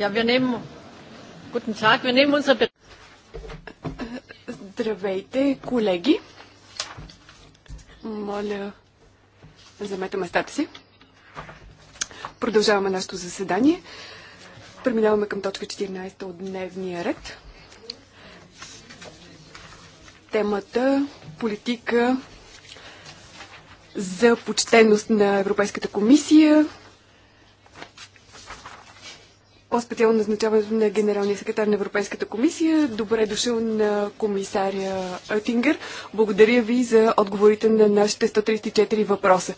Ja, wir nehmen, guten Tag, wir nehmen unser... Здравейте, колеги! Моля, вземете местата си. Продължаваме нашето заседание. Преминаваме към точка 14 от дневния ред. Темата политика за почтеност на Европейската комисия по-специално назначаването на генералния секретар на Европейската комисия. Добре дошъл на комисаря Тингър. Благодаря ви за отговорите на нашите 134 въпроса.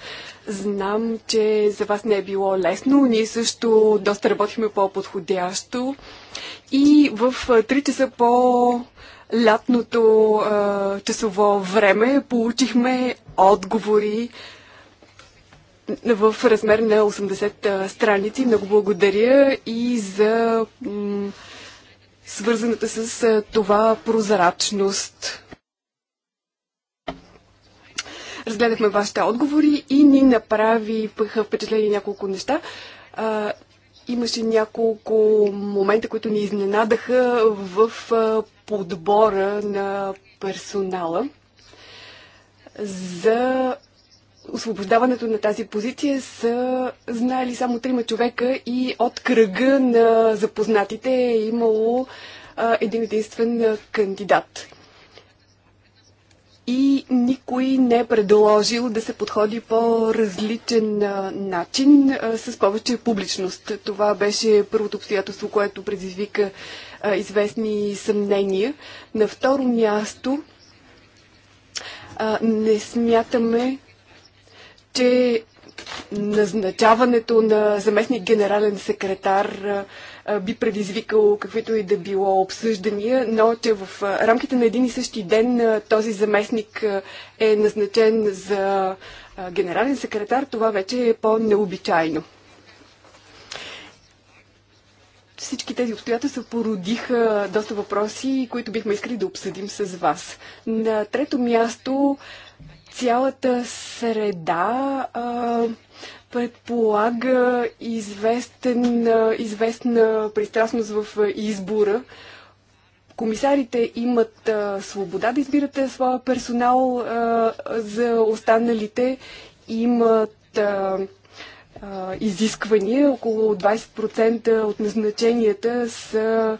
Знам, че за вас не е било лесно. Ние също доста работихме по-подходящо. И в 3 часа по лятното а, часово време получихме отговори в размер на 80 страници. Много благодаря и за свързаната с това прозрачност. Разгледахме вашите отговори и ни направи впечатление няколко неща. А, имаше няколко момента, които ни изненадаха в подбора на персонала за освобождаването на тази позиция са знаели само трима човека и от кръга на запознатите е имало а, един единствен кандидат. И никой не е предложил да се подходи по различен начин, а, с повече публичност. Това беше първото обстоятелство, което предизвика а, известни съмнения. На второ място а, не смятаме, че назначаването на заместник генерален секретар би предизвикало каквито и да било обсъждания, но че в рамките на един и същи ден този заместник е назначен за генерален секретар, това вече е по-необичайно. Всички тези обстоятелства породиха доста въпроси, които бихме искали да обсъдим с вас. На трето място цялата среда а, предполага известен, известна пристрастност в избора. Комисарите имат а, свобода да избират своя персонал, а, за останалите имат а, а, изисквания. Около 20% от назначенията са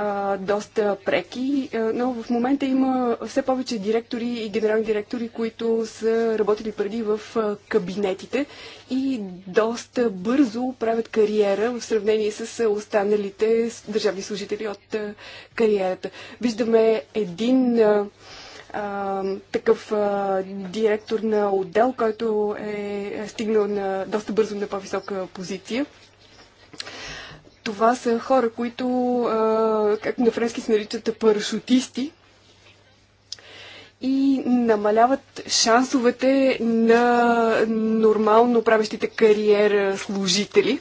а, доста преки, а, но в момента има все повече директори и генерални директори, които са работили преди в а, кабинетите и доста бързо правят кариера в сравнение с останалите държавни служители от а, кариерата. Виждаме един. А, а, такъв а, директор на отдел, който е, е стигнал на, доста бързо на по-висока позиция. Това са хора, които, а, както на френски се наричат, парашутисти и намаляват шансовете на нормално правещите кариера служители.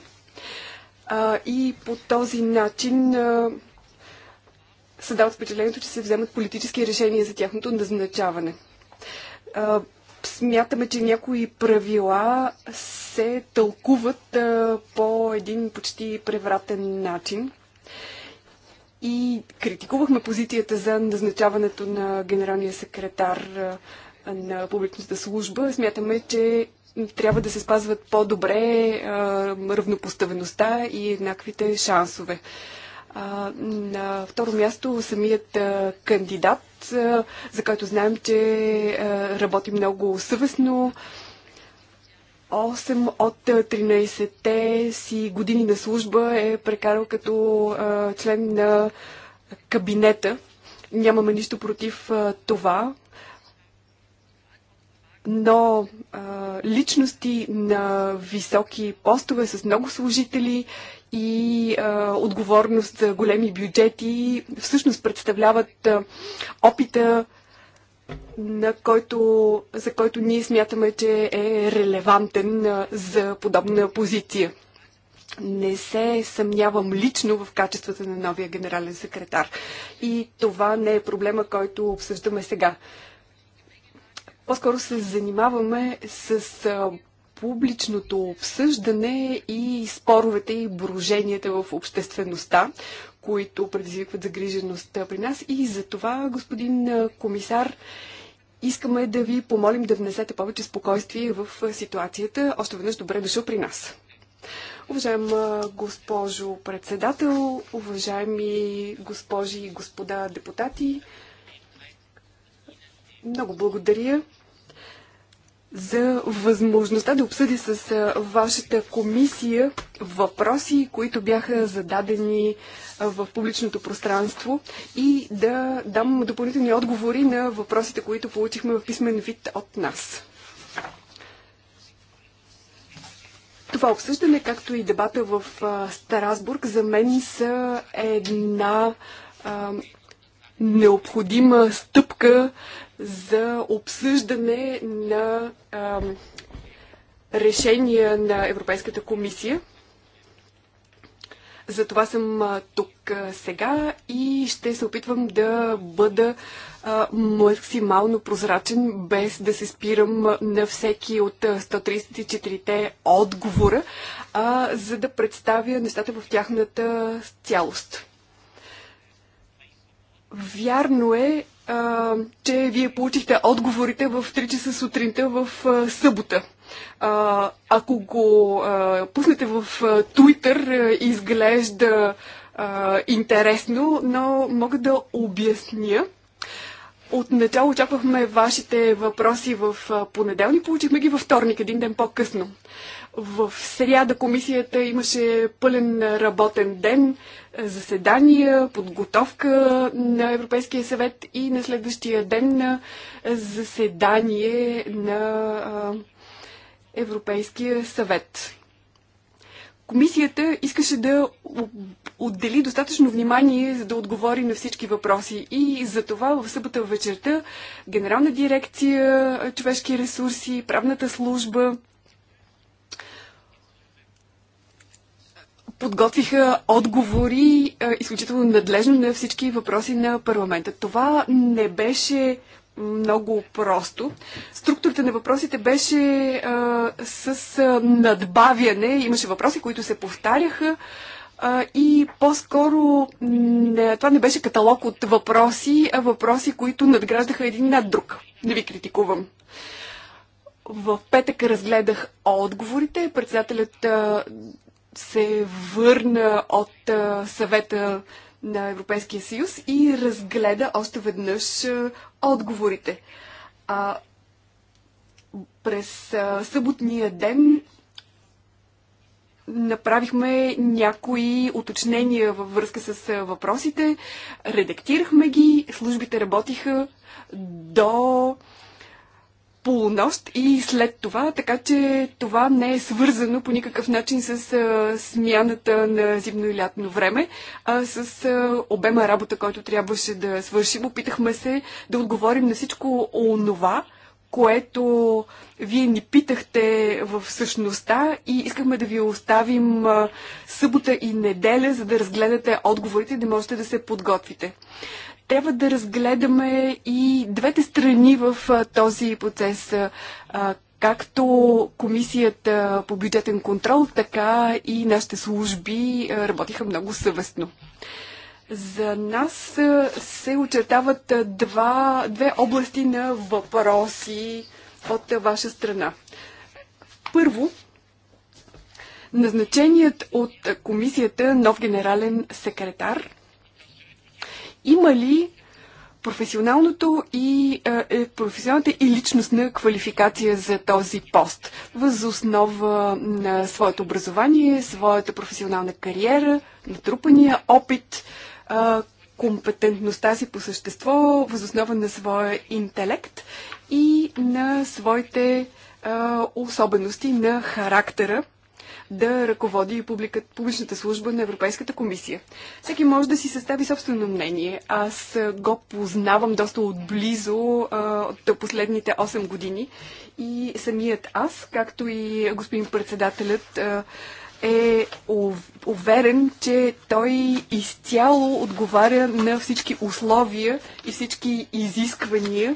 А, и по този начин а, се дават впечатлението, че се вземат политически решения за тяхното назначаване. А, смятаме, че някои правила се тълкуват по един почти превратен начин. И критикувахме позицията за назначаването на генералния секретар на публичната служба. Смятаме, че трябва да се спазват по-добре равнопоставеността и еднаквите шансове. А, на второ място самият а, кандидат, а, за който знаем, че а, работи много съвестно, а, 8 от 13-те е, си години на служба е прекарал като а, е, член на кабинета. Нямаме нищо против а, е, това. Но а, личности на високи постове с много служители и а, отговорност за големи бюджети всъщност представляват а, опита на който, за който ние смятаме, че е релевантен за подобна позиция. Не се съмнявам лично в качествата на новия генерален секретар. И това не е проблема, който обсъждаме сега. По-скоро се занимаваме с публичното обсъждане и споровете и броженията в обществеността, които предизвикват загриженост при нас. И за това, господин комисар, искаме да ви помолим да внесете повече спокойствие в ситуацията. Още веднъж добре дошъл при нас. Уважаема госпожо председател, уважаеми госпожи и господа депутати, много благодаря за възможността да обсъди с вашата комисия въпроси, които бяха зададени в публичното пространство и да дам допълнителни отговори на въпросите, които получихме в писмен вид от нас. Това обсъждане, както и дебата в Старасбург, за мен са една необходима стъпка за обсъждане на а, решения на Европейската комисия. Затова съм тук сега и ще се опитвам да бъда максимално прозрачен, без да се спирам на всеки от 134-те отговора, а за да представя нещата в тяхната цялост. Вярно е, а, че вие получихте отговорите в 3 часа сутринта в а, събота. А, ако го а, пуснете в Twitter, изглежда а, интересно, но мога да обясня. Отначало очаквахме вашите въпроси в понеделник, получихме ги във вторник, един ден по-късно. В сряда комисията имаше пълен работен ден заседания, подготовка на Европейския съвет и на следващия ден на заседание на Европейския съвет. Комисията искаше да отдели достатъчно внимание, за да отговори на всички въпроси. И за това в събота вечерта Генерална дирекция човешки ресурси, правната служба, подготвиха отговори а, е, изключително надлежно на всички въпроси на парламента. Това не беше много просто. Структурата на въпросите беше а, е, с а, е, надбавяне. Имаше въпроси, които се повтаряха а, и по-скоро това не беше каталог от въпроси, а въпроси, които надграждаха един над друг. Не ви критикувам. В петък разгледах отговорите. Председателят а, се върна от съвета на Европейския съюз и разгледа още веднъж отговорите. А, през съботния ден направихме някои уточнения във връзка с въпросите, редактирахме ги, службите работиха до полунощ и след това, така че това не е свързано по никакъв начин с а, смяната на зимно и лятно време, а с а, обема работа, който трябваше да свършим. Опитахме се да отговорим на всичко онова, което вие ни питахте в същността и искахме да ви оставим събота и неделя, за да разгледате отговорите и да можете да се подготвите трябва да разгледаме и двете страни в този процес. Както комисията по бюджетен контрол, така и нашите служби работиха много съвестно. За нас се очертават два, две области на въпроси от ваша страна. Първо, назначеният от комисията нов генерален секретар има ли професионалното и, е, е, професионалната и личностна квалификация за този пост, въз основа на своето образование, своята професионална кариера, натрупания опит, е, компетентността си по същество, въз основа на своя интелект и на своите е, особености на характера да ръководи публичната служба на Европейската комисия. Всеки може да си състави собствено мнение. Аз го познавам доста отблизо а, от последните 8 години и самият аз, както и господин председателят, а, е уверен, че той изцяло отговаря на всички условия и всички изисквания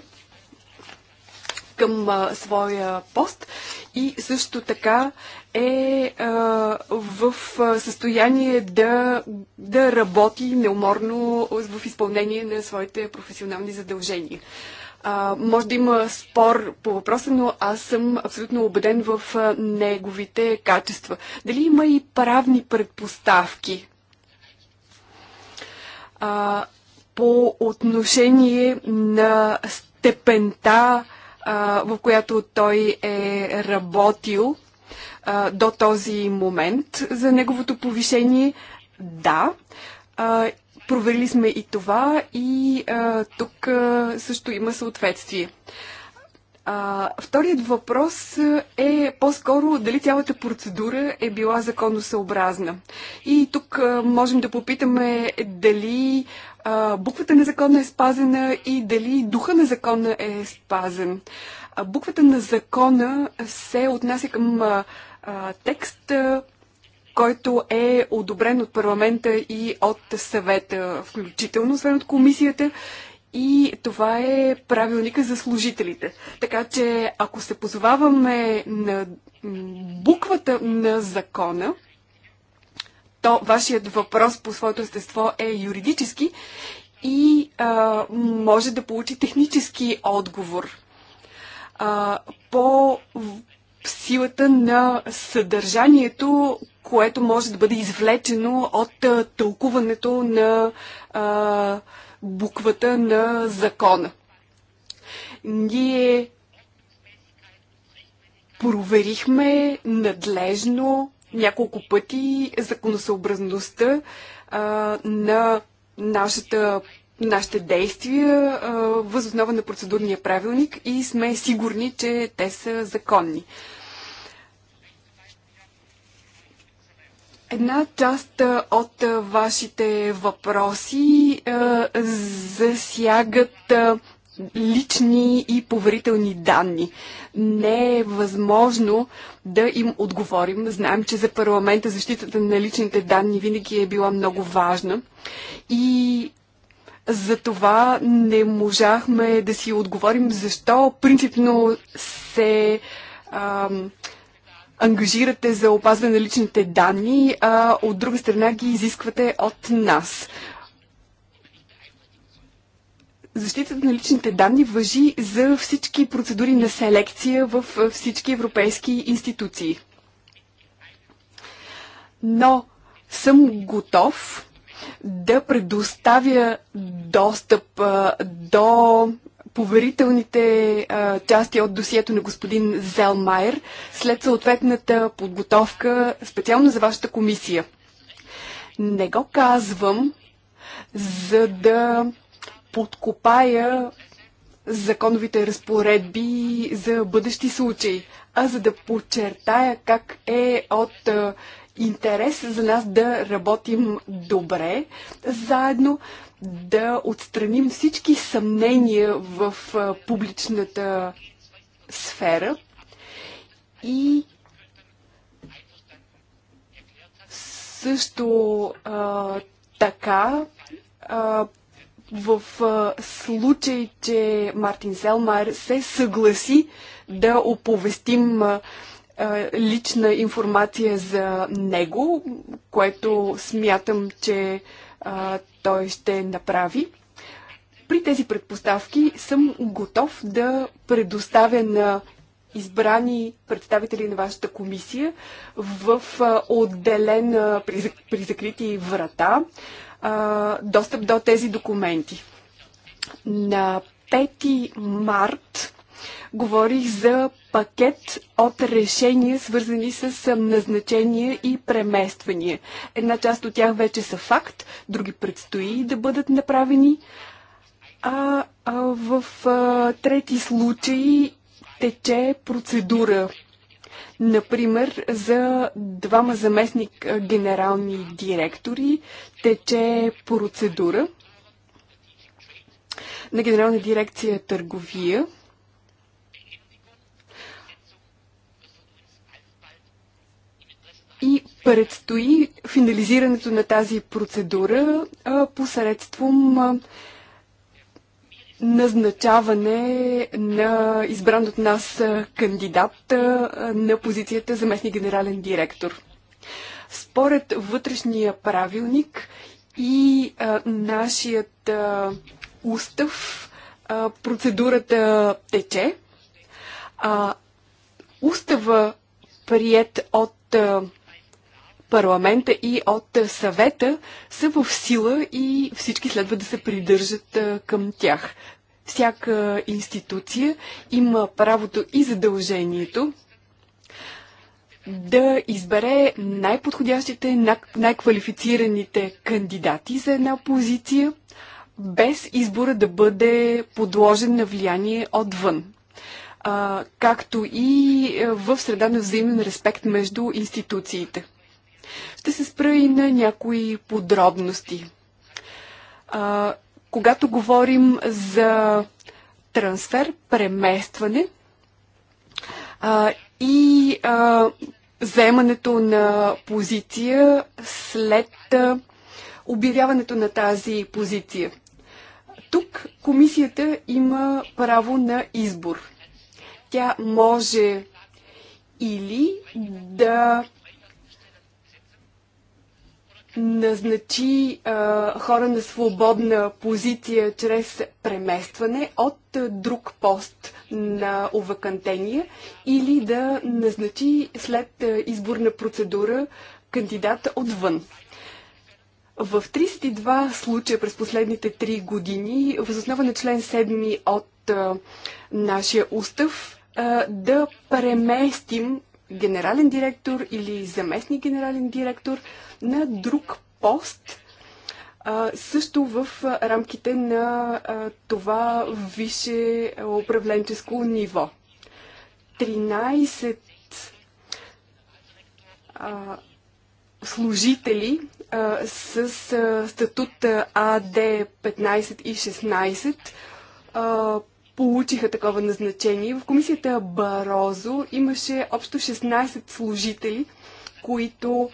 към а, своя пост и също така е а, в състояние да, да работи неуморно в изпълнение на своите професионални задължения. А, може да има спор по въпроса, но аз съм абсолютно убеден в неговите качества. Дали има и правни предпоставки? А, по отношение на степента в която той е работил до този момент за неговото повишение. Да, проверили сме и това и тук също има съответствие. А, вторият въпрос е по-скоро дали цялата процедура е била законосъобразна. И тук а, можем да попитаме дали а, буквата на закона е спазена и дали духа на закона е спазен. А, буквата на закона се отнася към а, а, текст, а, който е одобрен от парламента и от съвета, включително, освен от комисията. И това е правилника за служителите. Така че, ако се позоваваме на буквата на закона, то вашият въпрос по своето естество е юридически и а, може да получи технически отговор. А, по силата на съдържанието, което може да бъде извлечено от а, тълкуването на а, буквата на закона. Ние проверихме надлежно няколко пъти законосъобразността а, на нашата, нашите действия а, възоснова на процедурния правилник и сме сигурни, че те са законни. Една част от вашите въпроси а, засягат а, лични и поверителни данни. Не е възможно да им отговорим. Знаем, че за парламента защитата на личните данни винаги е била много важна. И за това не можахме да си отговорим защо принципно се ам, ангажирате за опазване на личните данни, а от друга страна ги изисквате от нас. Защитата на личните данни въжи за всички процедури на селекция в всички европейски институции. Но съм готов да предоставя достъп а, до поверителните а, части от досието на господин Зелмайер след съответната подготовка специално за вашата комисия. Не го казвам, за да подкопая законовите разпоредби за бъдещи случаи, а за да подчертая как е от интерес за нас да работим добре заедно, да отстраним всички съмнения в публичната сфера и също а, така а, в случай, че Мартин Селмар се съгласи да оповестим лична информация за него, което смятам, че а, той ще направи. При тези предпоставки съм готов да предоставя на избрани представители на вашата комисия в отделена при, при закрити врата достъп до тези документи. На 5 март говорих за пакет от решения, свързани с назначения и премествания. Една част от тях вече са факт, други предстои да бъдат направени. А, а в а, трети случаи тече процедура. Например, за двама заместник генерални директори тече процедура на Генерална дирекция търговия. И предстои финализирането на тази процедура посредством назначаване на избран от нас кандидат на позицията заместник генерален директор. Според вътрешния правилник и а, нашият а, устав а, процедурата тече. А, устава, прият от а, парламента и от съвета са в сила и всички следва да се придържат към тях. Всяка институция има правото и задължението да избере най-подходящите, най-квалифицираните кандидати за една позиция, без избора да бъде подложен на влияние отвън. А, както и в среда на взаимен респект между институциите. Ще се спра и на някои подробности. А, когато говорим за трансфер, преместване а, и а, заемането на позиция след а, обявяването на тази позиция. Тук комисията има право на избор. Тя може или да назначи а, хора на свободна позиция чрез преместване от друг пост на овакантения или да назначи след изборна процедура кандидата отвън. В 32 случая през последните 3 години, възоснова на член 7 от а, нашия устав, а, да преместим генерален директор или заместник генерален директор на друг пост, а, също в рамките на а, това висше управленческо ниво. 13 а, служители а, с а, статут АД 15 и 16 получиха такова назначение. В комисията Барозо имаше общо 16 служители, които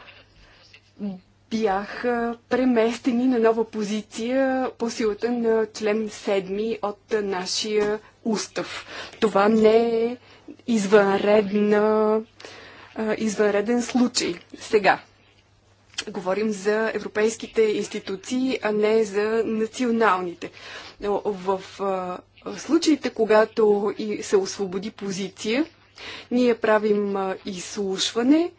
бяха преместени на нова позиция по силата на член 7 от нашия устав. Това не е извънредна, извънреден случай сега. Говорим за европейските институции, а не за националните. в в случаите, когато и се освободи позиция, ние правим изслушване,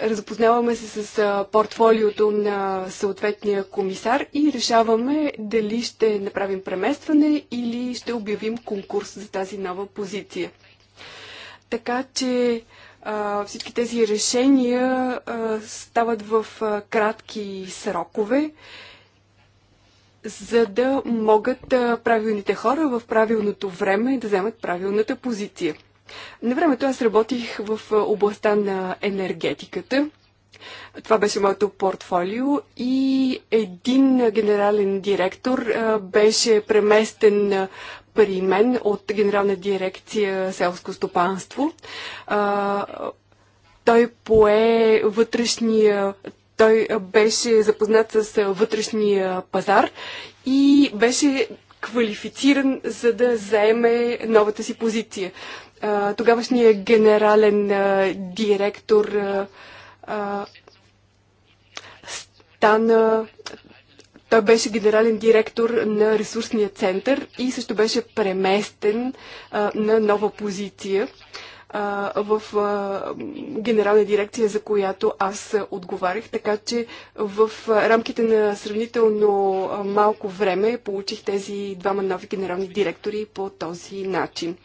Разпознаваме се с портфолиото на съответния комисар и решаваме дали ще направим преместване или ще обявим конкурс за тази нова позиция. Така че всички тези решения стават в кратки срокове за да могат правилните хора в правилното време да вземат правилната позиция. На времето аз работих в областта на енергетиката. Това беше моето портфолио и един генерален директор беше преместен при мен от Генерална дирекция селско стопанство. Той пое вътрешния той беше запознат с вътрешния пазар и беше квалифициран за да заеме новата си позиция. Тогавашният генерален директор стана той беше генерален директор на ресурсния център и също беше преместен на нова позиция в генерална дирекция, за която аз отговарях, така че в рамките на сравнително малко време получих тези двама нови генерални директори по този начин.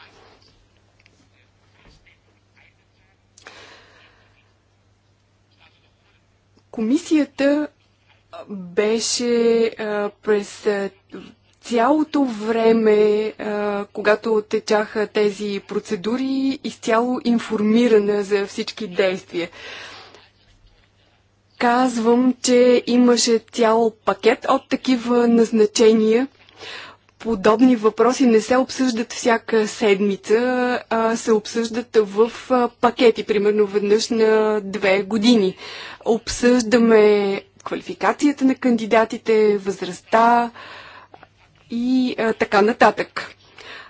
Комисията беше през цялото време, а, когато течаха тези процедури, изцяло информирана за всички действия. Казвам, че имаше цял пакет от такива назначения. Подобни въпроси не се обсъждат всяка седмица, а се обсъждат в пакети, примерно веднъж на две години. Обсъждаме квалификацията на кандидатите, възрастта, и а, така нататък.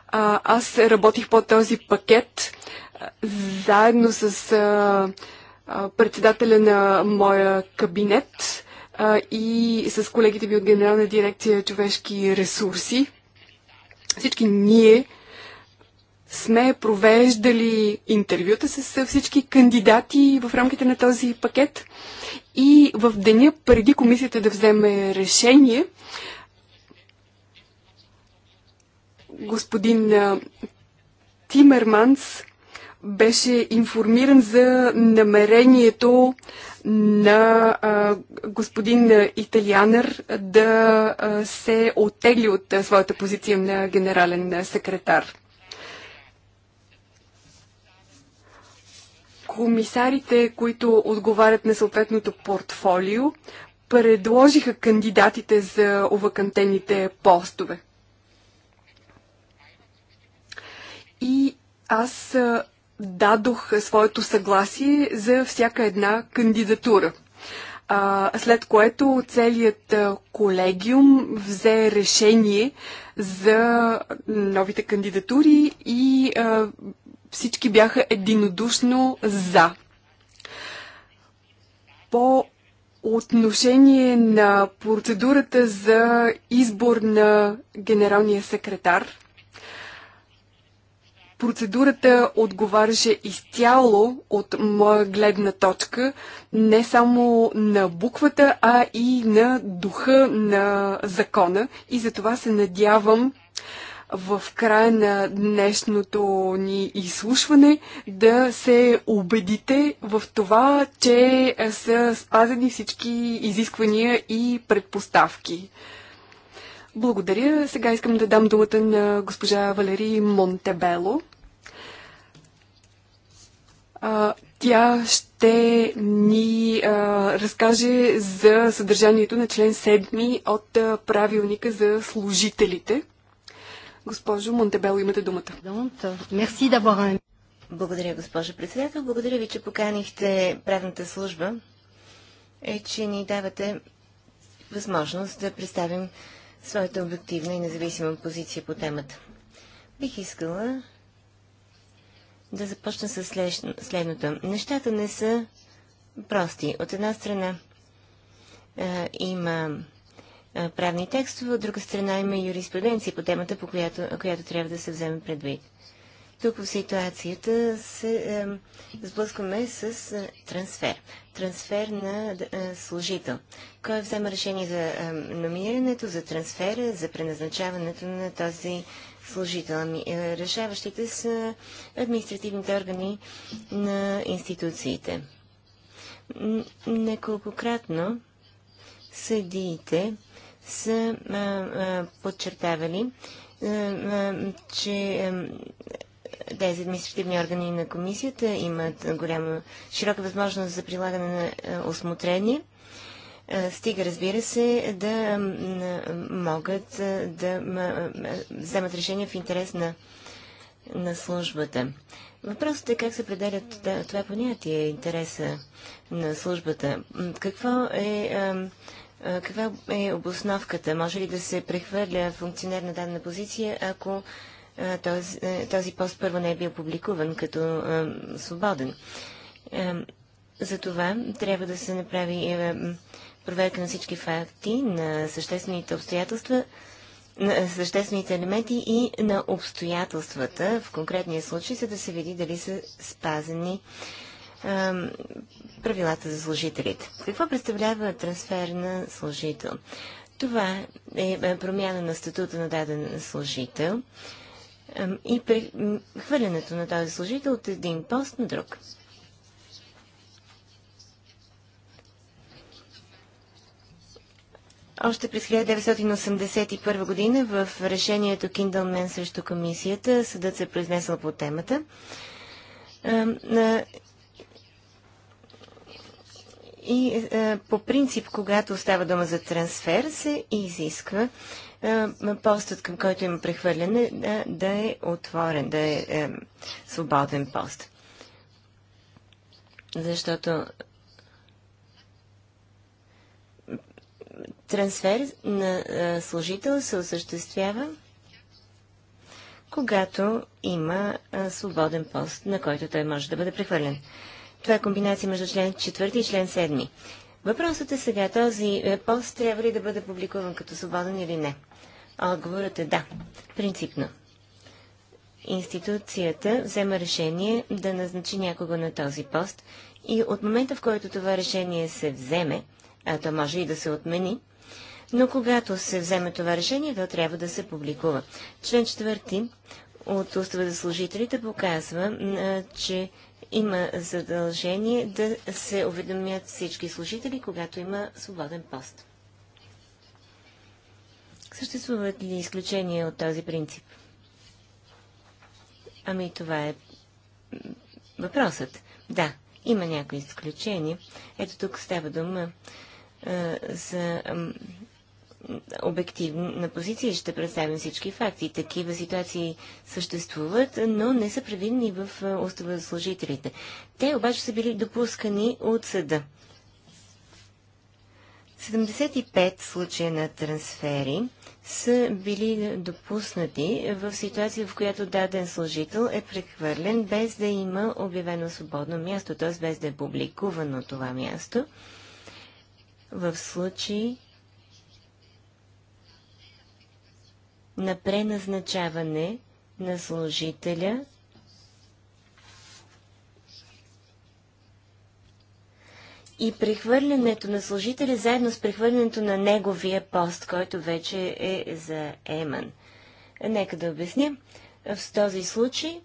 А, аз работих по този пакет а, заедно с а, а, председателя на моя кабинет а, и с колегите ми от Генерална дирекция човешки ресурси. Всички ние сме провеждали интервюта с всички кандидати в рамките на този пакет и в деня преди комисията да вземе решение, господин Тимерманс беше информиран за намерението на а, господин Италианър да а, се оттегли от а, своята позиция на генерален секретар. Комисарите, които отговарят на съответното портфолио, предложиха кандидатите за овакантените постове. и аз дадох своето съгласие за всяка една кандидатура. След което целият колегиум взе решение за новите кандидатури и всички бяха единодушно за. По отношение на процедурата за избор на генералния секретар, Процедурата отговаряше изцяло от моя гледна точка не само на буквата, а и на духа на закона. И за това се надявам в края на днешното ни изслушване да се убедите в това, че са спазени всички изисквания и предпоставки. Благодаря. Сега искам да дам думата на госпожа Валери Монтебело. А, тя ще ни а, разкаже за съдържанието на член 7 от а, правилника за служителите. Госпожо Монтебело, имате думата. Благодаря, госпожо председател. Благодаря ви, че поканихте правната служба, е, че ни давате възможност да представим своята обективна и независима позиция по темата. Бих искала да започна с следното. Нещата не са прости. От една страна има правни текстове, от друга страна има юриспруденция по темата, по която, която трябва да се вземе предвид. Тук в ситуацията се е, сблъскваме с е, трансфер. Трансфер на е, служител. Кой взема решение за е, номинирането, за трансфера, за преназначаването на този служител? Ами, е, решаващите са административните органи на институциите. Неколкократно съдиите са е, е, подчертавали, е, че тези административни органи на комисията имат голяма, широка възможност за прилагане на е, осмотрение. Е, стига, разбира се, да могат е, да вземат решение в интерес на, на службата. Въпросът е как се определят това понятие, интереса на службата. Какво е, каква е обосновката? Може ли да се прехвърля функционер на дадена позиция, ако този, е, този пост първо не е бил публикуван като а, свободен. А, това трябва да се направи а, е, проверка на всички факти, на съществените обстоятелства, на съществените елементи и на обстоятелствата в конкретния случай, за да се види дали са спазени а, правилата за служителите. Какво представлява трансфер на служител? Това е, е промяна на статута на даден служител. А, и хвърлянето на този служител от един пост на друг. Още през 1981 година в решението Киндълмен срещу комисията съдът се е произнесъл по темата. И по принцип, когато става дума за трансфер, се изисква е, постът, към който има прехвърляне, да, е, да е отворен, да е, е свободен пост. Защото трансфер на е, служител се осъществява, когато има свободен пост, на който той може да бъде прехвърлен. Това е комбинация между член 4 и член Въпросът е сега, този е, пост трябва ли да бъде публикуван като свободен или не? Отговорът е да, принципно. Институцията взема решение да назначи някого на този пост и от момента, в който това решение се вземе, а то може и да се отмени, но когато се вземе това решение, то трябва да се публикува. Член 4 от Устава за служителите показва, че има задължение да се уведомят всички служители, когато има свободен пост. Съществуват ли изключения от този принцип? Ами това е въпросът. Да, има някои изключения. Ето тук става дума а, за а, обективна позиция и ще представим всички факти. Такива ситуации съществуват, но не са предвидени в устава за служителите. Те обаче са били допускани от съда. 75 случая на трансфери са били допуснати в ситуация, в която даден служител е прехвърлен без да има обявено свободно място, т.е. без да е публикувано това място. В случай, на преназначаване на служителя и прехвърлянето на служителя заедно с прехвърлянето на неговия пост, който вече е за Еман. Нека да обясня. В този случай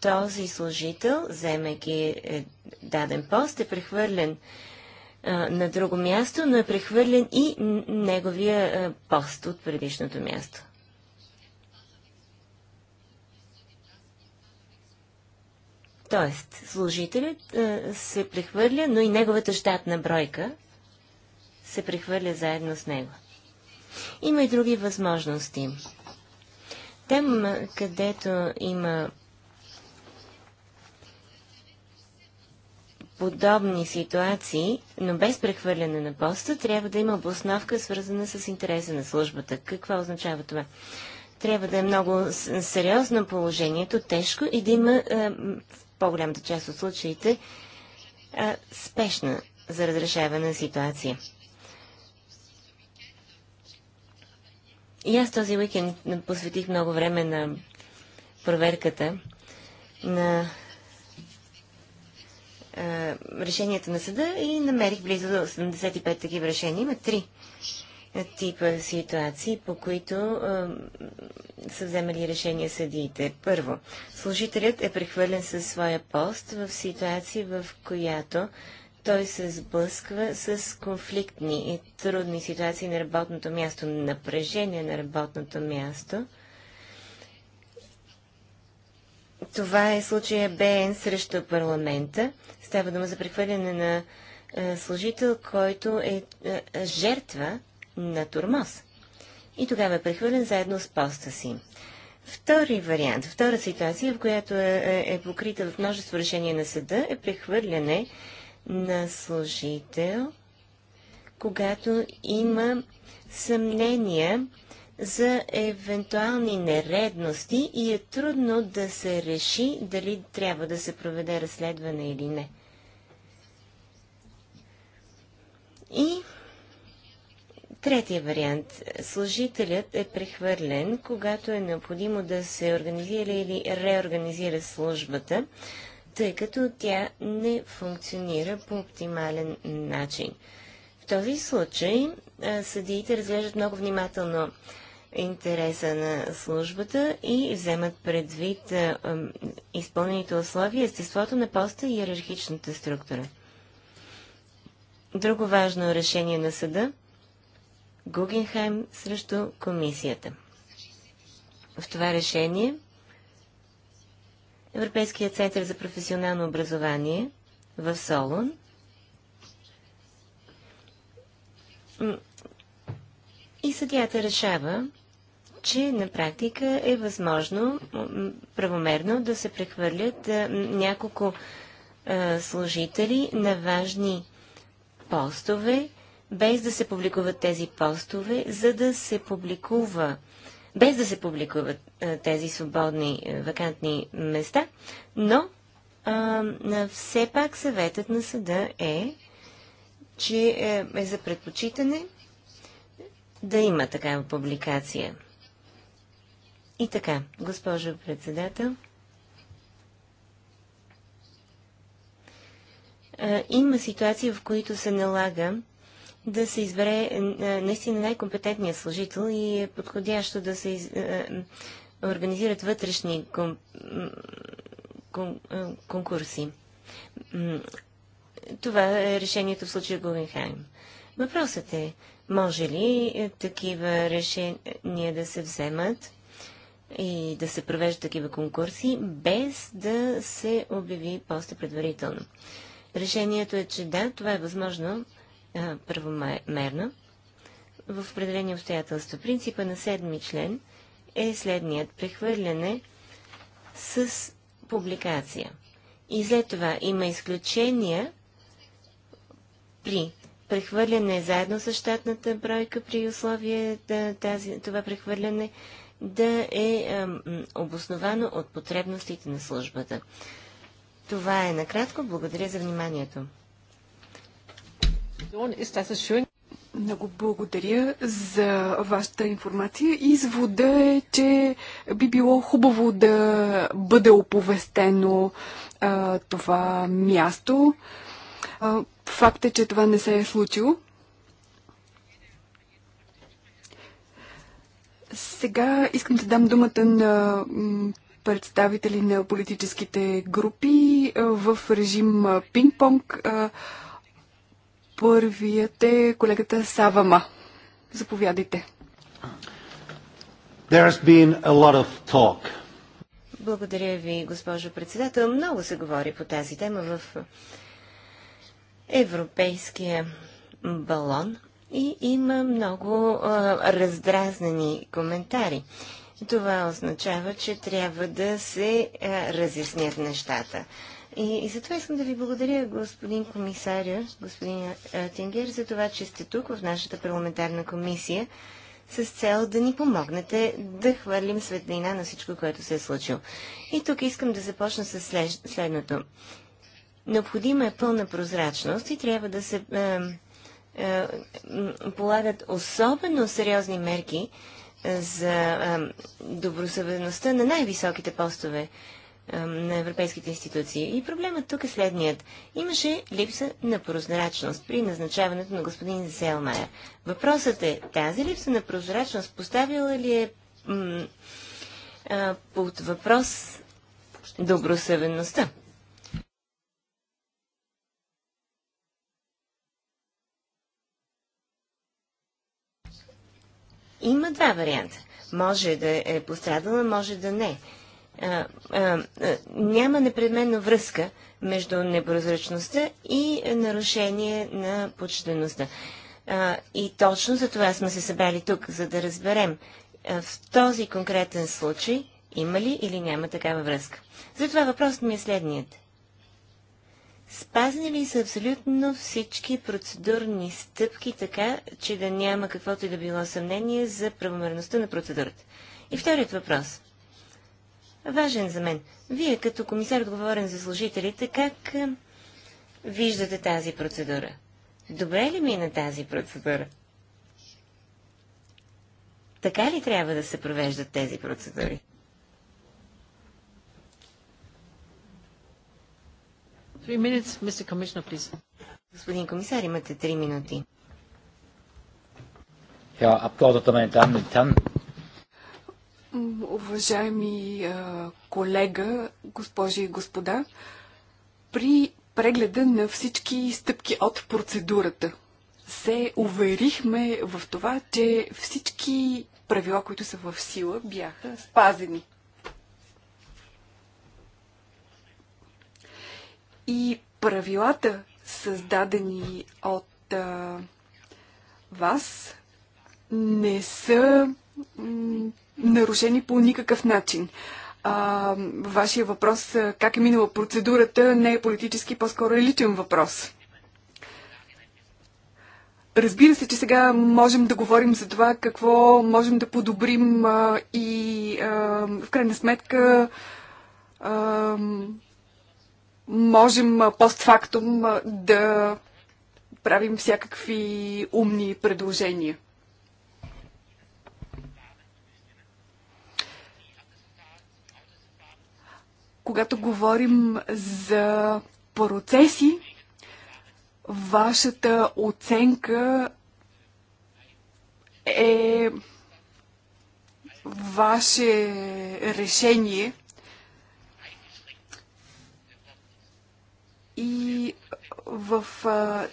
този служител, вземайки е, даден пост, е прехвърлен на друго място, но е прехвърлен и неговия пост от предишното място. Тоест, служителят се прехвърля, но и неговата щатна бройка се прехвърля заедно с него. Има и други възможности. Там, където има подобни ситуации, но без прехвърляне на поста, трябва да има обосновка, свързана с интереса на службата. Какво означава това? Трябва да е много сериозно положението, тежко и да има по-голямата част от случаите а, спешна за разрешаване на ситуация. И аз този уикенд посветих много време на проверката на а, решенията на съда и намерих близо до 75 такива решения. Има три типа ситуации, по които е, са вземали решения съдиите. Първо, служителят е прехвърлен със своя пост в ситуация, в която той се сблъсква с конфликтни и трудни ситуации на работното място, напрежение на работното място. Това е случая БН срещу парламента. Става дума за прехвърляне на служител, който е жертва на Турмоз. И тогава е прехвърлен заедно с поста си. Втори вариант, втора ситуация, в която е, е, е покрита в множество решения на съда, е прехвърляне на служител, когато има съмнения за евентуални нередности и е трудно да се реши дали трябва да се проведе разследване или не. И Третия вариант. Служителят е прехвърлен, когато е необходимо да се организира или реорганизира службата, тъй като тя не функционира по оптимален начин. В този случай съдиите разглеждат много внимателно интереса на службата и вземат предвид а, а, изпълнените условия, естеството на поста и иерархичната структура. Друго важно решение на съда Гугенхайм срещу комисията. В това решение Европейския център за професионално образование в Солун и съдията решава, че на практика е възможно правомерно да се прехвърлят няколко служители на важни постове без да се публикуват тези постове, за да се публикува, без да се публикуват е, тези свободни е, вакантни места, но е, а, все пак съветът на съда е, че е, е за предпочитане да има такава публикация. И така, госпожо председател, има ситуации, в които се налага да се избере е, е, наистина най-компетентният служител и е подходящо да се из... Е, организират вътрешни кон... Кон... конкурси. Това е решението в случая Гугенхайм. Въпросът е, може ли такива решения да се вземат и да се провеждат такива конкурси, без да се обяви поста предварително? Решението е, че да, това е възможно, правомерна. правомерно в определени обстоятелства. Принципа на седми член е следният прехвърляне с публикация. И след това има изключения при прехвърляне заедно с щатната бройка при условие да тази, това прехвърляне да е ам, обосновано от потребностите на службата. Това е накратко. Благодаря за вниманието. Много благодаря за вашата информация. Извода е, че би било хубаво да бъде оповестено а, това място. А, факт е, че това не се е случило. Сега искам да дам думата на представители на политическите групи в режим пинг-понг. Първият е колегата Савама. Заповядайте. has been a lot of talk. Благодаря ви, госпожо председател. Много се говори по тази тема в европейския балон и има много а, раздразнени коментари. Това означава, че трябва да се а, разяснят нещата. И, и затова искам да ви благодаря, господин комисаря, господин е, Тингер, за това, че сте тук в нашата парламентарна комисия с цел да ни помогнете да хвърлим светлина на всичко, което се е случило. И тук искам да започна с следното. Необходима е пълна прозрачност и трябва да се е, е, полагат особено сериозни мерки е, за е, добросъвестността на най-високите постове на европейските институции. И проблемът тук е следният. Имаше липса на прозрачност при назначаването на господин Зелмайер. Въпросът е, тази липса на прозрачност поставила ли е а, под въпрос добросъвенността? Има два варианта. Може да е пострадала, може да не а, а, няма непременно връзка между непрозрачността и нарушение на почтеността. А, и точно за това сме се събрали тук, за да разберем а, в този конкретен случай има ли или няма такава връзка. Затова въпросът ми е следният. Спазни ли са абсолютно всички процедурни стъпки така, че да няма каквото и да било съмнение за правомерността на процедурата? И вторият въпрос важен за мен. Вие, като комисар отговорен за служителите, как виждате тази процедура? Добре ли мина тази процедура? Така ли трябва да се провеждат тези процедури? Minutes, Господин комисар, имате три минути. Ja, abgeordneter meine Damen und Herren, Уважаеми колега, госпожи и господа, при прегледа на всички стъпки от процедурата се уверихме в това, че всички правила, които са в сила, бяха спазени. И правилата, създадени от а, вас, не са нарушени по никакъв начин. А, вашия въпрос как е минала процедурата не е политически, по-скоро е личен въпрос. Разбира се, че сега можем да говорим за това какво можем да подобрим а, и а, в крайна сметка а, можем постфактум да правим всякакви умни предложения. когато говорим за процеси, вашата оценка е ваше решение и в а,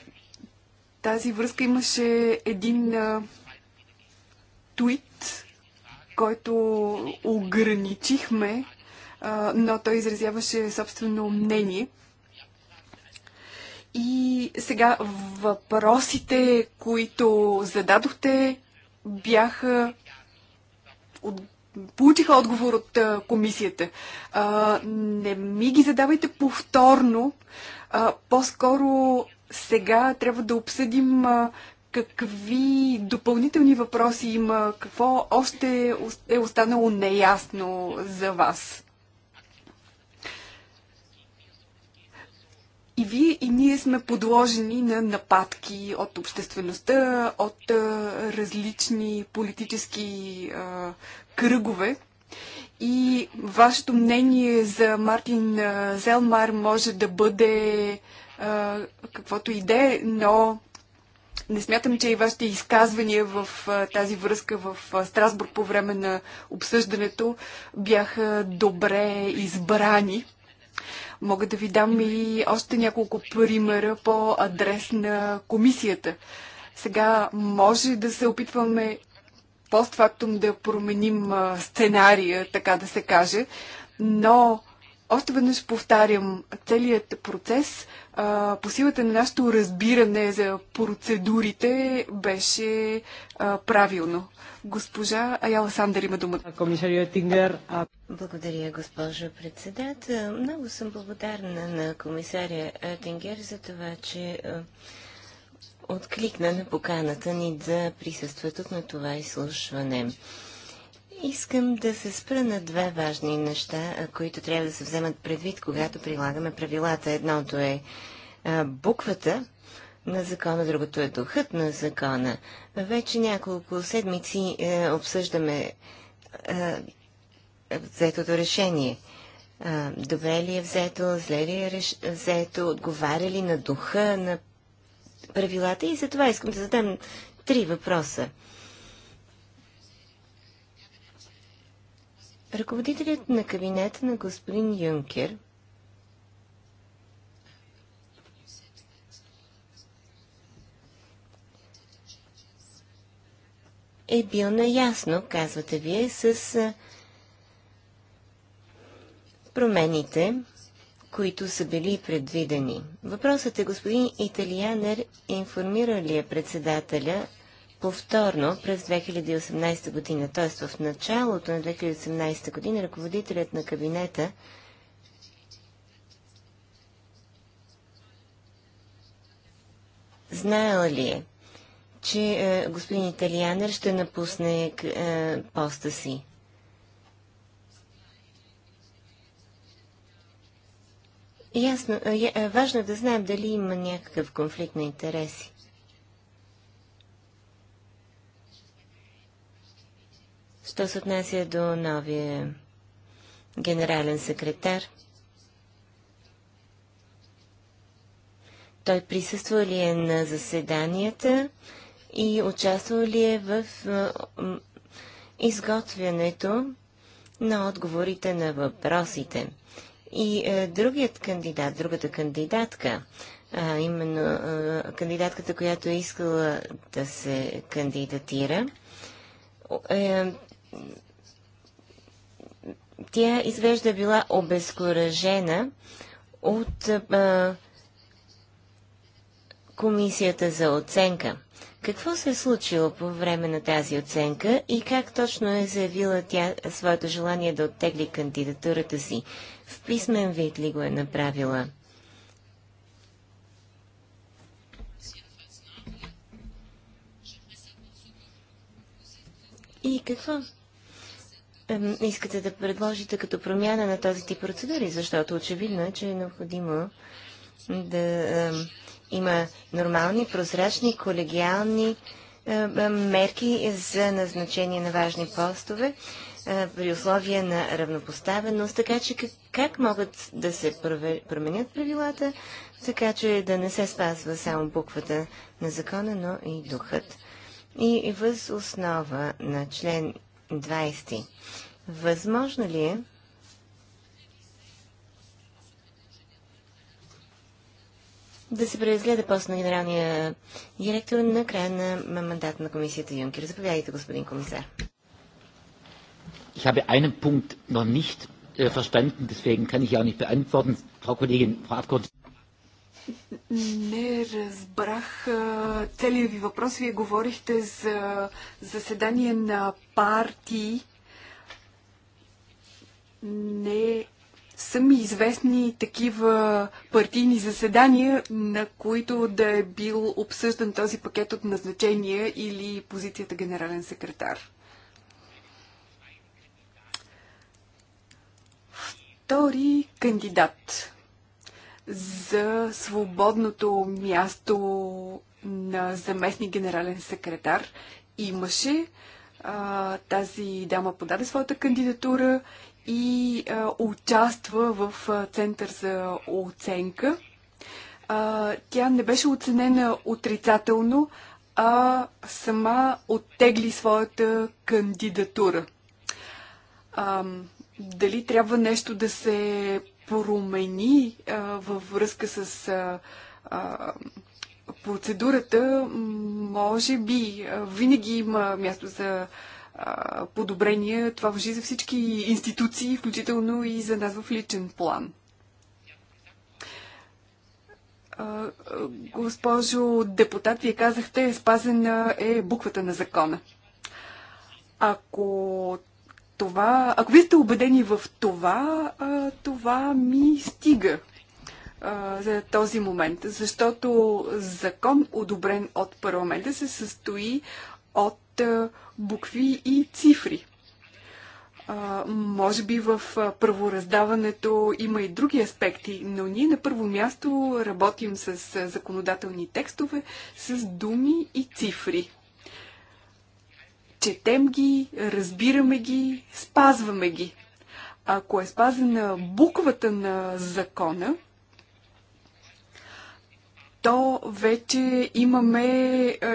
тази връзка имаше един а, твит, който ограничихме но той изразяваше собствено мнение. И сега въпросите, които зададохте, бяха от получиха отговор от комисията. А, не ми ги задавайте повторно. А, по-скоро сега трябва да обсъдим а, какви допълнителни въпроси има, какво още е останало неясно за вас. И вие, и ние сме подложени на нападки от обществеността, от различни политически а, кръгове. И вашето мнение за Мартин Зелмар може да бъде а, каквото и да е, но не смятам, че и вашите изказвания в тази връзка в Страсбург по време на обсъждането бяха добре избрани. Мога да ви дам и още няколко примера по адрес на комисията. Сега може да се опитваме постфактум да променим сценария, така да се каже, но още веднъж повтарям, целият процес а, по силата на нашето разбиране за процедурите беше а, правилно. Госпожа Аяла Сандър има думата. Комисария Тингер. А... Благодаря, госпожа председател. Много съм благодарна на комисаря Тингер за това, че откликна на поканата ни да присъстват на това изслушване. Искам да се спра на две важни неща, които трябва да се вземат предвид, когато прилагаме правилата. Едното е буквата на закона, другото е духът на закона. Вече няколко седмици е, обсъждаме е, взетото решение. Е, добре ли е взето, зле ли е реш... взето, отговаря ли на духа, на правилата и за това искам да задам три въпроса. Ръководителят на кабинета на господин Юнкер е бил наясно, казвате вие, с промените, които са били предвидени. Въпросът е, господин Италианер, информира ли е председателя повторно през 2018 година. Т.е. в началото на 2018 година ръководителят на кабинета знаел ли е, че е, господин Италианер ще напусне е, поста си? Ясно, е, е важно е да знаем дали има някакъв конфликт на интереси. Що се отнася до новия генерален секретар, той присъства ли е на заседанията и участвал ли е в изготвянето на отговорите на въпросите. И е, другият кандидат, другата кандидатка, а, именно кандидатката, която е искала да се кандидатира, е, тя изглежда била обезкуражена от а, комисията за оценка. Какво се е случило по време на тази оценка и как точно е заявила тя своето желание да оттегли кандидатурата си? В писмен вид ли го е направила? И какво искате да предложите като промяна на този тип процедури, защото очевидно е, че е необходимо да има нормални, прозрачни, колегиални мерки за назначение на важни постове е, при условия на равнопоставеност, така че как, могат да се променят правилата, така че да не се спазва само буквата на закона, но и духът. И въз основа на член 20. Възможно ли е да се преразгледа пост на генералния директор на края на мандата на комисията Юнкер. Заповядайте, господин комисар. Ich habe einen Punkt noch nicht äh, verstanden, deswegen kann ich auch nicht beantworten. Frau Kollegin, Frau Abgeordnete. Не разбрах целият ви въпрос. Вие говорихте за заседание на партии. Не са ми известни такива партийни заседания, на които да е бил обсъждан този пакет от назначения или позицията генерален секретар. Втори кандидат за свободното място на заместник генерален секретар имаше. А, тази дама подаде своята кандидатура и а, участва в а, Център за оценка. А, тя не беше оценена отрицателно, а сама оттегли своята кандидатура. А, дали трябва нещо да се промени а, във връзка с а, а, процедурата, може би винаги има място за а, подобрения. Това въжи за всички институции, включително и за нас в личен план. госпожо депутат, вие казахте, спазена е буквата на закона. Ако това, ако вие сте убедени в това, а, това ми стига а, за този момент, защото закон, одобрен от парламента, се състои от а, букви и цифри. А, може би в правораздаването има и други аспекти, но ние на първо място работим с законодателни текстове, с думи и цифри четем ги, разбираме ги, спазваме ги. Ако е спазена буквата на закона, то вече имаме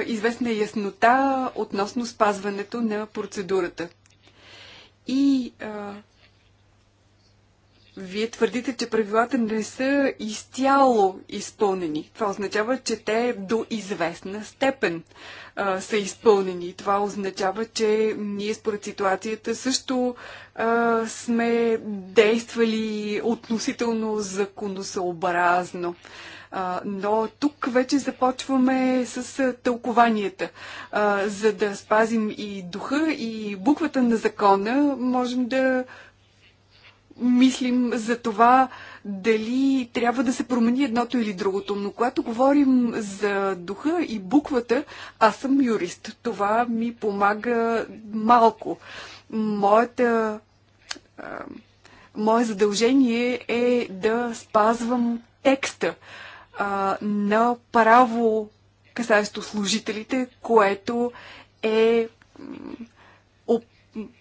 известна яснота относно спазването на процедурата. И вие твърдите, че правилата не са изцяло изпълнени. Това означава, че те до известна степен а, са изпълнени. Това означава, че ние според ситуацията също а, сме действали относително законосъобразно. А, но тук вече започваме с а, тълкованията. А, за да спазим и духа, и буквата на закона, можем да мислим за това дали трябва да се промени едното или другото. Но когато говорим за духа и буквата, аз съм юрист. Това ми помага малко. Моята, а, мое задължение е да спазвам текста а, на право, касаещо служителите, което е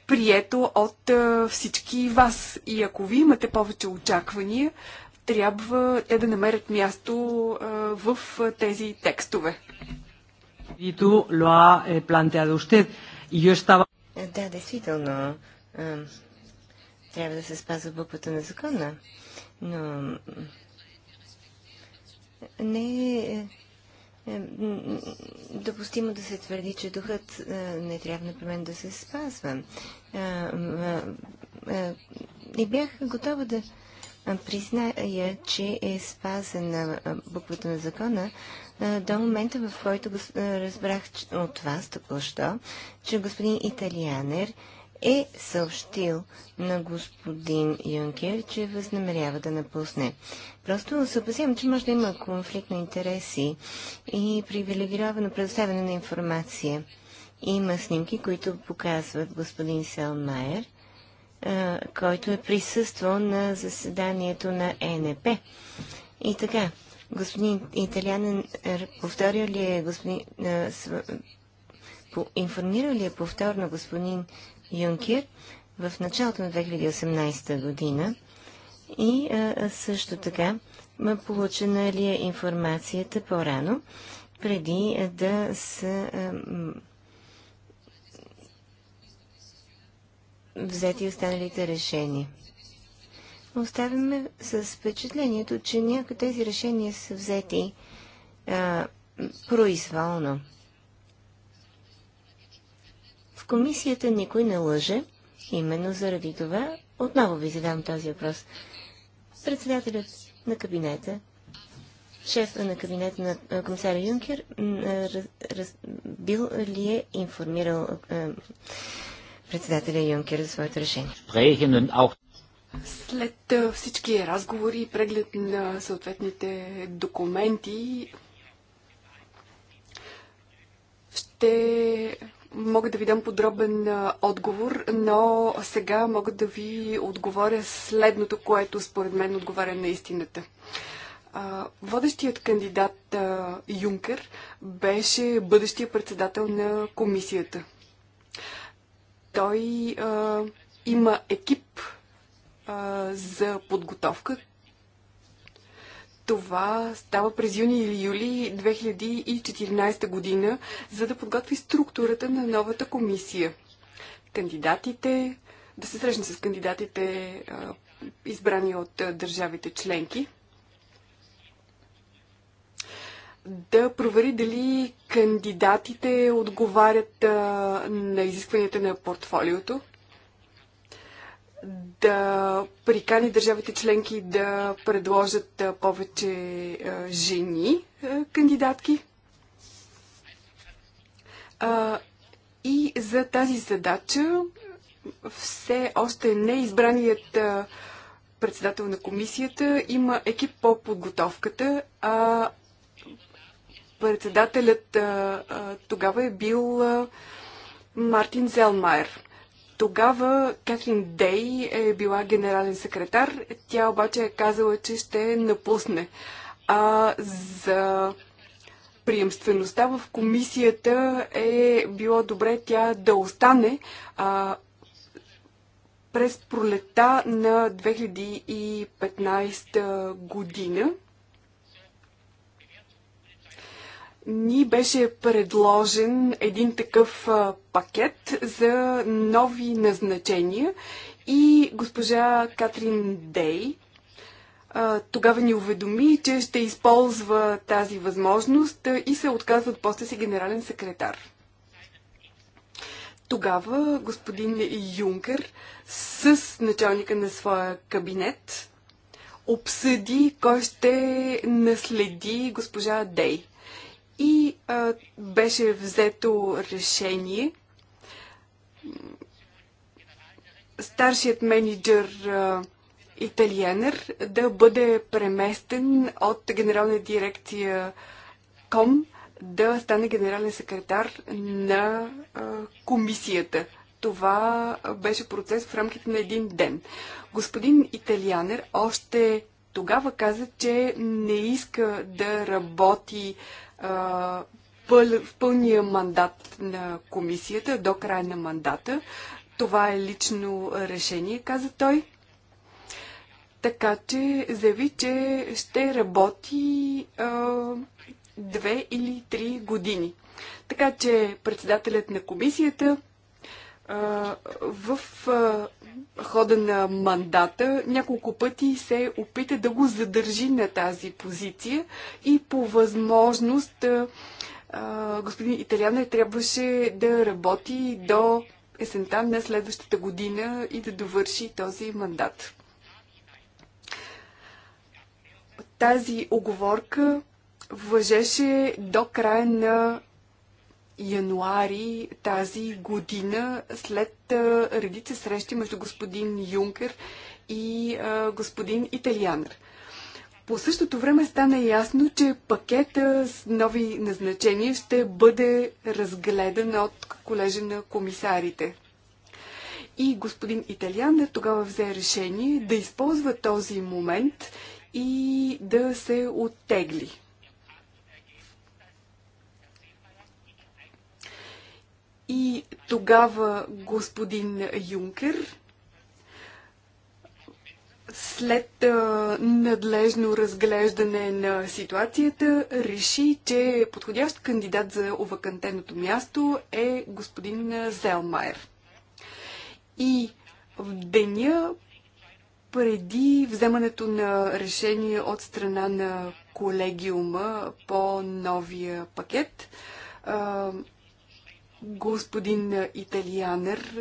прието от всички вас. И ако ви имате повече очаквания, трябва те да намерят място в тези текстове. Е е, да, действително. Трябва да се спазва буквата на закона. Но не е- е, допустимо да се твърди, че духът е, не трябва непременно да се спазва. И е, бях готова да призная, че е спазена буквата на закона до момента, в който разбрах от вас току-що, че господин Италианер е съобщил на господин Юнкер, че възнамерява да напусне. Просто се опасявам, че може да има конфликт на интереси и привилегировано предоставяне на информация. Има снимки, които показват господин Селмайер, който е присъствал на заседанието на ЕНП. И така, господин Италианен, повторил ли е господин, информирал ли е повторно господин Юнкер в началото на 2018 година и а, също така получена ли е информацията по-рано, преди да са а, взети останалите решения. Оставяме с впечатлението, че някои тези решения са взети а, произволно комисията никой не лъже. Именно заради това отново ви задам този въпрос. Председателят на кабинета, шефа на кабинета на комисаря Юнкер, раз, раз, бил ли е информирал е, председателя Юнкер за своето решение? След всички разговори и преглед на съответните документи, ще мога да ви дам подробен отговор, но сега мога да ви отговоря следното, което според мен отговаря на истината. Водещият кандидат Юнкер беше бъдещия председател на комисията. Той има екип за подготовка, това става през юни или юли 2014 година, за да подготви структурата на новата комисия. Кандидатите, да се срещна с кандидатите, избрани от държавите членки, да провери дали кандидатите отговарят на изискванията на портфолиото, да прикани държавите членки да предложат повече жени кандидатки. И за тази задача все още не избраният председател на комисията има екип по подготовката, а председателят тогава е бил Мартин Зелмайер. Тогава Кетрин Дей е била генерален секретар, тя обаче е казала, че ще напусне. А за приемствеността в комисията е било добре тя да остане. А, през пролета на 2015 година ни беше предложен един такъв пакет за нови назначения и госпожа Катрин Дей тогава ни уведоми, че ще използва тази възможност и се отказва от поста си генерален секретар. Тогава господин Юнкер с началника на своя кабинет обсъди кой ще наследи госпожа Дей и а, беше взето решение. Старшият менеджер а, италианер да бъде преместен от генерална дирекция КОМ да стане генерален секретар на а, комисията. Това беше процес в рамките на един ден. Господин Италианер още тогава каза, че не иска да работи в пълния мандат на комисията до края на мандата. Това е лично решение, каза той. Така че заяви, че ще работи а, две или три години. Така че председателят на комисията в хода на мандата няколко пъти се опита да го задържи на тази позиция и по възможност господин Италиане трябваше да работи до есента на следващата година и да довърши този мандат. Тази оговорка въжеше до края на януари тази година, след редица срещи между господин Юнкер и господин Италианър. По същото време стана ясно, че пакета с нови назначения ще бъде разгледан от колежа на комисарите. И господин Италианър тогава взе решение да използва този момент и да се оттегли. И тогава господин Юнкер след надлежно разглеждане на ситуацията, реши, че подходящ кандидат за овакантеното място е господин Зелмайер. И в деня преди вземането на решение от страна на колегиума по новия пакет, господин Италианер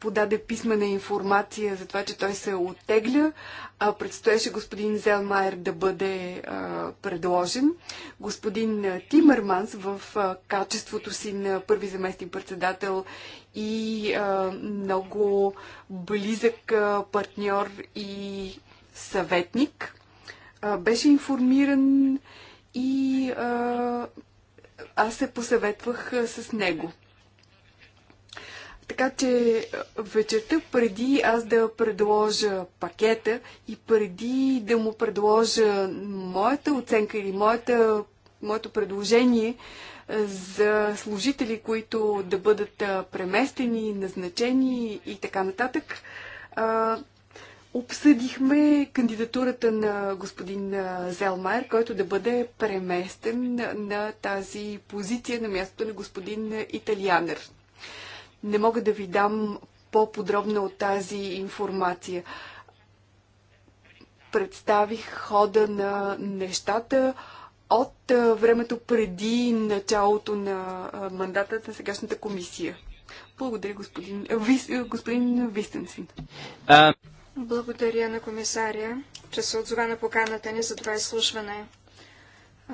подаде писмена информация за това, че той се оттегля. А предстоеше господин Зелмайер да бъде а, предложен. Господин Тимърманс в а, качеството си на първи заместник председател и а, много близък а, партньор и съветник а, беше информиран и а, аз се посъветвах с него. Така че вечерта, преди аз да предложа пакета и преди да му предложа моята оценка или моята, моето предложение за служители, които да бъдат преместени, назначени и така нататък, Обсъдихме кандидатурата на господин Зелмайер, който да бъде преместен на тази позиция на мястото на господин Италианер. Не мога да ви дам по подробно от тази информация. Представих хода на нещата от времето преди началото на мандата на сегашната комисия. Благодаря, господин, господин Вистенсин. Благодаря на комисаря, че се отзова на поканата ни за това изслушване.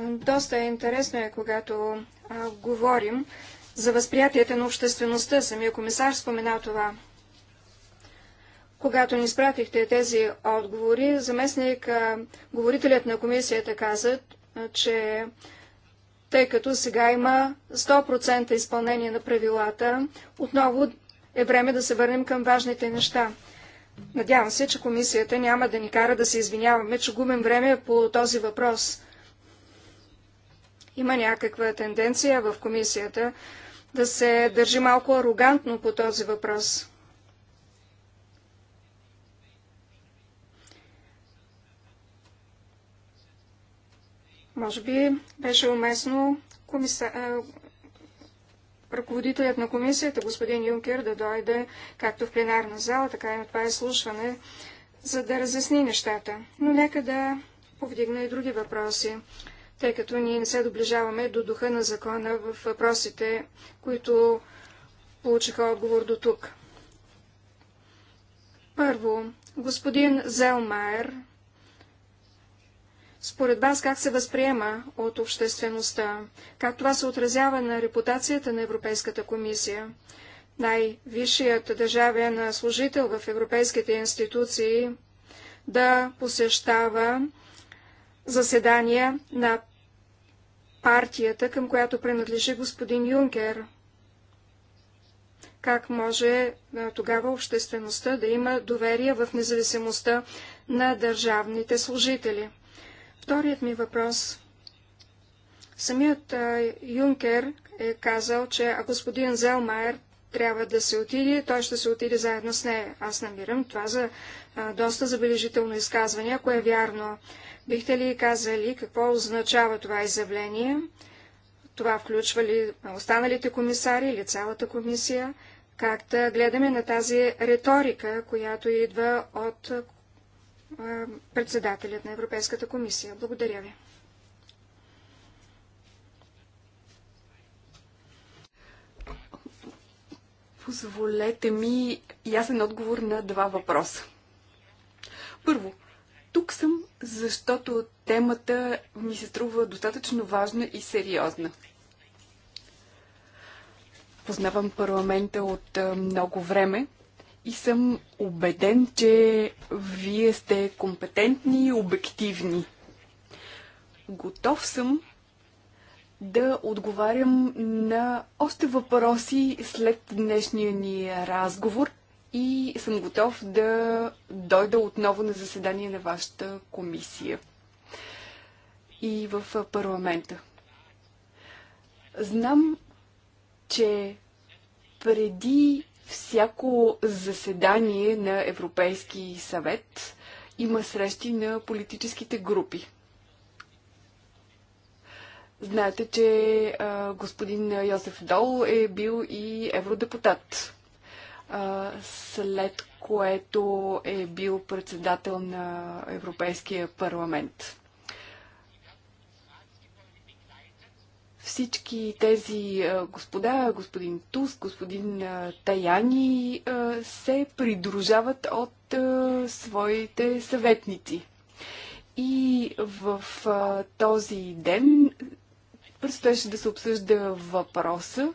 Доста е интересно е, когато а, говорим за възприятията на обществеността. Самия комисар спомена това. Когато ни изпратихте тези отговори, заместник а, говорителят на комисията каза, че тъй като сега има 100% изпълнение на правилата, отново е време да се върнем към важните неща. Надявам се, че комисията няма да ни кара да се извиняваме, че губим време по този въпрос. Има някаква тенденция в комисията да се държи малко арогантно по този въпрос. Може би беше уместно комисар ръководителят на комисията, господин Юнкер, да дойде както в пленарна зала, така и на това изслушване, за да разясни нещата. Но нека да повдигна и други въпроси, тъй като ние не се доближаваме до духа на закона в въпросите, които получиха отговор до тук. Първо, господин Зелмайер според вас как се възприема от обществеността? Как това се отразява на репутацията на Европейската комисия? Най-висшият държавен служител в европейските институции да посещава заседания на партията, към която принадлежи господин Юнкер. Как може тогава обществеността да има доверие в независимостта на държавните служители? Вторият ми въпрос. Самият а, Юнкер е казал, че а господин Зелмайер трябва да се отиде, той ще се отиде заедно с нея. Аз намирам това за а, доста забележително изказване, ако е вярно. Бихте ли казали какво означава това изявление? Това включва ли останалите комисари или цялата комисия? Как да гледаме на тази риторика, която идва от председателят на Европейската комисия. Благодаря ви. Позволете ми ясен отговор на два въпроса. Първо, тук съм, защото темата ми се струва достатъчно важна и сериозна. Познавам парламента от много време и съм убеден, че вие сте компетентни и обективни. Готов съм да отговарям на още въпроси след днешния ни разговор и съм готов да дойда отново на заседание на вашата комисия и в парламента. Знам, че преди всяко заседание на Европейски съвет има срещи на политическите групи. Знаете, че а, господин Йосеф Дол е бил и евродепутат, а, след което е бил председател на Европейския парламент. Всички тези господа, господин Туз, господин Таяни, се придружават от своите съветници. И в този ден предстоеше да се обсъжда въпроса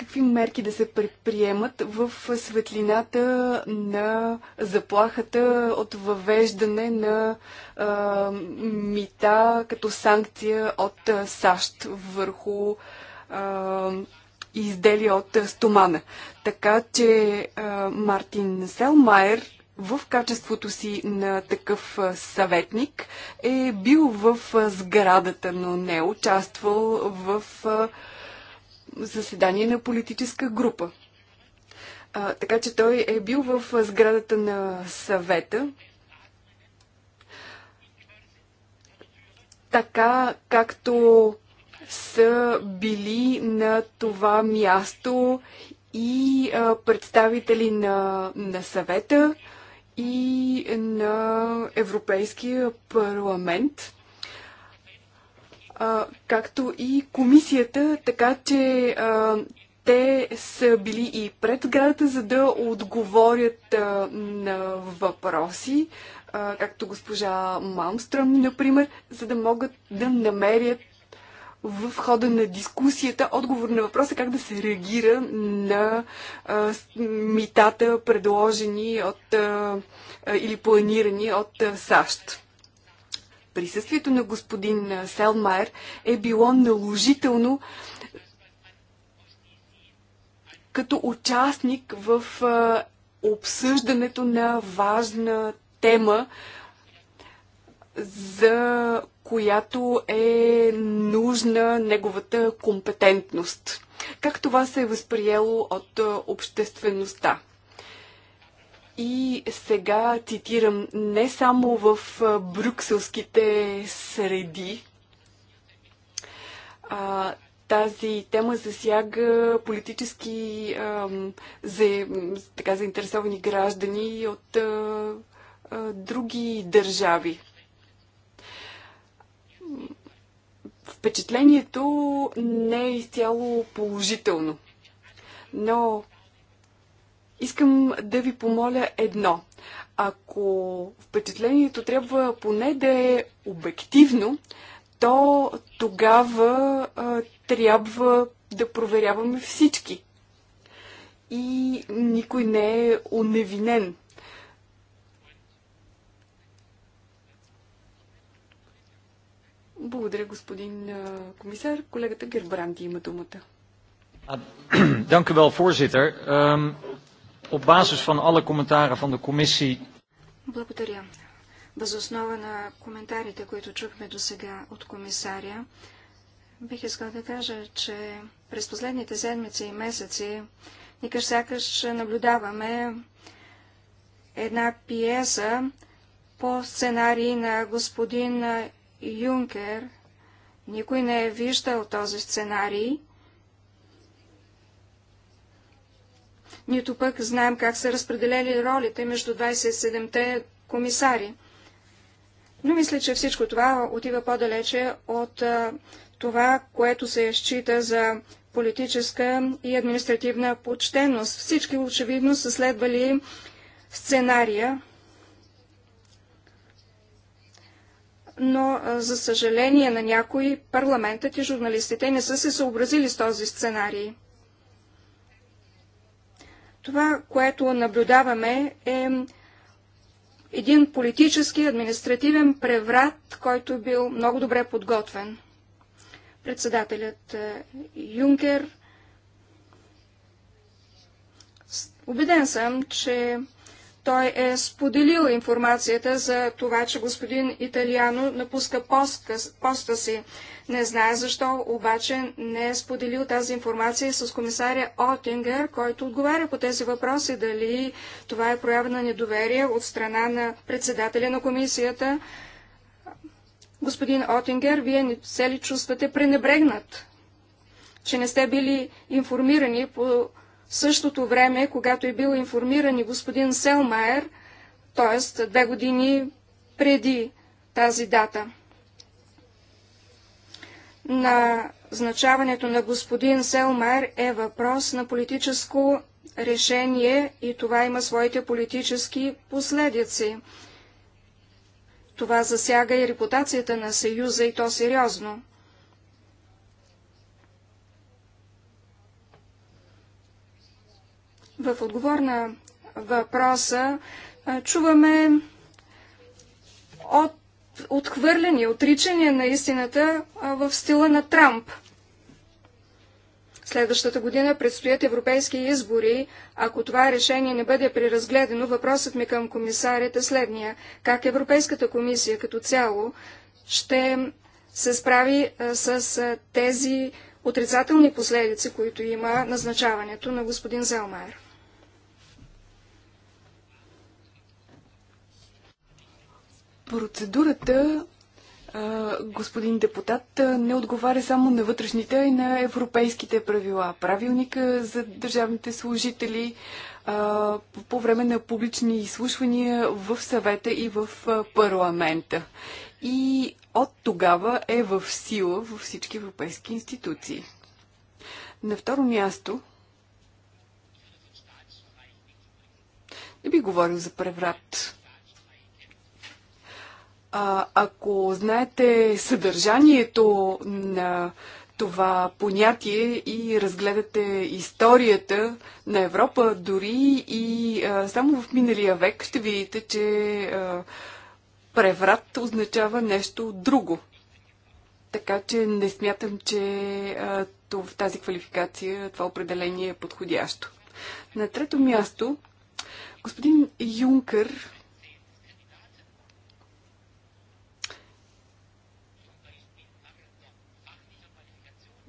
какви мерки да се предприемат в светлината на заплахата от въвеждане на а, мита като санкция от САЩ върху а, изделия от стомана. Така че а, Мартин Селмайер в качеството си на такъв съветник е бил в сградата, но не е участвал в заседание на политическа група. А, така че той е бил в сградата на съвета. Така както са били на това място и а, представители на, на съвета и на Европейския парламент а, както и комисията, така че а, те са били и пред сградата, за да отговорят а, на въпроси, а, както госпожа Мамстръм, например, за да могат да намерят в хода на дискусията отговор на въпроса как да се реагира на а, митата, предложени от а, или планирани от а, САЩ присъствието на господин Селмайер е било наложително като участник в обсъждането на важна тема, за която е нужна неговата компетентност. Как това се е възприело от обществеността? И сега цитирам не само в брюкселските среди. А, тази тема засяга политически а, за, така, заинтересовани граждани от а, а, други държави. Впечатлението не е изцяло положително. Но Искам да ви помоля едно. Ако впечатлението трябва поне да е обективно, то тогава а, трябва да проверяваме всички. И никой не е оневинен. Благодаря, господин комисар. Колегата Гербранди има думата. Dank u wel, voorzitter. Ehm, op basis van alle commentaren van de commissie. Благодаря. основа на коментарите, които чухме до сега от комисаря, бих искал да кажа, че през последните седмици и месеци никъж сякаш наблюдаваме една пиеса по сценарий на господин Юнкер. Никой не е виждал този сценарий нито пък знаем как са разпределели ролите между 27-те комисари. Но мисля, че всичко това отива по-далече от а, това, което се счита за политическа и административна почтеност. Всички очевидно са следвали сценария, но а, за съжаление на някои парламентът и журналистите не са се съобразили с този сценарий. Това, което наблюдаваме е един политически административен преврат, който бил много добре подготвен. Председателят е, Юнкер Убеден съм, че той е споделил информацията за това, че господин Италиано напуска постка, поста си. Не знае защо, обаче не е споделил тази информация с комисаря Отингер, който отговаря по тези въпроси, дали това е проява на недоверие от страна на председателя на комисията. Господин Отингер, вие не се ли чувствате пренебрегнат, че не сте били информирани по в същото време, когато е бил информиран и господин Селмайер, т.е. две години преди тази дата. На значаването на господин Селмайер е въпрос на политическо решение и това има своите политически последици. Това засяга и репутацията на Съюза и то сериозно. В отговор на въпроса чуваме от отхвърляне, отричане на истината в стила на Трамп. Следващата година предстоят европейски избори. Ако това решение не бъде преразгледано, въпросът ми към комисарят е следния. Как Европейската комисия като цяло ще се справи с тези отрицателни последици, които има назначаването на господин Зелмайер? Процедурата, господин депутат, не отговаря само на вътрешните, а и на европейските правила. Правилника за държавните служители по време на публични изслушвания в съвета и в парламента. И от тогава е в сила във всички европейски институции. На второ място, не би говорил за преврат. А, ако знаете съдържанието на това понятие и разгледате историята на Европа, дори и а, само в миналия век, ще видите, че а, преврат означава нещо друго. Така че не смятам, че а, в тази квалификация това определение е подходящо. На трето място, господин Юнкър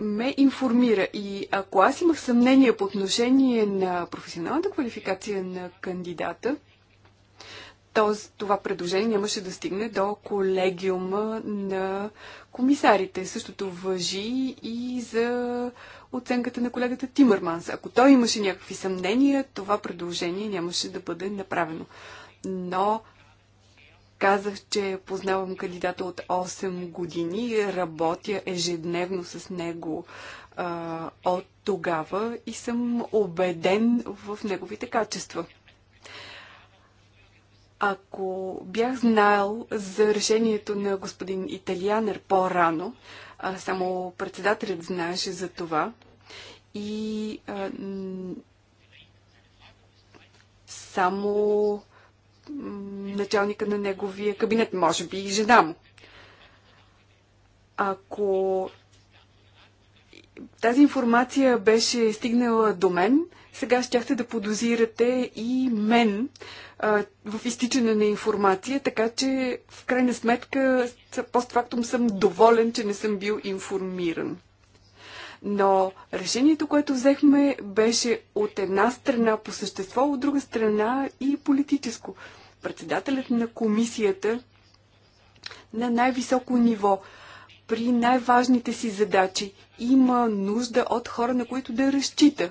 ме информира. И ако аз имах съмнение по отношение на професионалната квалификация на кандидата, то това предложение нямаше да стигне до колегиума на комисарите. Същото въжи и за оценката на колегата Тимърманс. Ако той имаше някакви съмнения, това предложение нямаше да бъде направено. Но Казах, че познавам кандидата от 8 години, работя ежедневно с него а, от тогава и съм убеден в неговите качества. Ако бях знаел за решението на господин Италианер по-рано, само председателят знаеше за това и а, само началника на неговия кабинет, може би и жена му. Ако тази информация беше стигнала до мен, сега щяхте да подозирате и мен а, в изтичане на информация, така че в крайна сметка постфактум съм доволен, че не съм бил информиран. Но решението, което взехме, беше от една страна по същество, от друга страна и политическо. Председателят на комисията на най-високо ниво при най-важните си задачи има нужда от хора, на които да разчита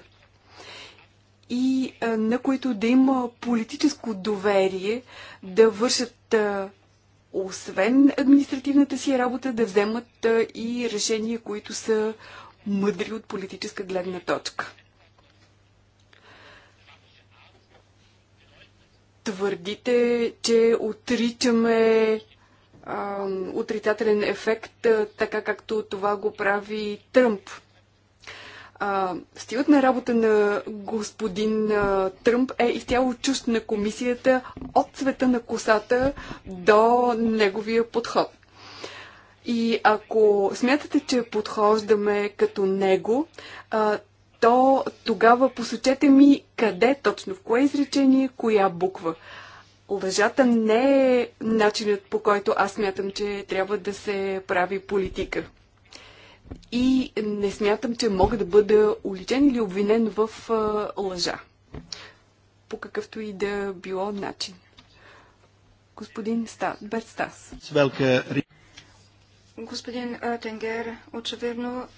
и а, на които да има политическо доверие да вършат а, освен административната си работа, да вземат а, и решения, които са мъдри от политическа гледна точка. Твърдите, че отричаме а, отрицателен ефект, а, така както това го прави Тръмп. А, стилът на работа на господин а, Тръмп е изцяло чужд на комисията от цвета на косата до неговия подход. И ако смятате, че подхождаме като него, а, то тогава посочете ми къде точно, в кое изречение, коя буква. Лъжата не е начинът по който аз смятам, че трябва да се прави политика. И не смятам, че мога да бъда уличен или обвинен в а, лъжа. По какъвто и да било начин. Господин Стас, Берт Стас. Господин Тенгер, очевидно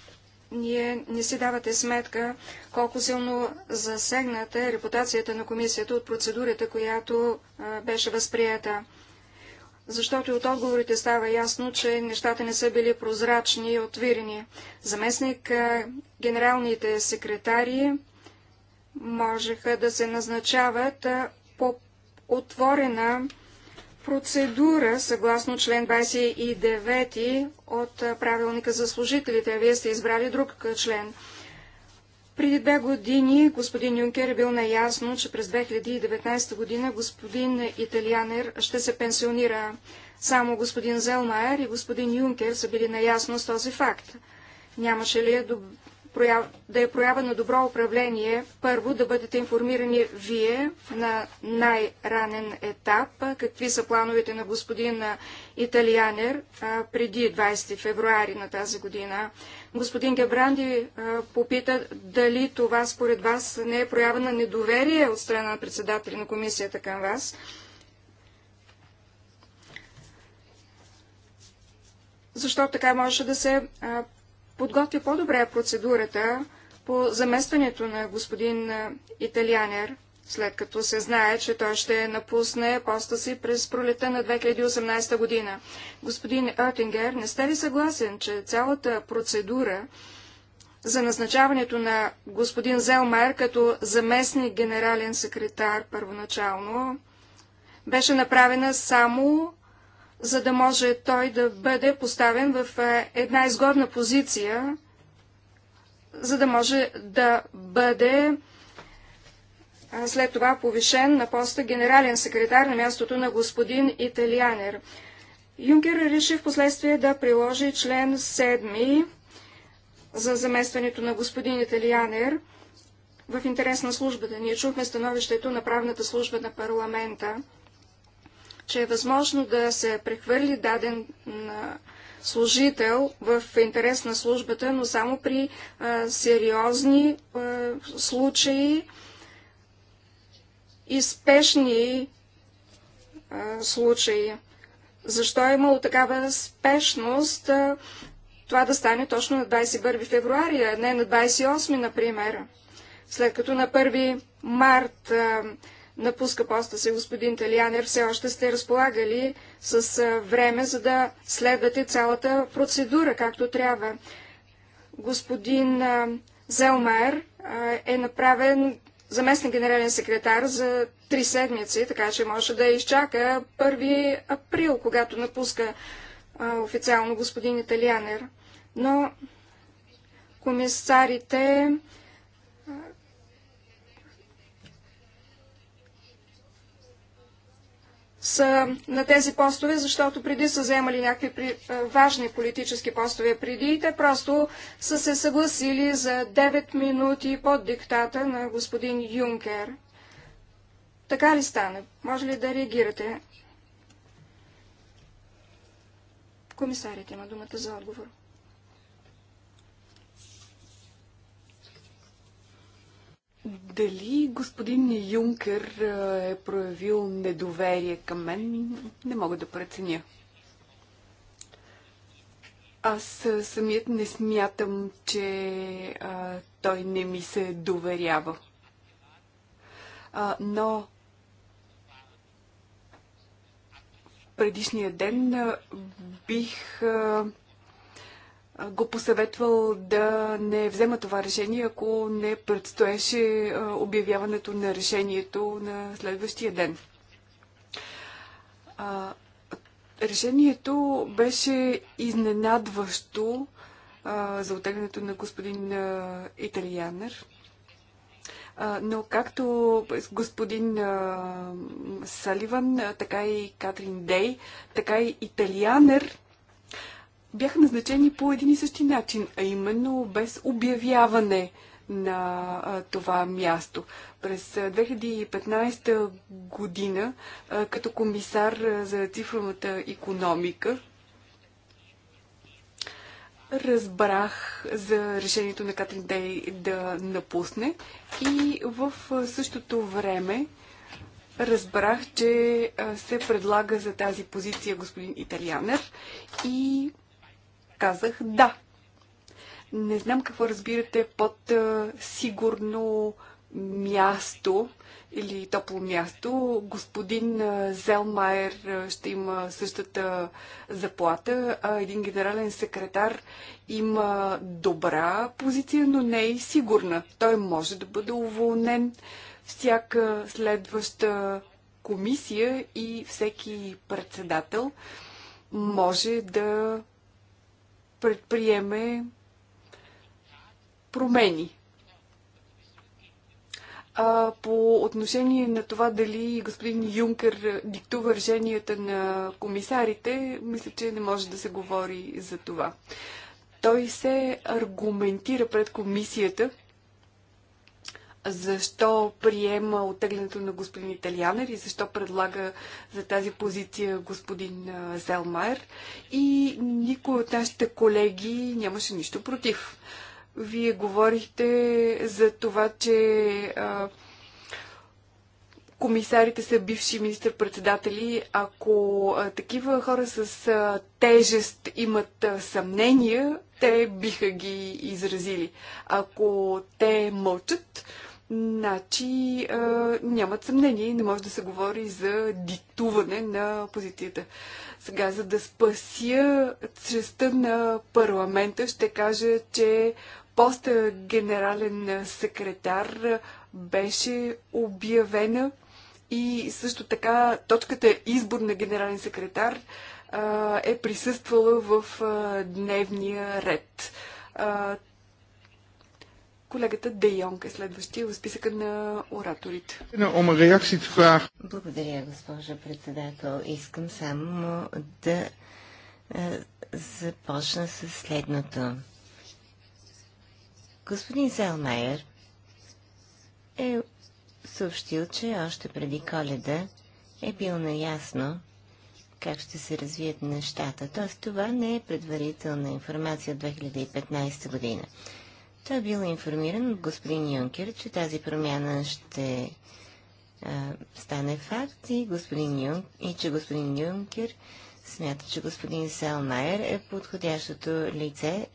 ние не си давате сметка колко силно засегната е репутацията на комисията от процедурата, която а, беше възприета. Защото от отговорите става ясно, че нещата не са били прозрачни и отвирени. Заместник а, генералните секретари можеха да се назначават а, по отворена процедура съгласно член 29 от правилника за служителите, а вие сте избрали друг член. Преди две години господин Юнкер е бил наясно, че през 2019 година господин Италианер ще се пенсионира. Само господин Зелмайер и господин Юнкер са били наясно с този факт. Нямаше ли е да е проява на добро управление, първо да бъдете информирани вие на най-ранен етап, какви са плановете на господин Италианер преди 20 февруари на тази година. Господин Гебранди попита дали това според вас не е проява на недоверие от страна на председателя на комисията към вас. Защо така може да се а, Подготвя по-добре процедурата по заместването на господин Италианер, след като се знае, че той ще напусне поста си през пролета на 2018 година. Господин Оттингер, не сте ли съгласен, че цялата процедура за назначаването на господин Зелмайер като заместник генерален секретар първоначално беше направена само за да може той да бъде поставен в е, една изгодна позиция, за да може да бъде е, след това повишен на поста генерален секретар на мястото на господин Италианер. Юнкер реши в последствие да приложи член 7 за заместването на господин Италианер в интерес на службата. Ние чухме становището на правната служба на парламента че е възможно да се прехвърли даден служител в интерес на службата, но само при а, сериозни а, случаи и спешни а, случаи. Защо е имало такава спешност а, това да стане точно на 21 февруари, а не на 28, например? След като на 1 март а, напуска поста си господин Талиянер, все още сте разполагали с време, за да следвате цялата процедура, както трябва. Господин Зелмайер е направен заместник генерален секретар за три седмици, така че може да изчака 1 април, когато напуска а, официално господин Италианер. Но комисарите са на тези постове, защото преди са вземали някакви важни политически постове преди и те просто са се съгласили за 9 минути под диктата на господин Юнкер. Така ли стане? Може ли да реагирате? Комисарите има думата за отговор. Дали господин Юнкер е проявил недоверие към мен, не мога да преценя. Аз самият не смятам, че а, той не ми се доверява. А, но предишния ден а, бих а, го посъветвал да не взема това решение, ако не предстоеше обявяването на решението на следващия ден. Решението беше изненадващо за отеглянето на господин Италианер. Но както господин Саливан, така и Катрин Дей, така и Италианер бяха назначени по един и същи начин, а именно без обявяване на това място. През 2015 година като комисар за цифровата економика разбрах за решението на Катрин Дей да напусне и в същото време разбрах, че се предлага за тази позиция господин Италианер и казах да. Не знам какво разбирате под сигурно място или топло място. Господин Зелмайер ще има същата заплата, а един генерален секретар има добра позиция, но не е и сигурна. Той може да бъде уволнен всяка следваща комисия и всеки председател може да предприеме промени. А, по отношение на това дали господин Юнкер диктува решенията на комисарите, мисля, че не може да се говори за това. Той се аргументира пред комисията защо приема оттеглянето на господин Италианер и защо предлага за тази позиция господин Зелмайер. И никой от нашите колеги нямаше нищо против. Вие говорихте за това, че а, комисарите са бивши министр-председатели. Ако а, такива хора с а, тежест имат а, съмнения, те биха ги изразили. Ако те мълчат, Значи а, нямат съмнение и не може да се говори за диктуване на позицията. Сега, за да спася честа на парламента, ще кажа, че поста генерален секретар беше обявена и също така точката избор на генерален секретар а, е присъствала в а, дневния ред. А, Колегата Де Йонг е следващия в списъка на ораторите. Благодаря, госпожа председател. Искам само да е, започна с следното. Господин Зелмайер е съобщил, че още преди коледа е бил наясно как ще се развият нещата. Т.е. това не е предварителна информация от 2015 година. Той бил информиран от господин Юнкер, че тази промяна ще а, стане факт и, господин Юн, и че господин Юнкер смята, че господин Селмайер е подходящото лице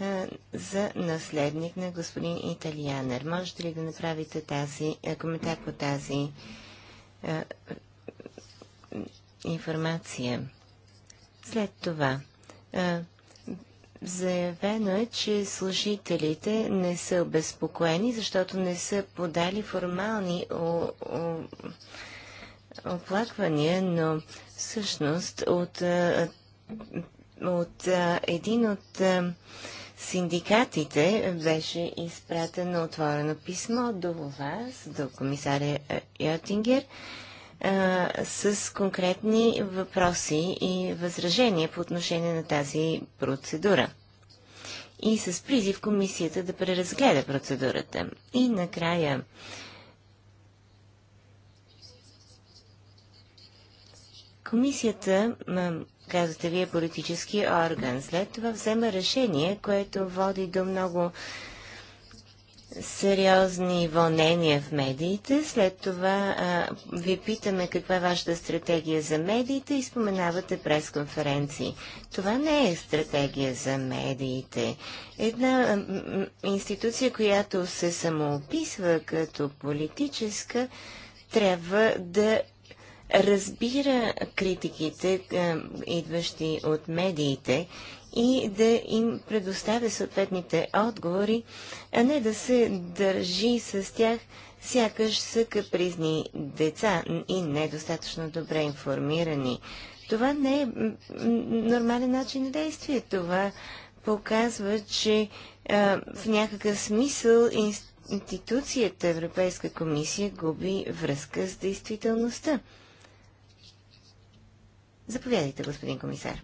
а, за наследник на господин Италианер. Можете ли да направите тази, а, коментар по тази а, информация? След това, Заявено е, че служителите не са обезпокоени, защото не са подали формални оплаквания, но всъщност от, от един от синдикатите беше изпратено отворено писмо до вас, до комисаря Йотингер, а, с конкретни въпроси и възражения по отношение на тази процедура. И с призив комисията да преразгледа процедурата. И накрая комисията, казвате вие, политически орган, след това взема решение, което води до много сериозни вълнения в медиите. След това а, ви питаме каква е вашата стратегия за медиите и споменавате пресконференции. Това не е стратегия за медиите. Една а, институция, която се самоописва като политическа, трябва да разбира критиките, а, идващи от медиите и да им предоставя съответните отговори, а не да се държи с тях сякаш са капризни деца и недостатъчно добре информирани. Това не е нормален начин на действие. Това показва, че а, в някакъв смисъл институцията Европейска комисия губи връзка с действителността. Заповядайте, господин комисар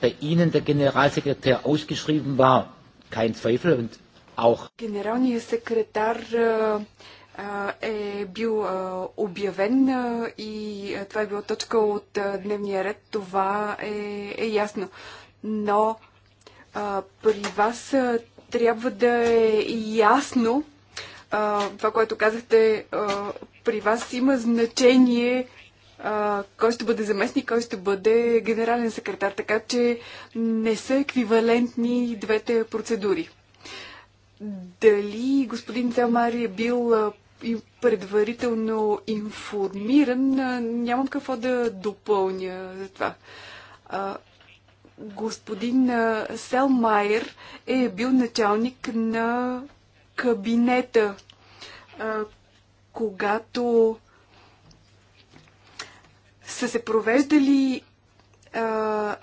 bei Ihnen der Generalsekretär ausgeschrieben war, kein Zweifel und auch. Генералният секретар е бил обявен и това е било точка от дневния ред. Това е, е ясно. Но при вас трябва да е ясно това, което казахте, при вас има значение а, кой ще бъде заместник, кой ще бъде генерален секретар, така че не са еквивалентни двете процедури. Дали господин Целмари е бил предварително информиран, нямам какво да допълня за това. А, господин Селмайер е бил началник на кабинета, а, когато са се провеждали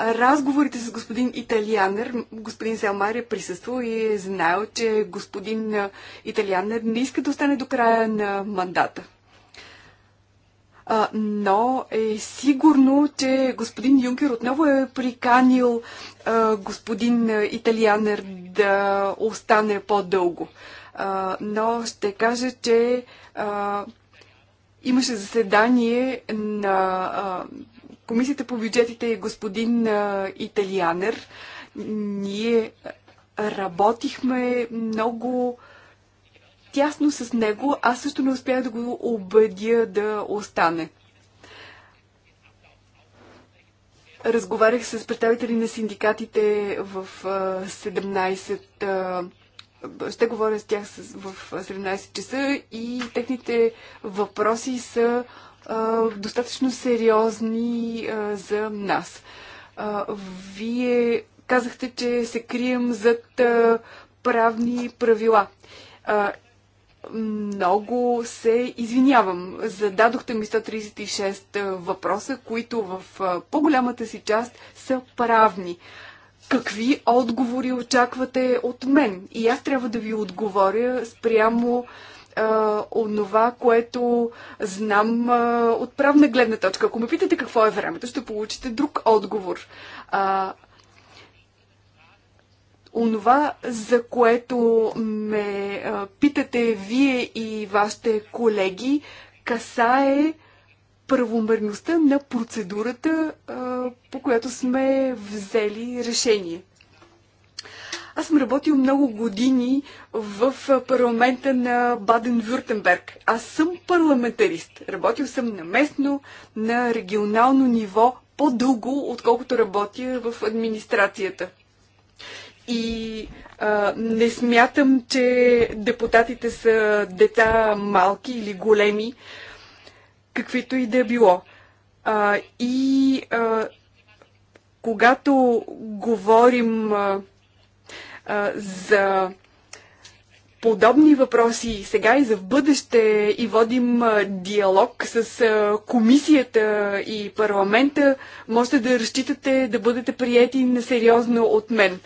разговорите с господин Италианер, господин Селмар е присъствал и е знаел, че господин Италианер не иска да остане до края на мандата. но е сигурно, че господин Юнкер отново е приканил господин Италианер да остане по-дълго. но ще кажа, че Имаше заседание на а, Комисията по бюджетите и господин а, Италианер. Ние работихме много тясно с него. Аз също не успях да го убедя да остане. Разговарях с представители на синдикатите в 17 ще говоря с тях в 17 часа и техните въпроси са а, достатъчно сериозни а, за нас. А, вие казахте, че се крием зад а, правни правила. А, много се извинявам. Зададохте ми 136 въпроса, които в по-голямата си част са правни какви отговори очаквате от мен. И аз трябва да ви отговоря спрямо онова, което знам от правна гледна точка. Ако ме питате какво е времето, ще получите друг отговор. А, онова, за което ме питате вие и вашите колеги, касае правомерността на процедурата, по която сме взели решение. Аз съм работил много години в парламента на Баден-Вюртенберг. Аз съм парламентарист. Работил съм на местно, на регионално ниво по-дълго, отколкото работя в администрацията. И а, не смятам, че депутатите са деца малки или големи каквито и да е било. А, и а, когато говорим а, а, за подобни въпроси сега и за в бъдеще и водим диалог с комисията и парламента, можете да разчитате да бъдете на сериозно от мен.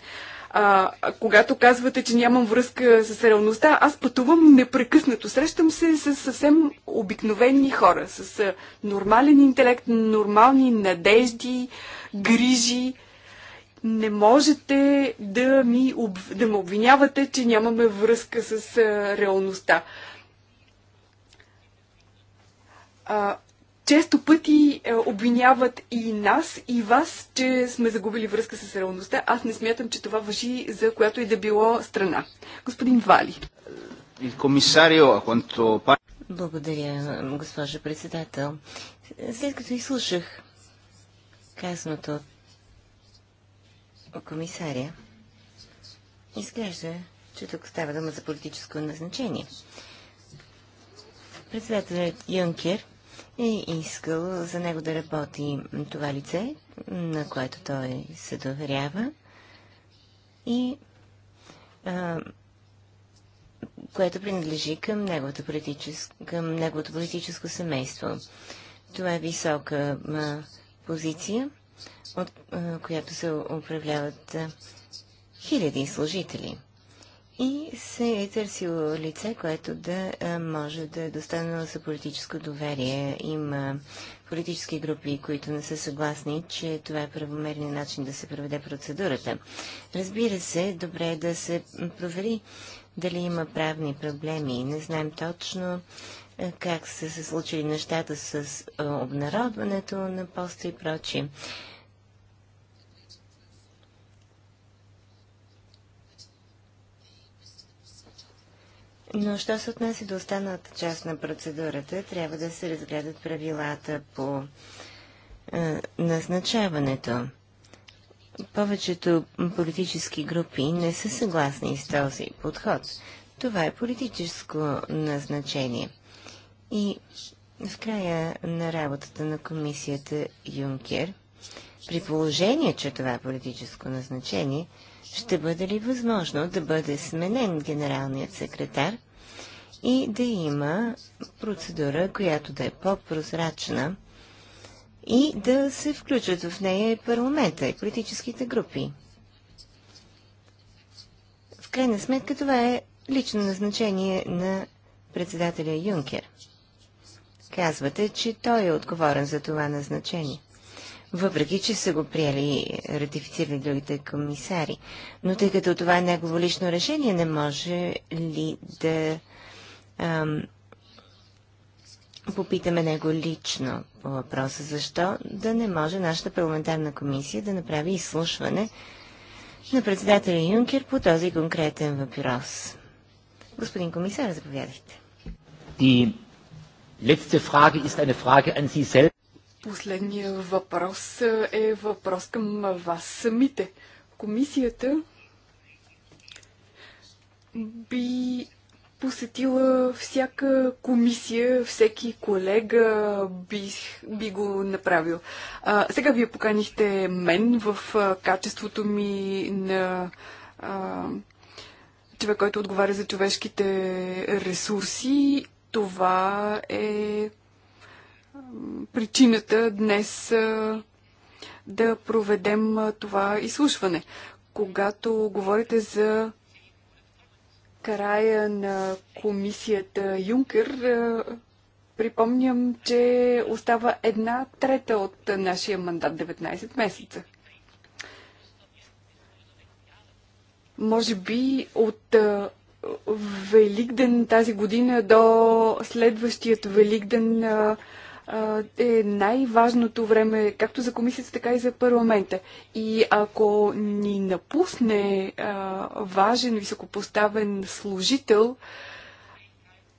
А, когато казвате, че нямам връзка с реалността, аз пътувам непрекъснато. Срещам се с съвсем обикновени хора, с нормален интелект, нормални надежди, грижи. Не можете да, ми, да ме обвинявате, че нямаме връзка с реалността. А, често пъти е, обвиняват и нас, и вас, че сме загубили връзка с реалността. Аз не смятам, че това въжи за която и да било страна. Господин Вали. Комисарио, Благодаря, госпожа председател. След като изслушах казаното от комисаря, изглежда, че тук става дума за политическо назначение. Председателят Юнкер – е искал за него да работи това лице, на което той се доверява и а, което принадлежи към неговото, политическо, към неговото политическо семейство. Това е висока а, позиция, от а, която се управляват а, хиляди служители и се е търсило лице, което да може да е достанало за политическо доверие. Има политически групи, които не са съгласни, че това е правомерният начин да се проведе процедурата. Разбира се, добре е да се провери дали има правни проблеми. Не знаем точно как са се случили нещата с обнародването на поста и прочие. Но що се отнася до останалата част на процедурата, трябва да се разгледат правилата по е, назначаването. Повечето политически групи не са съгласни с този подход. Това е политическо назначение. И в края на работата на комисията Юнкер, при положение, че това е политическо назначение, ще бъде ли възможно да бъде сменен генералният секретар и да има процедура, която да е по-прозрачна и да се включат в нея и парламента, и политическите групи. В крайна сметка това е лично назначение на председателя Юнкер. Казвате, че той е отговорен за това назначение въпреки че са го приели и ратифицирали другите комисари. Но тъй като това е негово лично решение, не може ли да ам, попитаме него лично по въпроса, защо да не може нашата парламентарна комисия да направи изслушване на председателя Юнкер по този конкретен въпрос. Господин комисар, заповядайте. Die letzte Frage ist eine Frage an Sie selbst. Последния въпрос е въпрос към вас самите. Комисията би посетила всяка комисия, всеки колега би, би го направил. А, сега вие поканихте мен в а, качеството ми на а, човек, който отговаря за човешките ресурси. Това е причината днес да проведем това изслушване. Когато говорите за края на комисията Юнкер, припомням, че остава една трета от нашия мандат 19 месеца. Може би от Великден тази година до следващият Великден е най-важното време както за комисията, така и за парламента. И ако ни напусне а, важен, високопоставен служител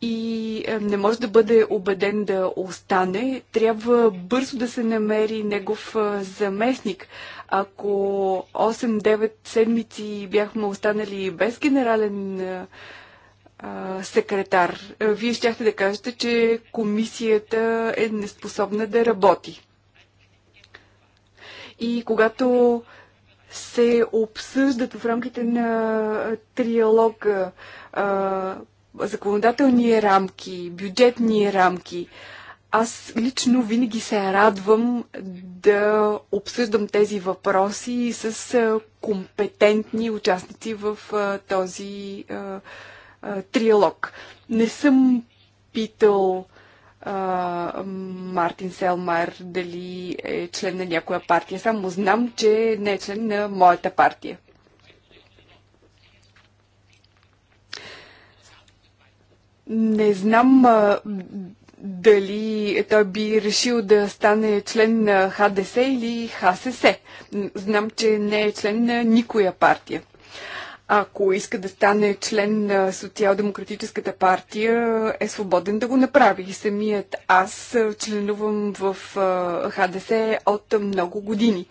и не може да бъде убеден да остане, трябва бързо да се намери негов заместник. Ако 8-9 седмици бяхме останали без генерален секретар. Вие щяхте да кажете, че комисията е неспособна да работи. И когато се обсъждат в рамките на триалога а, законодателни рамки, бюджетни рамки, аз лично винаги се радвам да обсъждам тези въпроси с компетентни участници в този а, а, триалог. Не съм питал а, Мартин Селмайер дали е член на някоя партия. Само знам, че не е член на моята партия. Не знам а, дали той би решил да стане член на ХДС или ХСС. Знам, че не е член на никоя партия. Ако иска да стане член на Социал-демократическата партия, е свободен да го направи. Самият аз членувам в ХДС от много години.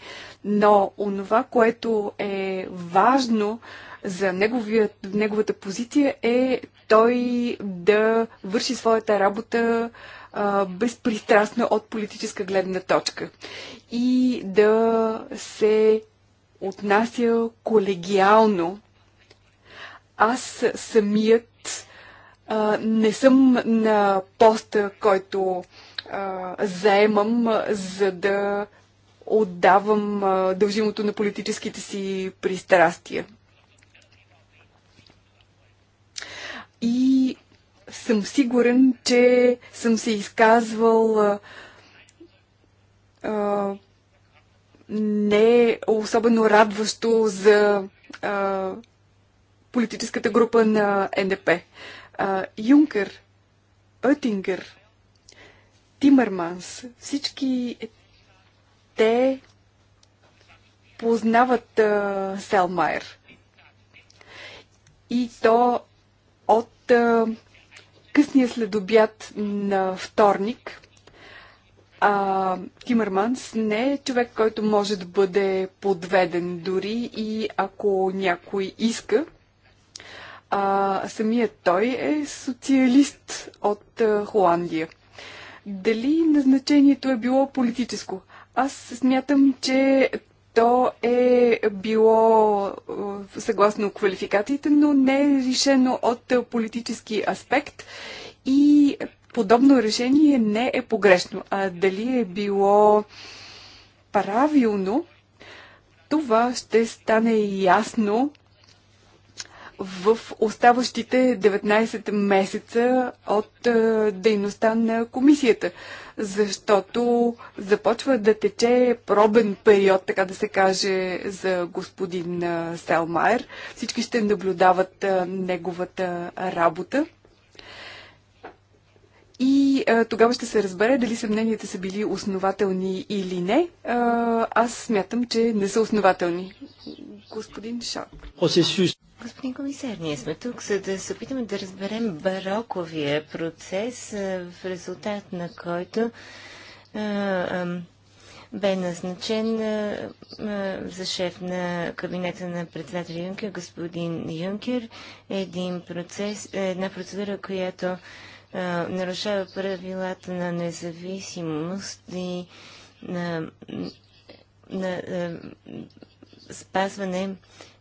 Но онова, което е важно за неговият, неговата позиция е той да върши своята работа безпристрастно от политическа гледна точка и да се отнася колегиално аз самият а, не съм на поста, който а, заемам, за да отдавам а, дължимото на политическите си пристрастия. И съм сигурен, че съм се изказвал а, не особено радващо за а, политическата група на НДП. Юнкер, Оттингер, Тимърманс, всички те познават а, Селмайер. И то от а, късния следобят на вторник. А, Тимърманс не е човек, който може да бъде подведен дори и ако някой иска а самият той е социалист от Холандия. Дали назначението е било политическо? Аз смятам, че то е било съгласно квалификациите, но не е решено от политически аспект и подобно решение не е погрешно. А дали е било правилно, това ще стане ясно в оставащите 19 месеца от е, дейността на комисията, защото започва да тече пробен период, така да се каже, за господин е, Селмайер. Всички ще наблюдават е, неговата работа. И а, тогава ще се разбере дали съмненията са били основателни или не. А, аз смятам, че не са основателни. Господин Шак. Господин комисар, ние сме тук, за да се опитаме да разберем бароковия процес, в резултат на който а, а, бе назначен а, за шеф на кабинета на председателя Юнкер, господин Юнкер. Един процес, една процедура, която нарушава правилата на независимост и на, на, на спазване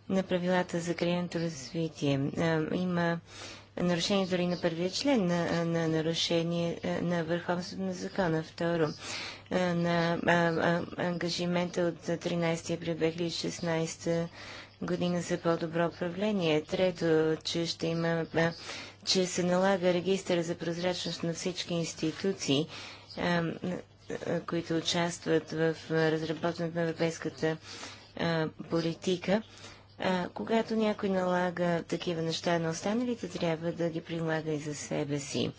на правилата за кариерното развитие. има нарушение дори на първия член на, на нарушение на върховството на закона. Второ, на а, а, ангажимента от 13 април 2016 година за по-добро управление. Трето, че ще има че се налага регистър за прозрачност на всички институции, които участват в разработването на европейската политика. когато някой налага такива неща на останалите, трябва да ги прилага и за себе си.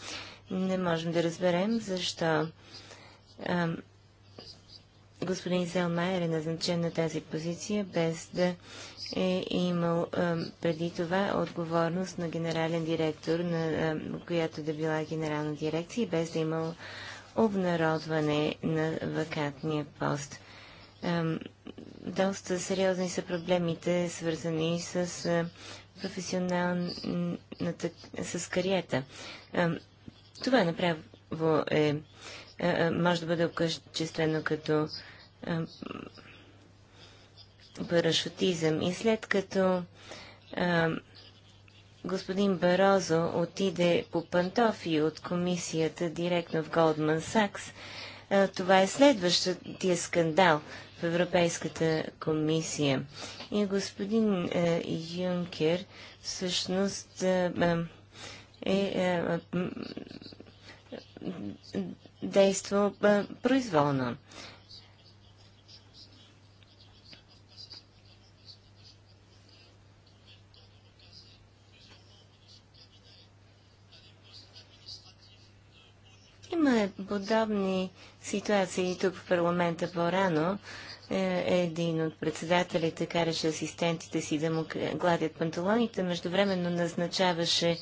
Не можем да разберем защо господин Зелмайер е назначен на тази позиция без да е имал е, преди това отговорност на генерален директор, на е, която да била генерална дирекция, без да е имал обнародване на вакантния пост. доста сериозни са проблемите, свързани с професионалната, с кариета. това направо е, може да бъде окачествено като парашутизъм. И след като а, господин Барозо отиде по пантофи от комисията директно в Голдман Сакс, а, това е следващия скандал в Европейската комисия. И господин а, Юнкер всъщност а, е действал произволно. Има подобни ситуации тук в парламента по-рано. Е, един от председателите караше асистентите си да му гладят панталоните, междувременно назначаваше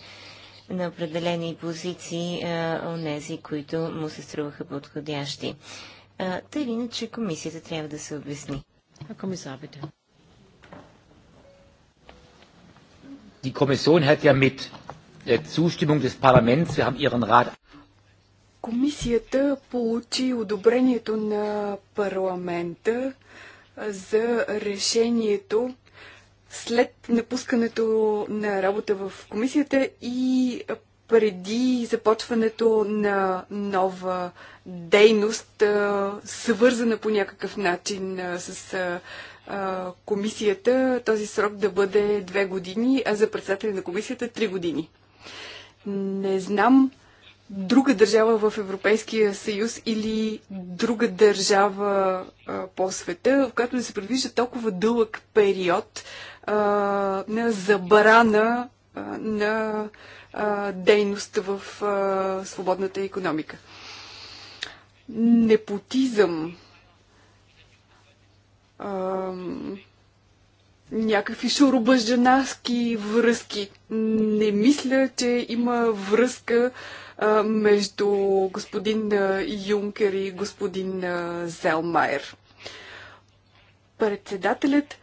на определени позиции е, онези, които му се струваха подходящи. Та е, Тъй или иначе комисията трябва да се обясни. Комисар, Die Kommission hat ja mit der Zustimmung des Parlaments, wir haben ihren Rat Комисията получи одобрението на парламента за решението след напускането на работа в комисията и преди започването на нова дейност, свързана по някакъв начин с комисията, този срок да бъде две години, а за председателя на комисията три години. Не знам друга държава в Европейския съюз или друга държава а, по света, в която да се предвижда толкова дълъг период а, на забрана а, на а, дейност в а, свободната економика. Непотизъм. А, някакви шурубъжданаски връзки. Не мисля, че има връзка а, между господин Юнкер и господин Зелмайер. Председателят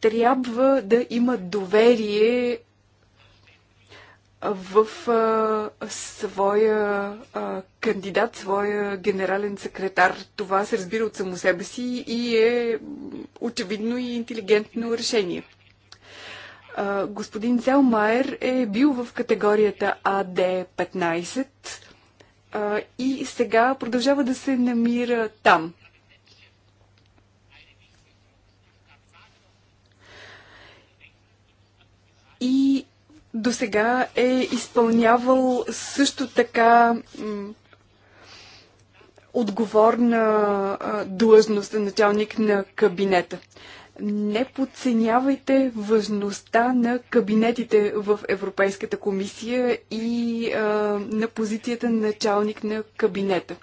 трябва да има доверие в а, своя а, кандидат, своя генерален секретар. Това се разбира от само себе си и е очевидно и интелигентно решение. Господин Целмайер е бил в категорията АД-15 и сега продължава да се намира там. И до сега е изпълнявал също така отговорна длъжност на началник на кабинета не подценявайте важността на кабинетите в Европейската комисия и а, на позицията на началник на кабинета.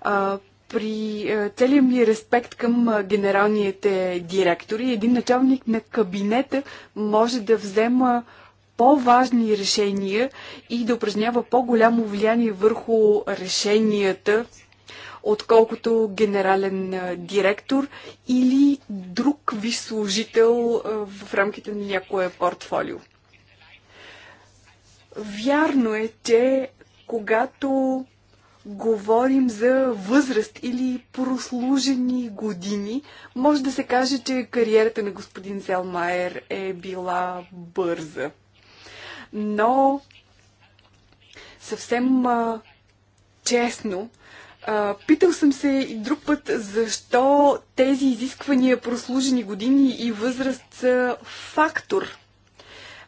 А, при целият ми респект към генералните директори, един началник на кабинета може да взема по-важни решения и да упражнява по-голямо влияние върху решенията отколкото генерален директор или друг виш служител в рамките на някое портфолио. Вярно е, че когато говорим за възраст или прослужени години, може да се каже, че кариерата на господин Зелмайер е била бърза. Но съвсем а, честно а, питал съм се и друг път, защо тези изисквания, прослужени години и възраст са фактор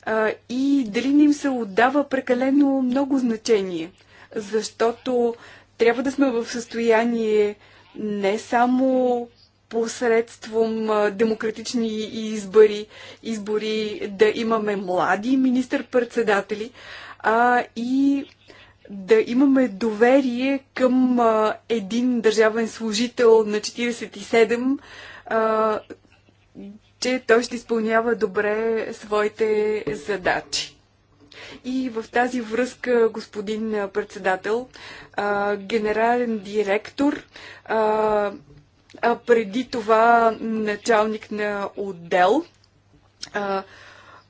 а, и дали не им се отдава прекалено много значение, защото трябва да сме в състояние не само посредством демократични избори, избори да имаме млади министър-председатели, а и да имаме доверие към а, един държавен служител на 47, а, че той ще изпълнява добре своите задачи. И в тази връзка, господин председател, а, генерален директор, а, а преди това началник на отдел, а,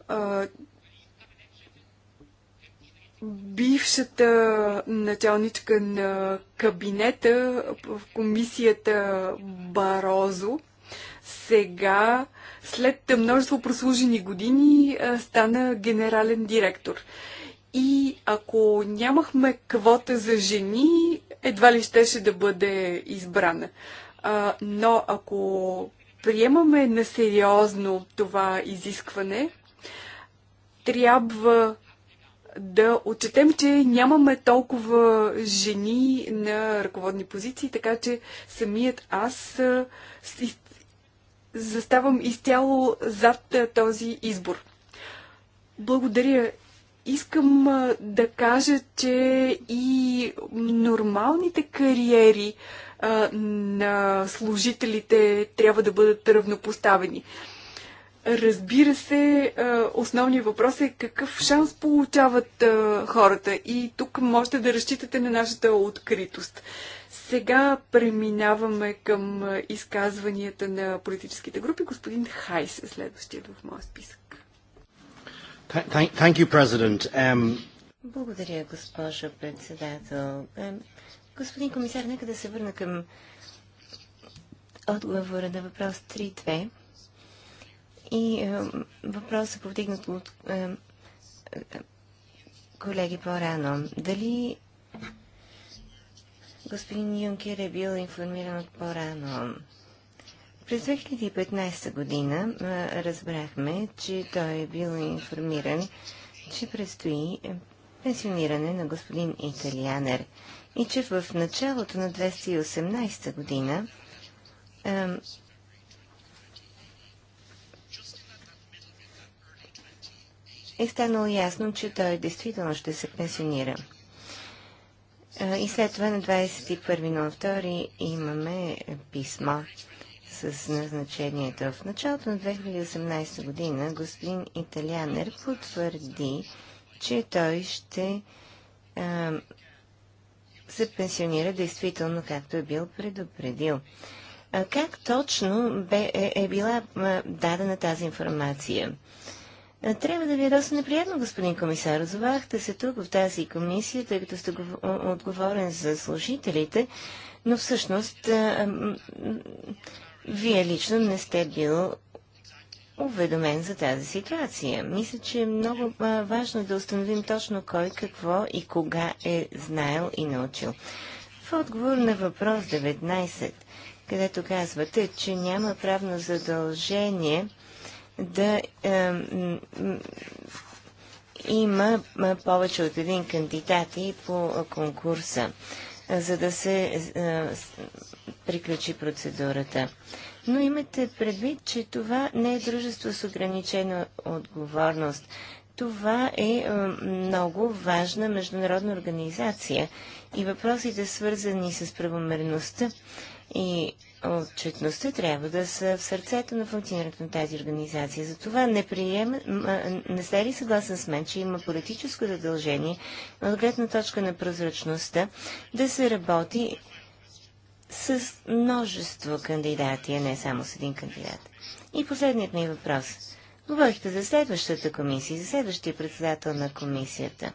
а, бившата началничка на кабинета в комисията Барозо. Сега, след множество прослужени години, стана генерален директор. И ако нямахме квота за жени, едва ли щеше да бъде избрана. но ако приемаме на сериозно това изискване, трябва да отчетем, че нямаме толкова жени на ръководни позиции, така че самият аз заставам изцяло зад този избор. Благодаря. Искам да кажа, че и нормалните кариери на служителите трябва да бъдат равнопоставени. Разбира се, основният въпрос е какъв шанс получават хората и тук можете да разчитате на нашата откритост. Сега преминаваме към изказванията на политическите групи. Господин Хайс е следващия в моя списък. Thank you, President. Um... Благодаря, госпожо председател. Господин комисар, нека да се върна към отговора на въпрос 3.2 и е, въпросът е повдигнат от е, е, колеги по-рано. Дали господин Юнкер е бил информиран от по-рано? През 2015 година е, разбрахме, че той е бил информиран, че предстои е, пенсиониране на господин Италианер и че в началото на 2018 година е станало ясно, че той действително ще се пенсионира. И след това на 21.02 имаме писмо с назначението. В началото на 2018 година господин Италянер потвърди, че той ще а, се пенсионира действително както е бил предупредил. А как точно бе, е, е била а, дадена тази информация? Е, трябва да ви е доста неприятно, господин комисар. Озовахте се тук в тази комисия, тъй като сте отговорен за служителите, но всъщност е, вие лично не сте бил уведомен за тази ситуация. Мисля, че е много важно е да установим точно кой какво и кога е знаел и научил. В отговор на въпрос 19, където казвате, че няма правно задължение да е, има повече от един кандидат и по конкурса, за да се е, приключи процедурата. Но имате предвид, че това не е дружество с ограничена отговорност. Това е, е много важна международна организация и въпросите, свързани с правомерността и отчетността трябва да са в сърцето на функционирането на тази организация. Затова не, прием, не сте ли съгласен с мен, че има политическо задължение от гледна точка на прозрачността да се работи с множество кандидати, а не само с един кандидат? И последният ми въпрос. Говорихте за следващата комисия, за следващия председател на комисията.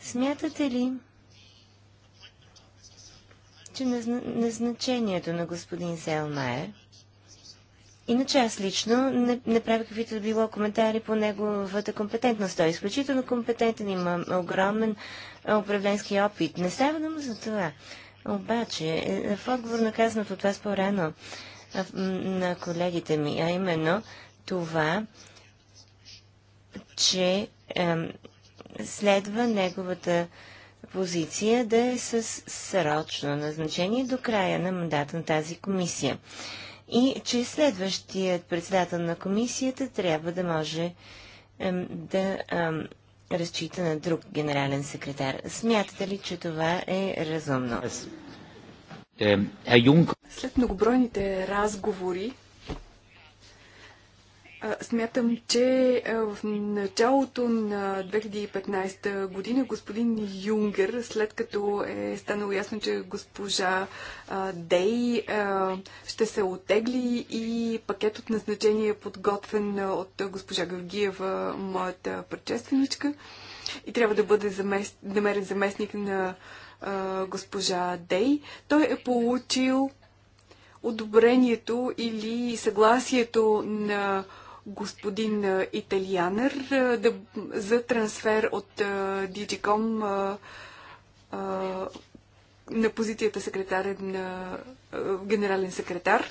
Смятате ли, че назначението на господин Зелмайер. Иначе аз лично не, не правя каквито да било коментари по неговата компетентност. Той е изключително компетентен, има огромен управленски опит. Не става дума за това. Обаче, е, е, в отговор на казаното от вас по-рано на колегите ми, а именно това, че е, следва неговата позиция да е с срочно назначение до края на мандата на тази комисия. И че следващият председател на комисията трябва да може да разчита на друг генерален секретар. Смятате ли, че това е разумно? Е, е, След многобройните разговори Смятам, че в началото на 2015 година господин Юнгер, след като е станало ясно, че госпожа Дей ще се отегли и пакет от назначения е подготвен от госпожа Георгиева, моята предшественичка, и трябва да бъде замест... намерен заместник на госпожа Дей, той е получил одобрението или съгласието на господин Италианър да, за трансфер от Digicom на позицията на генерален секретар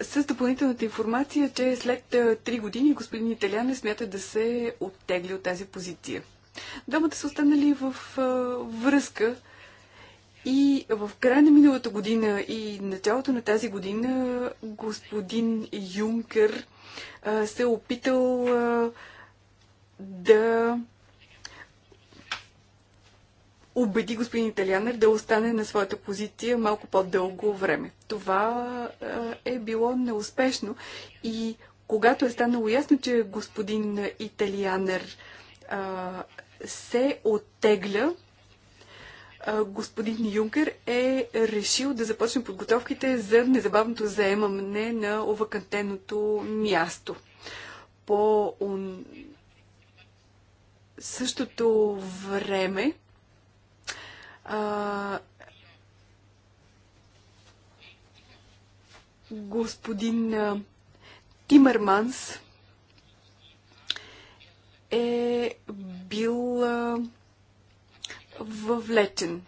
с допълнителната информация, че след 3 години господин Италиан смята да се оттегли от тази позиция. Двамата са останали в връзка и в края на миналата година и началото на тази година господин Юнкер а, се е опитал а, да убеди господин Италианър да остане на своята позиция малко по-дълго време. Това а, е било неуспешно и когато е станало ясно, че господин Италианър а, се оттегля, господин Юнкер е решил да започне подготовките за незабавното заемане на овакантеното място. По същото време а, господин а, Тимърманс е бил а, въвлечен.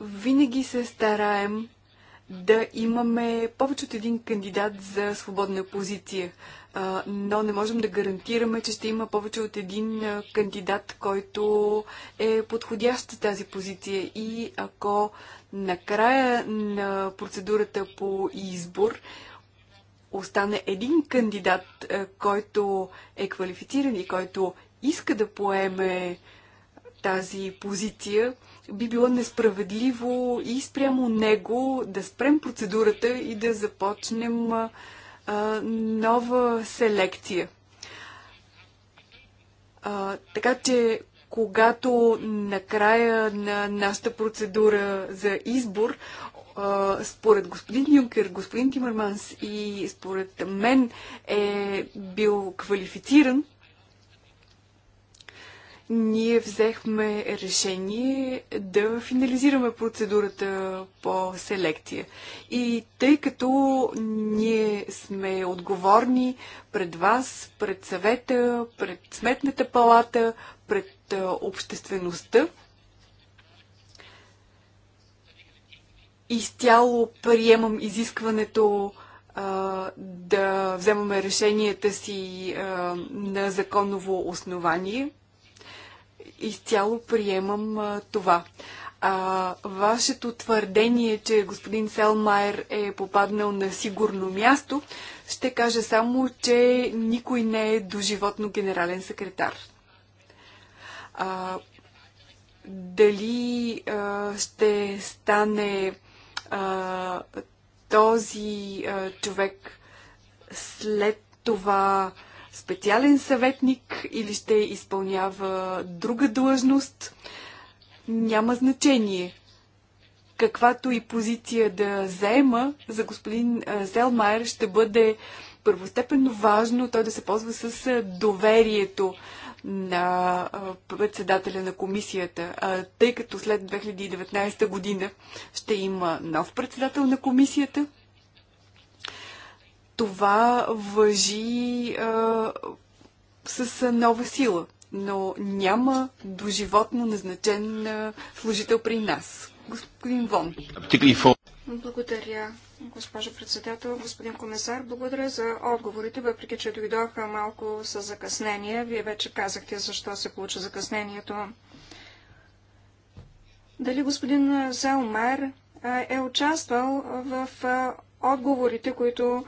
Винаги се стараем да имаме повече от един кандидат за свободна позиция, но не можем да гарантираме, че ще има повече от един кандидат, който е подходящ за тази позиция. И ако накрая на процедурата по избор остане един кандидат, който е квалифициран и който иска да поеме тази позиция. Би било несправедливо и спрямо него да спрем процедурата и да започнем а, нова селекция. А, така че, когато накрая на нашата процедура за избор, според господин Юнкер, господин Тимърманс и според мен е бил квалифициран, ние взехме решение да финализираме процедурата по селекция. И тъй като ние сме отговорни пред вас, пред съвета, пред сметната палата, пред обществеността, изцяло приемам изискването да вземаме решенията си а, на законово основание – изцяло приемам а, това. А, вашето твърдение, че господин Селмайер е попаднал на сигурно място, ще кажа само, че никой не е доживотно генерален секретар. А, дали а, ще стане а, този а, човек след това специален съветник или ще изпълнява друга длъжност, няма значение. Каквато и позиция да заема, за господин Зелмайер ще бъде първостепенно важно той да се ползва с доверието на председателя на комисията, тъй като след 2019 година ще има нов председател на комисията това въжи а, с нова сила, но няма доживотно назначен а, служител при нас. Господин Вон. Благодаря, госпожо председател, господин комисар. Благодаря за отговорите, въпреки че дойдоха малко с закъснение. Вие вече казахте защо се получи закъснението. Дали господин Зелмар е участвал в отговорите, които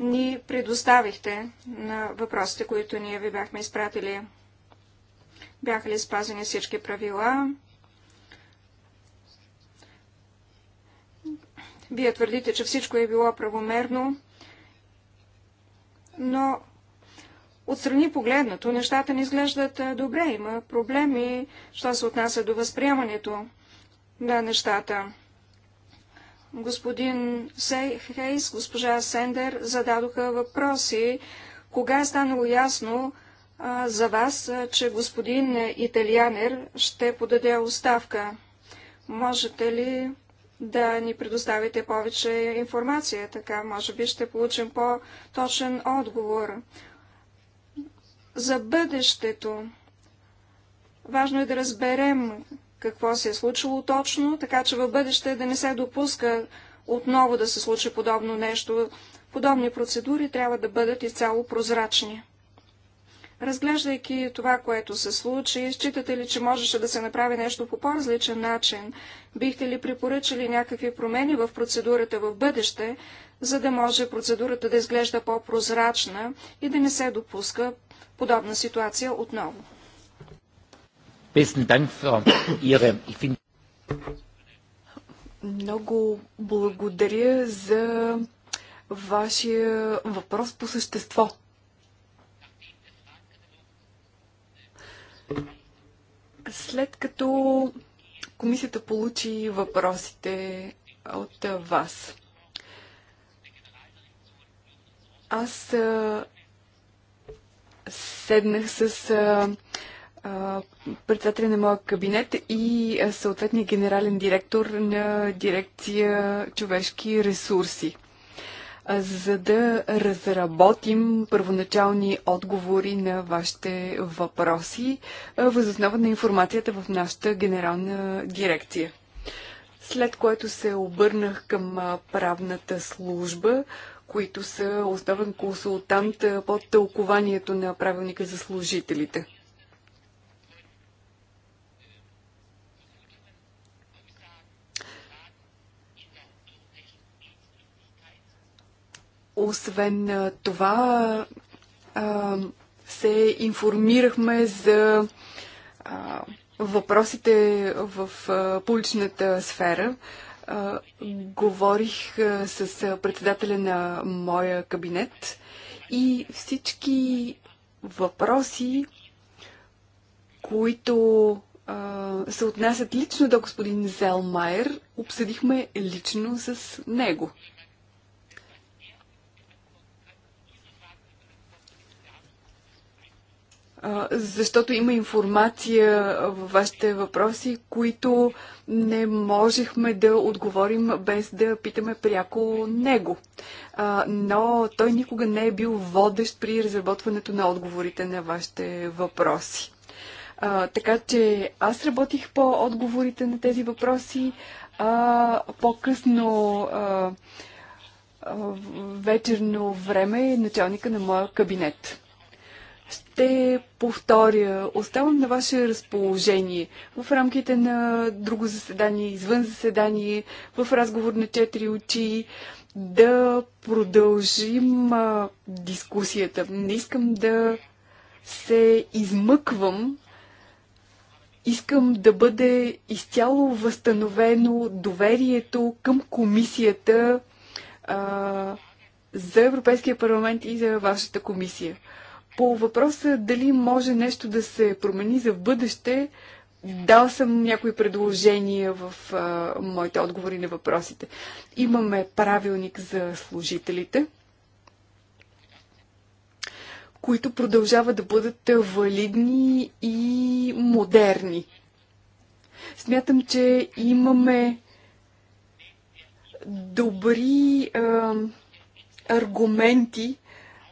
ни предоставихте на въпросите, които ние ви бяхме изпратили. Бяха ли спазени всички правила? Вие твърдите, че всичко е било правомерно, но отстрани погледнато, нещата не изглеждат добре. Има проблеми, що се отнася до възприемането на нещата господин Хейс, госпожа Сендер зададоха въпроси. Кога е станало ясно а, за вас, а, че господин Италианер ще подаде оставка? Можете ли да ни предоставите повече информация? Така, може би ще получим по-точен отговор. За бъдещето. Важно е да разберем какво се е случило точно, така че в бъдеще да не се допуска отново да се случи подобно нещо. Подобни процедури трябва да бъдат изцяло прозрачни. Разглеждайки това, което се случи, считате ли, че можеше да се направи нещо по по-различен начин? Бихте ли препоръчали някакви промени в процедурата в бъдеще, за да може процедурата да изглежда по-прозрачна и да не се допуска подобна ситуация отново? Besten Dank für Ihre, ich Много благодаря за вашия въпрос по същество. След като комисията получи въпросите от вас, аз седнах с председателя на моя кабинет и съответния генерален директор на дирекция човешки ресурси, за да разработим първоначални отговори на вашите въпроси възоснова на информацията в нашата генерална дирекция. След което се обърнах към правната служба, които са основен консултант по тълкованието на правилника за служителите. Освен това, се информирахме за въпросите в публичната сфера. Говорих с председателя на моя кабинет и всички въпроси, които а, се отнасят лично до господин Зелмайер, обсъдихме лично с него. защото има информация във вашите въпроси, които не можехме да отговорим без да питаме пряко него. Но той никога не е бил водещ при разработването на отговорите на вашите въпроси. Така че аз работих по отговорите на тези въпроси, а по-късно вечерно време е началника на моя кабинет ще повторя. Оставам на ваше разположение в рамките на друго заседание, извън заседание, в разговор на четири очи, да продължим а, дискусията. Не искам да се измъквам. Искам да бъде изцяло възстановено доверието към комисията а, за Европейския парламент и за вашата комисия. По въпроса дали може нещо да се промени за в бъдеще, дал съм някои предложения в а, моите отговори на въпросите. Имаме правилник за служителите, които продължават да бъдат валидни и модерни. Смятам, че имаме добри а, аргументи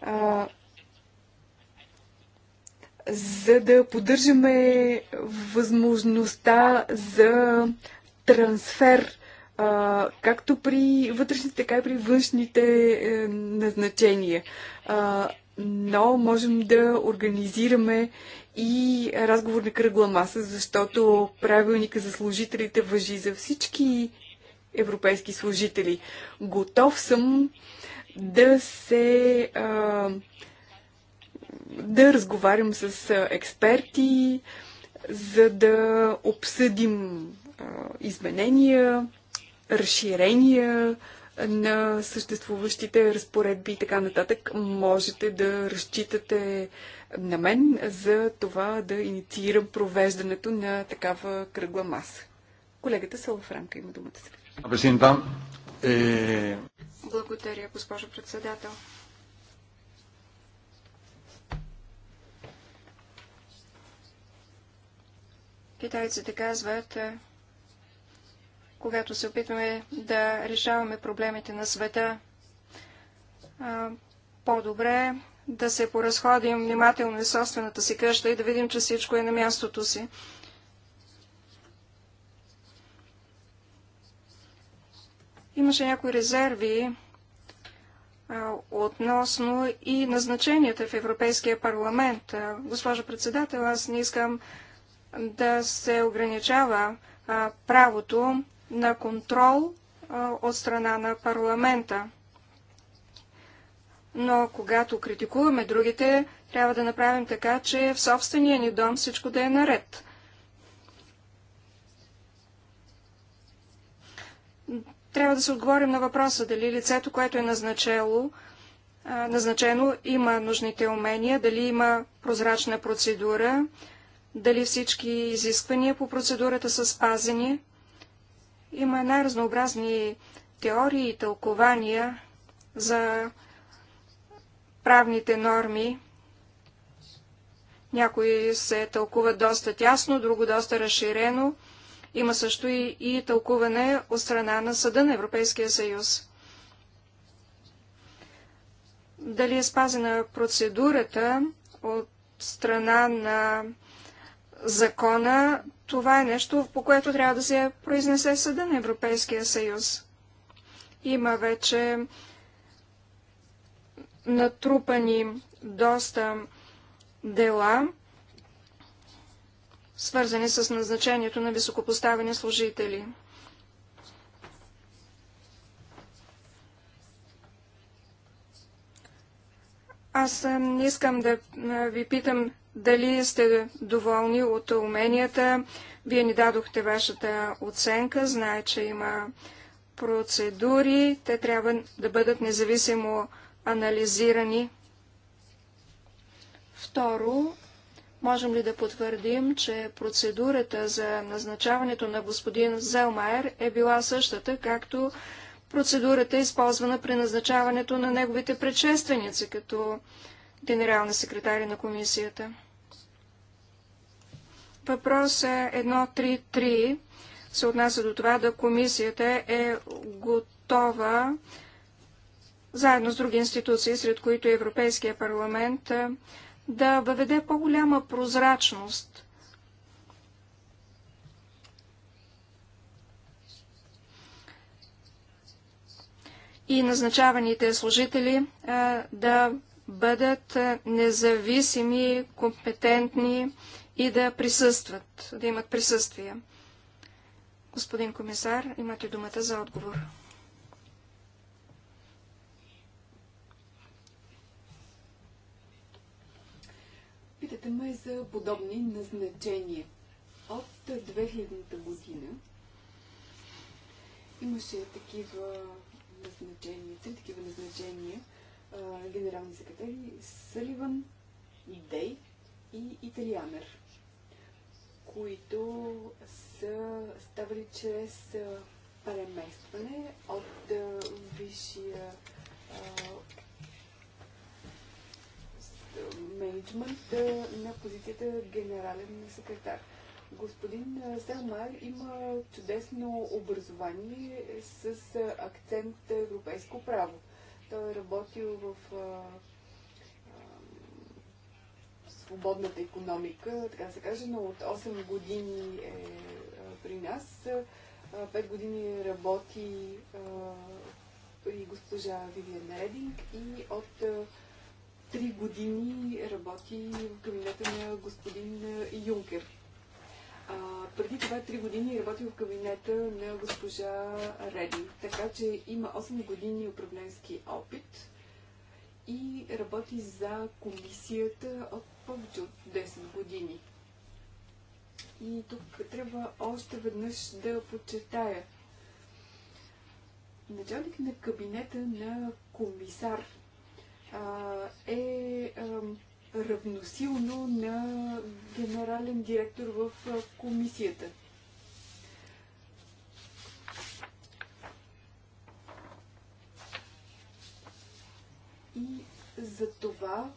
а, за да поддържаме възможността за трансфер а, както при вътрешните, така и при външните е, назначения. А, но можем да организираме и разговор на кръгла маса, защото правилника за служителите въжи за всички европейски служители. Готов съм да се а, да разговарям с експерти, за да обсъдим изменения, разширения на съществуващите разпоредби и така нататък. Можете да разчитате на мен за това да инициирам провеждането на такава кръгла маса. Колегата Салафранка има думата сега. Е, Благодаря, госпожо председател. Китайците казват, е, когато се опитваме да решаваме проблемите на света, е, по-добре да се поразходим внимателно и собствената си къща и да видим, че всичко е на мястото си. Имаше някои резерви а, е, относно и назначенията в Европейския парламент. А, госпожа председател, аз не искам да се ограничава правото на контрол от страна на парламента. Но когато критикуваме другите, трябва да направим така, че в собствения ни дом всичко да е наред. Трябва да се отговорим на въпроса дали лицето, което е назначено назначено, има нужните умения, дали има прозрачна процедура, дали всички изисквания по процедурата са спазени. Има най-разнообразни теории и тълкования за правните норми. Някои се тълкуват доста тясно, друго доста разширено. Има също и, и тълкуване от страна на Съда на Европейския съюз. Дали е спазена процедурата от страна на закона, това е нещо, по което трябва да се произнесе съда на Европейския съюз. Има вече натрупани доста дела, свързани с назначението на високопоставени служители. Аз не искам да ви питам дали сте доволни от уменията. Вие ни дадохте вашата оценка. Знае, че има процедури. Те трябва да бъдат независимо анализирани. Второ, можем ли да потвърдим, че процедурата за назначаването на господин Зелмайер е била същата, както процедурата е използвана при назначаването на неговите предшественици като генерални секретари на комисията? Въпрос 1.3.3 е се отнася до това да комисията е готова заедно с други институции, сред които Европейския парламент, да въведе по-голяма прозрачност. И назначаваните служители е, да бъдат е, независими, компетентни и да присъстват, да имат присъствие. Господин комисар, имате думата за отговор. Питате ме за подобни назначения. От 2000 година имаше такива назначения, три такива назначения. генерални секретари Саливан, Дей и Италианер които са ставали чрез преместване от висшия менеджмент на позицията генерален секретар. Господин Салмар има чудесно образование с акцент европейско право. Той е работил в свободната економика, така да се каже, но от 8 години е при нас. 5 години работи при госпожа Вивиан Рединг и от 3 години работи в кабинета на господин Юнкер. А, преди това 3 години работи в кабинета на госпожа Рединг, така че има 8 години управленски опит и работи за комисията от повече от 10 години. И тук трябва още веднъж да подчертая. Началник на кабинета на комисар а, е а, равносилно на генерален директор в комисията. За това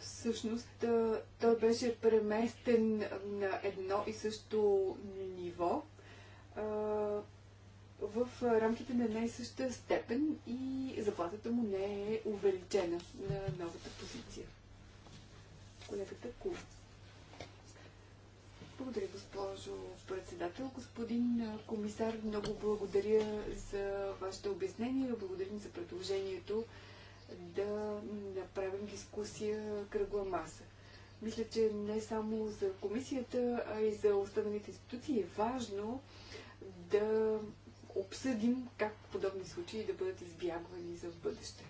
всъщност той беше преместен на едно и също ниво в рамките на една и съща степен и заплатата му не е увеличена на новата позиция. Колегата Ку. Благодаря, госпожо председател. Господин комисар, много благодаря за вашето обяснение. Благодарим за предложението да направим дискусия кръгла маса. Мисля, че не само за комисията, а и за останалите институции е важно да обсъдим как подобни случаи да бъдат избягвани за бъдеще.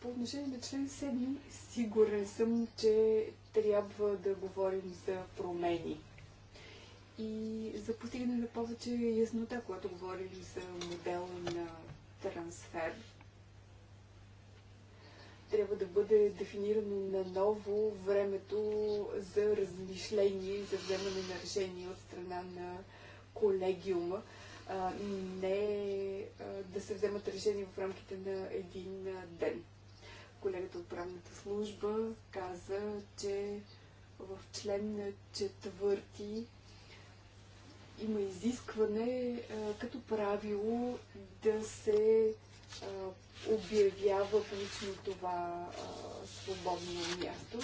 По отношение на член 7, сигурен съм, че трябва да говорим за промени и за постигане на повече яснота, когато говорим за модел на трансфер трябва да бъде дефинирано наново времето за размишление и за вземане на решение от страна на колегиума. А, не а, да се вземат решения в рамките на един ден. Колегата от правната служба каза, че в член на четвърти има изискване а, като правило да се обявява лично това а, свободно място,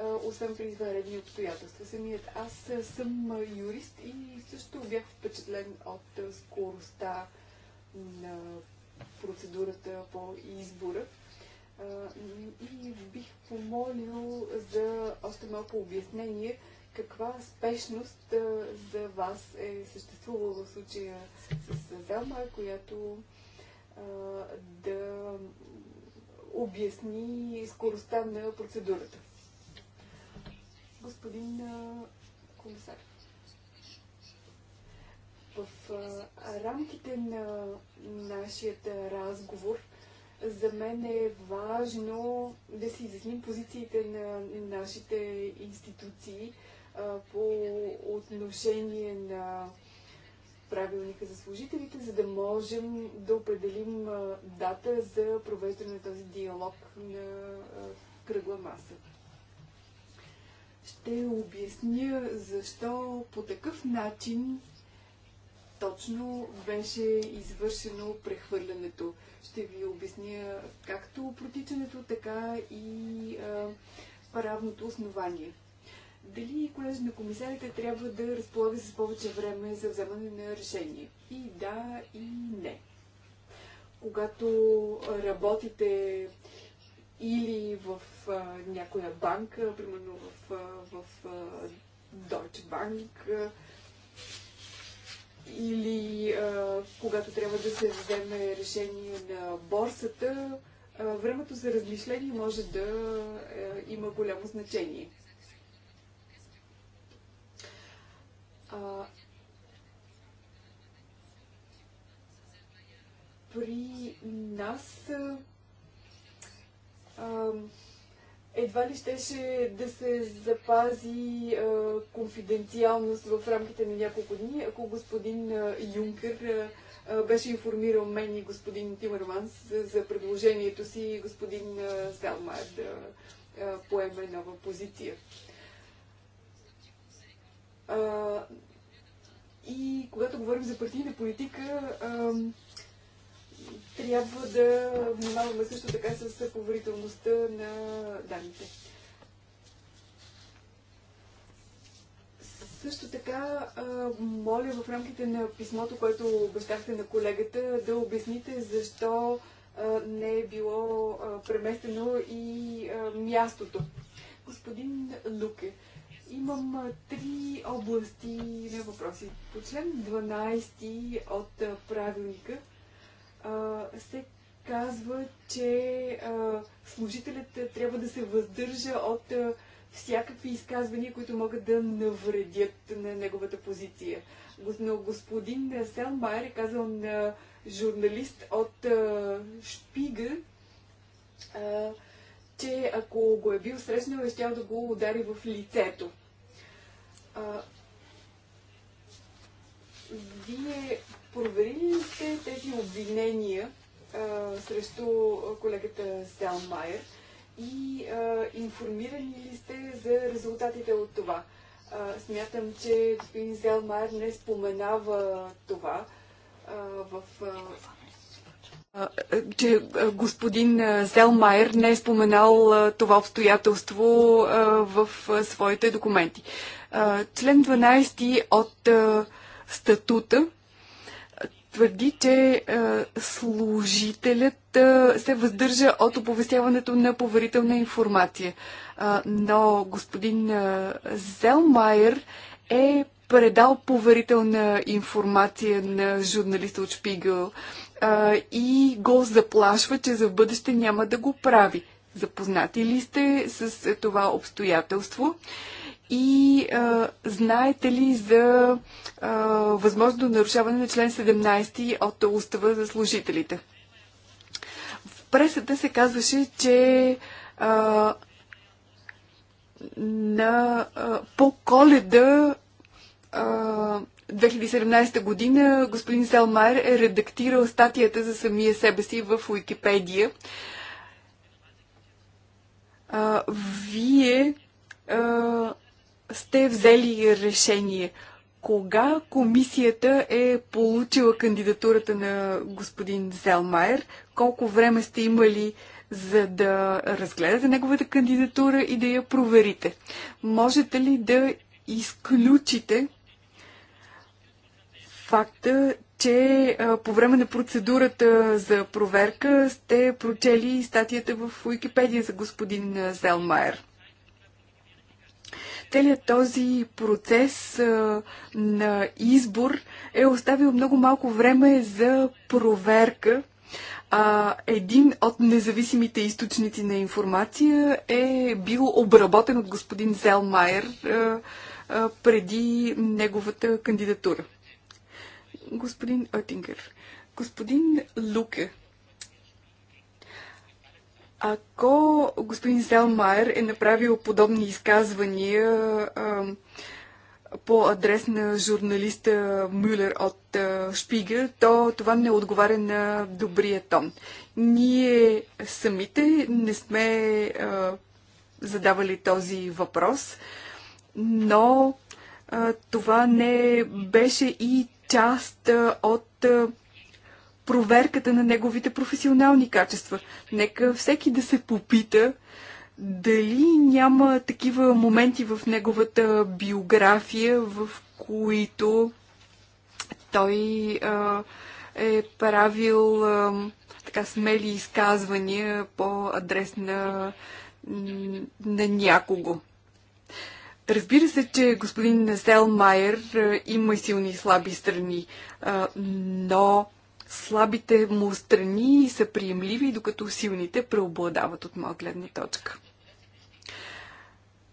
а, освен при извънредни обстоятелства. Самият аз съм юрист и също бях впечатлен от скоростта на процедурата по избора. и бих помолил за още малко обяснение каква спешност за вас е съществувала в случая с Зама, която да обясни скоростта на процедурата. Господин комисар, в рамките на нашия разговор за мен е важно да си изясним позициите на нашите институции по отношение на правилника за служителите, за да можем да определим дата за провеждане на този диалог на кръгла маса. Ще обясня защо по такъв начин точно беше извършено прехвърлянето. Ще ви обясня както протичането, така и а, правното основание дали колежа на комисарите трябва да разполага с повече време за вземане на решение? И да, и не. Когато работите или в а, някоя банка, примерно в, а, в а, Deutsche Bank, а, или а, когато трябва да се вземе решение на борсата, а, времето за размишление може да а, има голямо значение. А, при нас а, едва ли щеше да се запази а, конфиденциалност в рамките на няколко дни, ако господин а, Юнкер а, беше информирал мен и господин Тимърманс за, за предложението си и господин Селмайер да а, поеме нова позиция и когато говорим за партийна политика, трябва да внимаваме също така с поверителността на данните. Също така, моля в рамките на писмото, което обещахте на колегата, да обясните защо не е било преместено и мястото. Господин Луке, Имам три области на въпроси. По член 12 от правилника се казва, че служителят трябва да се въздържа от всякакви изказвания, които могат да навредят на неговата позиция. Но господин Селмайер е казал на журналист от Шпига, че ако го е бил срещнал, е щял да го удари в лицето вие проверили ли сте тези обвинения а, срещу колегата Майер и а, информирали ли сте за резултатите от това? А, смятам, че господин Майер не споменава това а, в. А, че господин Зелмайер не е споменал това обстоятелство в своите документи. Член 12 от статута твърди, че служителят се въздържа от оповестяването на поверителна информация. Но господин Зелмайер е предал поверителна информация на журналиста от Шпигъл и го заплашва, че за бъдеще няма да го прави. Запознати ли сте с това обстоятелство? И а, знаете ли за а, възможно нарушаване на член 17 от устава за служителите? В пресата се казваше, че а, на, а, по коледа а, 2017 година господин Селмайер е редактирал статията за самия себе си в Уикипедия. А, вие а, сте взели решение? Кога комисията е получила кандидатурата на господин Зелмайер? Колко време сте имали за да разгледате неговата кандидатура и да я проверите? Можете ли да изключите факта, че по време на процедурата за проверка сте прочели статията в Уикипедия за господин Зелмайер целият този процес а, на избор е оставил много малко време за проверка. А, един от независимите източници на информация е бил обработен от господин Зелмайер а, а, преди неговата кандидатура. Господин Отингер, господин Луке, ако господин Селмайер е направил подобни изказвания по адрес на журналиста Мюлер от Шпигер, то това не отговаря на добрия тон. Ние самите не сме задавали този въпрос, но това не беше и част от проверката на неговите професионални качества. Нека всеки да се попита дали няма такива моменти в неговата биография, в които той а, е правил а, така смели изказвания по адрес на, на някого. Разбира се, че господин Майер има и силни и слаби страни, а, но слабите му страни са приемливи, докато силните преобладават от моя гледна точка.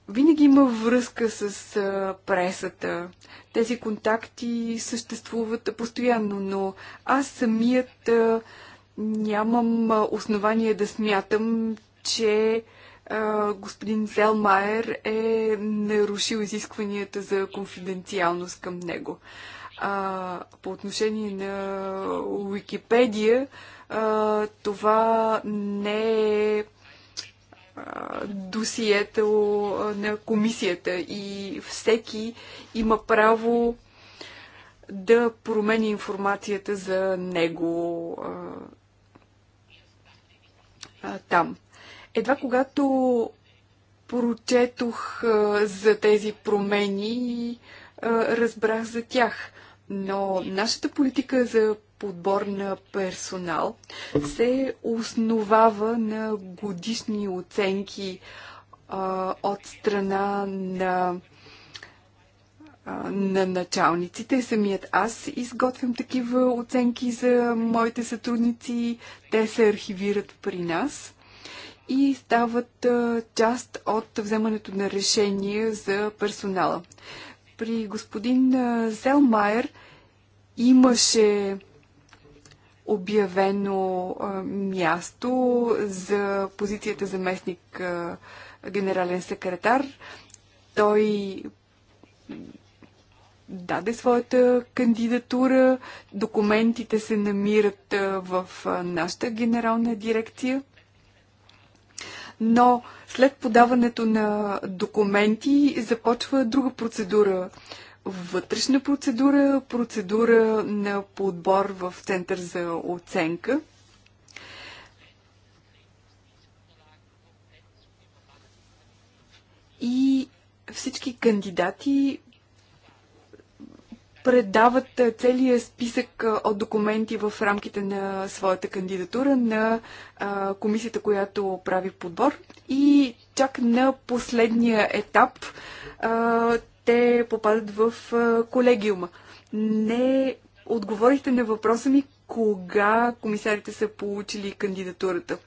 Винаги има връзка с а, пресата. Тези контакти съществуват постоянно, но аз самият а, нямам основание да смятам, че а, господин Зелмайер е нарушил изискванията за конфиденциалност към него. А по отношение на Уикипедия, а, това не е досието на комисията и всеки има право да промени информацията за него а, а, там. Едва когато прочетох а, за тези промени, а, разбрах за тях. Но нашата политика за подбор на персонал се основава на годишни оценки а, от страна на, а, на началниците. Самият аз изготвям такива оценки за моите сътрудници. Те се архивират при нас и стават а, част от вземането на решение за персонала. При господин Зелмайер имаше обявено място за позицията заместник генерален секретар. Той даде своята кандидатура. Документите се намират в нашата генерална дирекция но след подаването на документи започва друга процедура. Вътрешна процедура, процедура на подбор в Център за оценка. И всички кандидати предават е, целия списък е, от документи в рамките на своята кандидатура на комисията, която прави подбор. И чак на последния етап те попадат в колегиума. Не отговорихте на въпроса ми кога комисарите са получили кандидатурата.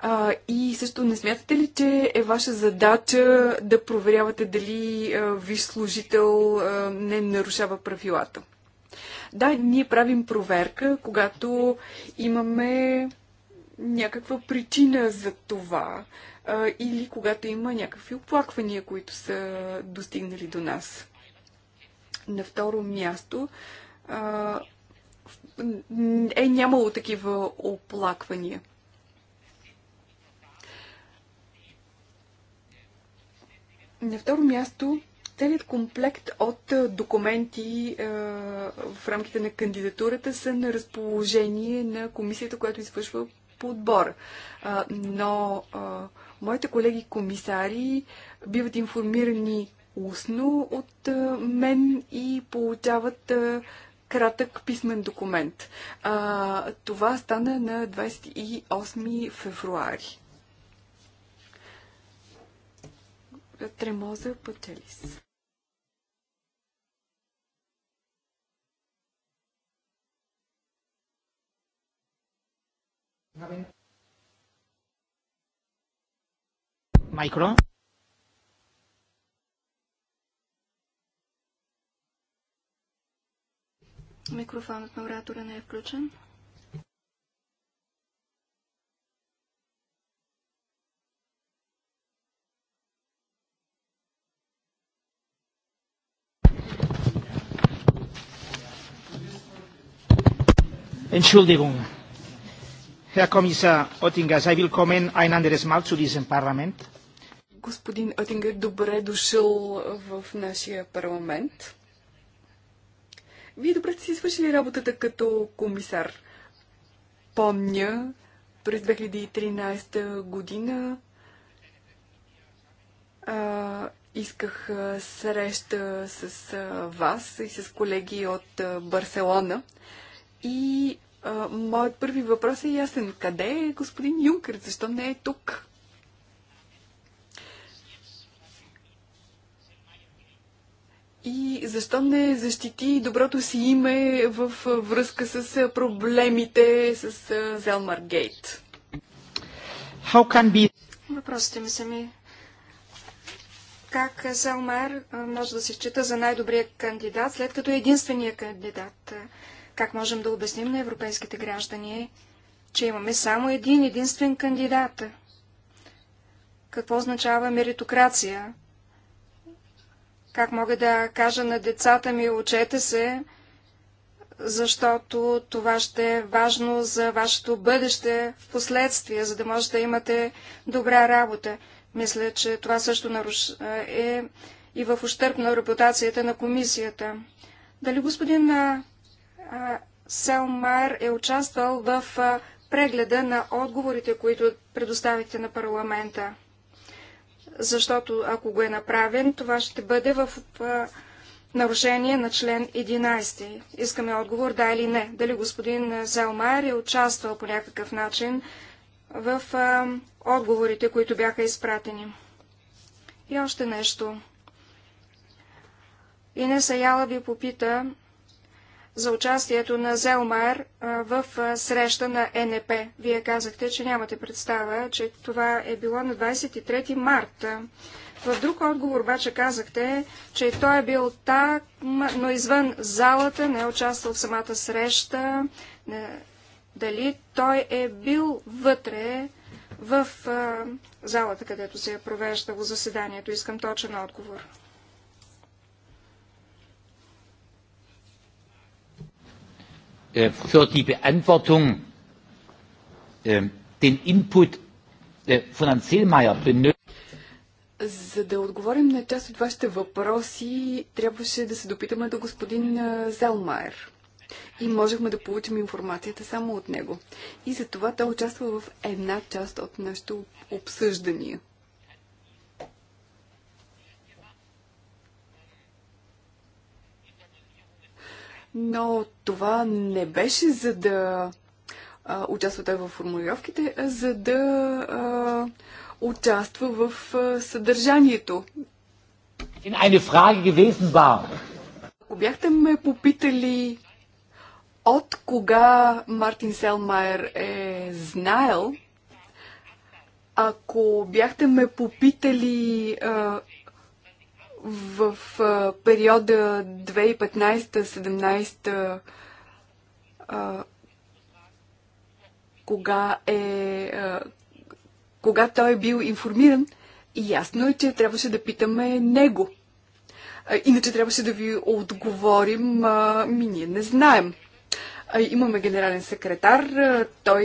А, и също не смятате ли, че е ваша задача да проверявате дали а, виш служител а, не нарушава правилата? Да, ние правим проверка, когато имаме някаква причина за това а, или когато има някакви оплаквания, които са достигнали до нас. На второ място а, е нямало такива оплаквания. На второ място, целият комплект от документи в рамките на кандидатурата са на разположение на комисията, която извършва подбор. но моите колеги комисари биват информирани устно от мен и получават кратък писмен документ. това стана на 28 февруари. Тремоза Пачелис. Micro. Микрофонът на оратора не е включен. Entschuldigung. Herr Kommissar Oettinger, sei willkommen ein anderes Mal zu diesem Parlament. Господин Отингер, добре дошъл в нашия парламент. Вие добре сте си свършили работата като комисар. Помня, през 2013 година а, исках среща с вас и с колеги от Барселона. И моят първи въпрос е ясен. Къде е господин Юнкер? Защо не е тук? И защо не защити доброто си име в връзка с проблемите с Зелмар Гейт? Be... Въпросите ми са ми. Как Зелмар може да се счита за най-добрия кандидат, след като е единствения кандидат? Как можем да обясним на европейските граждани, че имаме само един единствен кандидат? Какво означава меритокрация? Как мога да кажа на децата ми, учете се, защото това ще е важно за вашето бъдеще в последствие, за да можете да имате добра работа. Мисля, че това също наруш... е и в ущърп на репутацията на комисията. Дали господин Селмайер е участвал в прегледа на отговорите, които предоставите на парламента. Защото ако го е направен, това ще бъде в нарушение на член 11. Искаме отговор да или не. Дали господин Селмар е участвал по някакъв начин в отговорите, които бяха изпратени. И още нещо. Инеса Яла ви попита за участието на Зелмайер в среща на НП. Вие казахте, че нямате представа, че това е било на 23 марта. В друг отговор обаче казахте, че той е бил там, но извън залата, не е участвал в самата среща. Не... Дали той е бил вътре в а, залата, където се е провеждало заседанието? Искам точен отговор. Äh, für die Beantwortung ähm, den Input äh, von Herrn Selmayr benötigt. За да отговорим на част от вашите въпроси, трябваше да се допитаме до господин Зелмайер. И можехме да получим информацията само от него. И за това той участва в една част от нашите обсъждания. но това не беше за да а, участва той в формулировките, а за да а, участва в а, съдържанието. In eine Frage gewesen war. Ако бяхте ме попитали от кога Мартин Селмайер е знаел, ако бяхте ме попитали а, в периода 2015-17 кога е кога той е бил информиран, ясно е, че трябваше да питаме него. Иначе трябваше да ви отговорим, ми ние не знаем. Имаме генерален секретар, той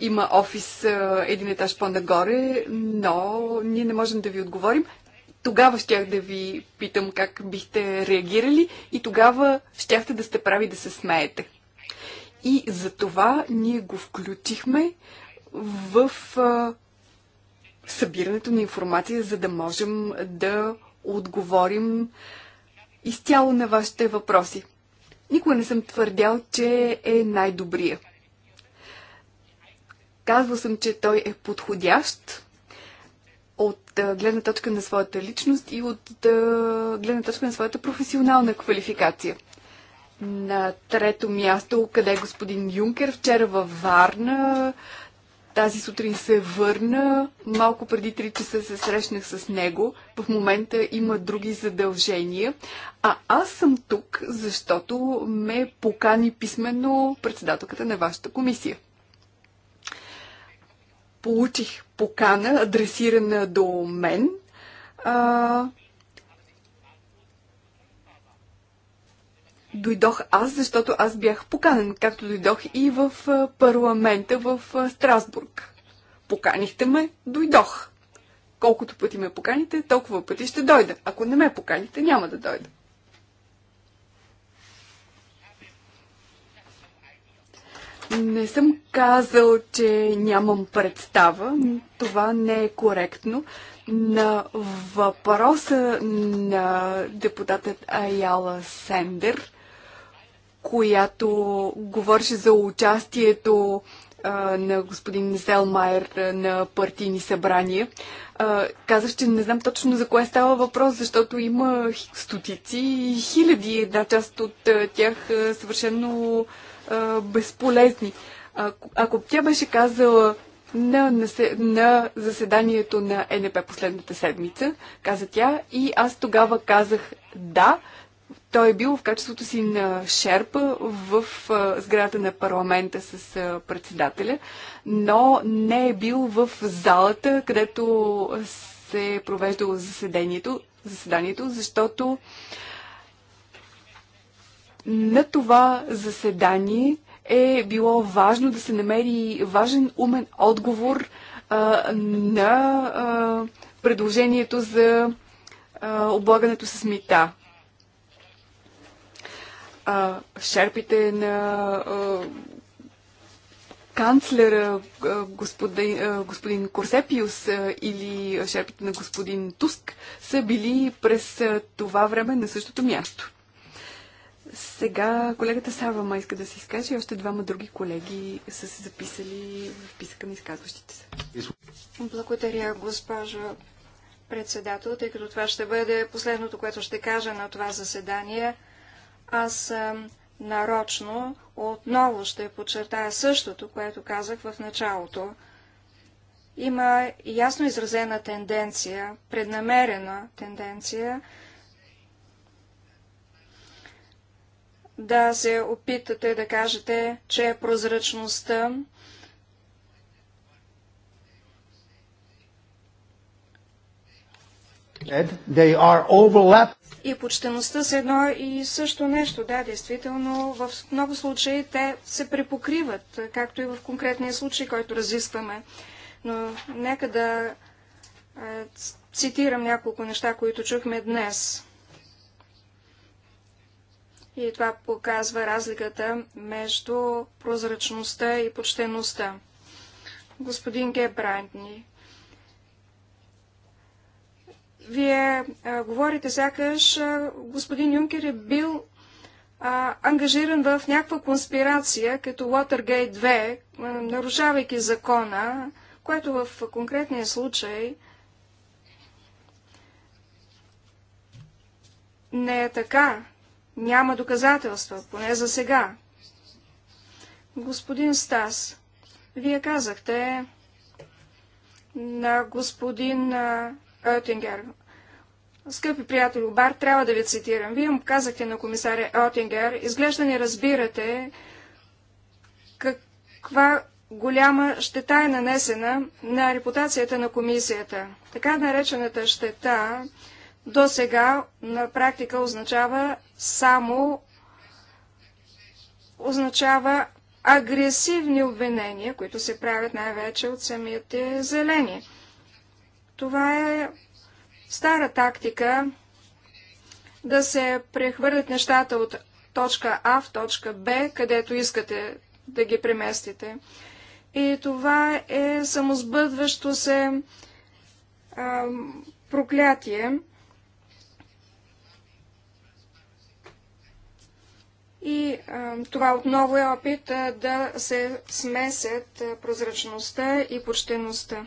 има офис един етаж по-нагоре, но ние не можем да ви отговорим. Тогава щях да ви питам как бихте реагирали и тогава щяхте да сте прави да се смеете. И за това ние го включихме в а, събирането на информация, за да можем да отговорим изцяло на вашите въпроси. Никога не съм твърдял, че е най-добрия. Казвал съм, че той е подходящ, гледна точка на своята личност и от гледна точка на своята професионална квалификация. На трето място, къде е господин Юнкер? Вчера във Варна, тази сутрин се върна, малко преди 3 часа се срещнах с него. В момента има други задължения. А аз съм тук, защото ме покани писменно председателката на вашата комисия. Получих покана, адресирана до мен. А, дойдох аз, защото аз бях поканен, както дойдох и в парламента в Страсбург. Поканихте ме, дойдох. Колкото пъти ме поканите, толкова пъти ще дойда. Ако не ме поканите, няма да дойда. Не съм казал, че нямам представа. Това не е коректно. На въпроса на депутатът Аяла Сендер, която говореше за участието на господин Зелмайер на партийни събрания. Казах, че не знам точно за кое става въпрос, защото има стотици и хиляди. Една част от тях съвършено а, безполезни. А, ако тя беше казала на, на, на заседанието на НП последната седмица, каза тя, и аз тогава казах да. Той е бил в качеството си на шерпа в а, сградата на парламента с а, председателя, но не е бил в залата, където се е провеждало заседанието, заседанието защото а, на това заседание е било важно да се намери важен умен отговор а, на а, предложението за а, облагането с мита. А, шерпите на а, канцлера господин, господин Корсепиус или шерпите на господин Туск са били през това време на същото място. Сега колегата ма иска да се изкаже и още двама други колеги са се записали в писъка на изказващите се. Благодаря, госпожо председател, тъй като това ще бъде последното, което ще кажа на това заседание. Аз съм нарочно отново ще подчертая същото, което казах в началото. Има ясно изразена тенденция, преднамерена тенденция да се опитате да кажете, че е прозрачността и почтеността са едно и също нещо. Да, действително, в много случаи те се препокриват, както и в конкретния случай, който разискваме. Но нека да е, цитирам няколко неща, които чухме днес. И това показва разликата между прозрачността и почтеността. Господин Гебрандни, вие а, говорите сякаш а, господин Юнкер е бил а, ангажиран в някаква конспирация, като Watergate 2, а, нарушавайки закона, което в конкретния случай не е така. Няма доказателства, поне за сега. Господин Стас, вие казахте на господин Оттингер. Скъпи приятели, бар трябва да ви цитирам. Вие му казахте на комисаря Отингер, изглежда не разбирате каква голяма щета е нанесена на репутацията на комисията. Така наречената щета до сега на практика означава само означава агресивни обвинения, които се правят най-вече от самите зелени. Това е стара тактика да се прехвърлят нещата от точка А в точка Б, където искате да ги преместите. И това е самозбъдващо се а, проклятие. И а, това отново е опит а, да се смесят а, прозрачността и почтеността.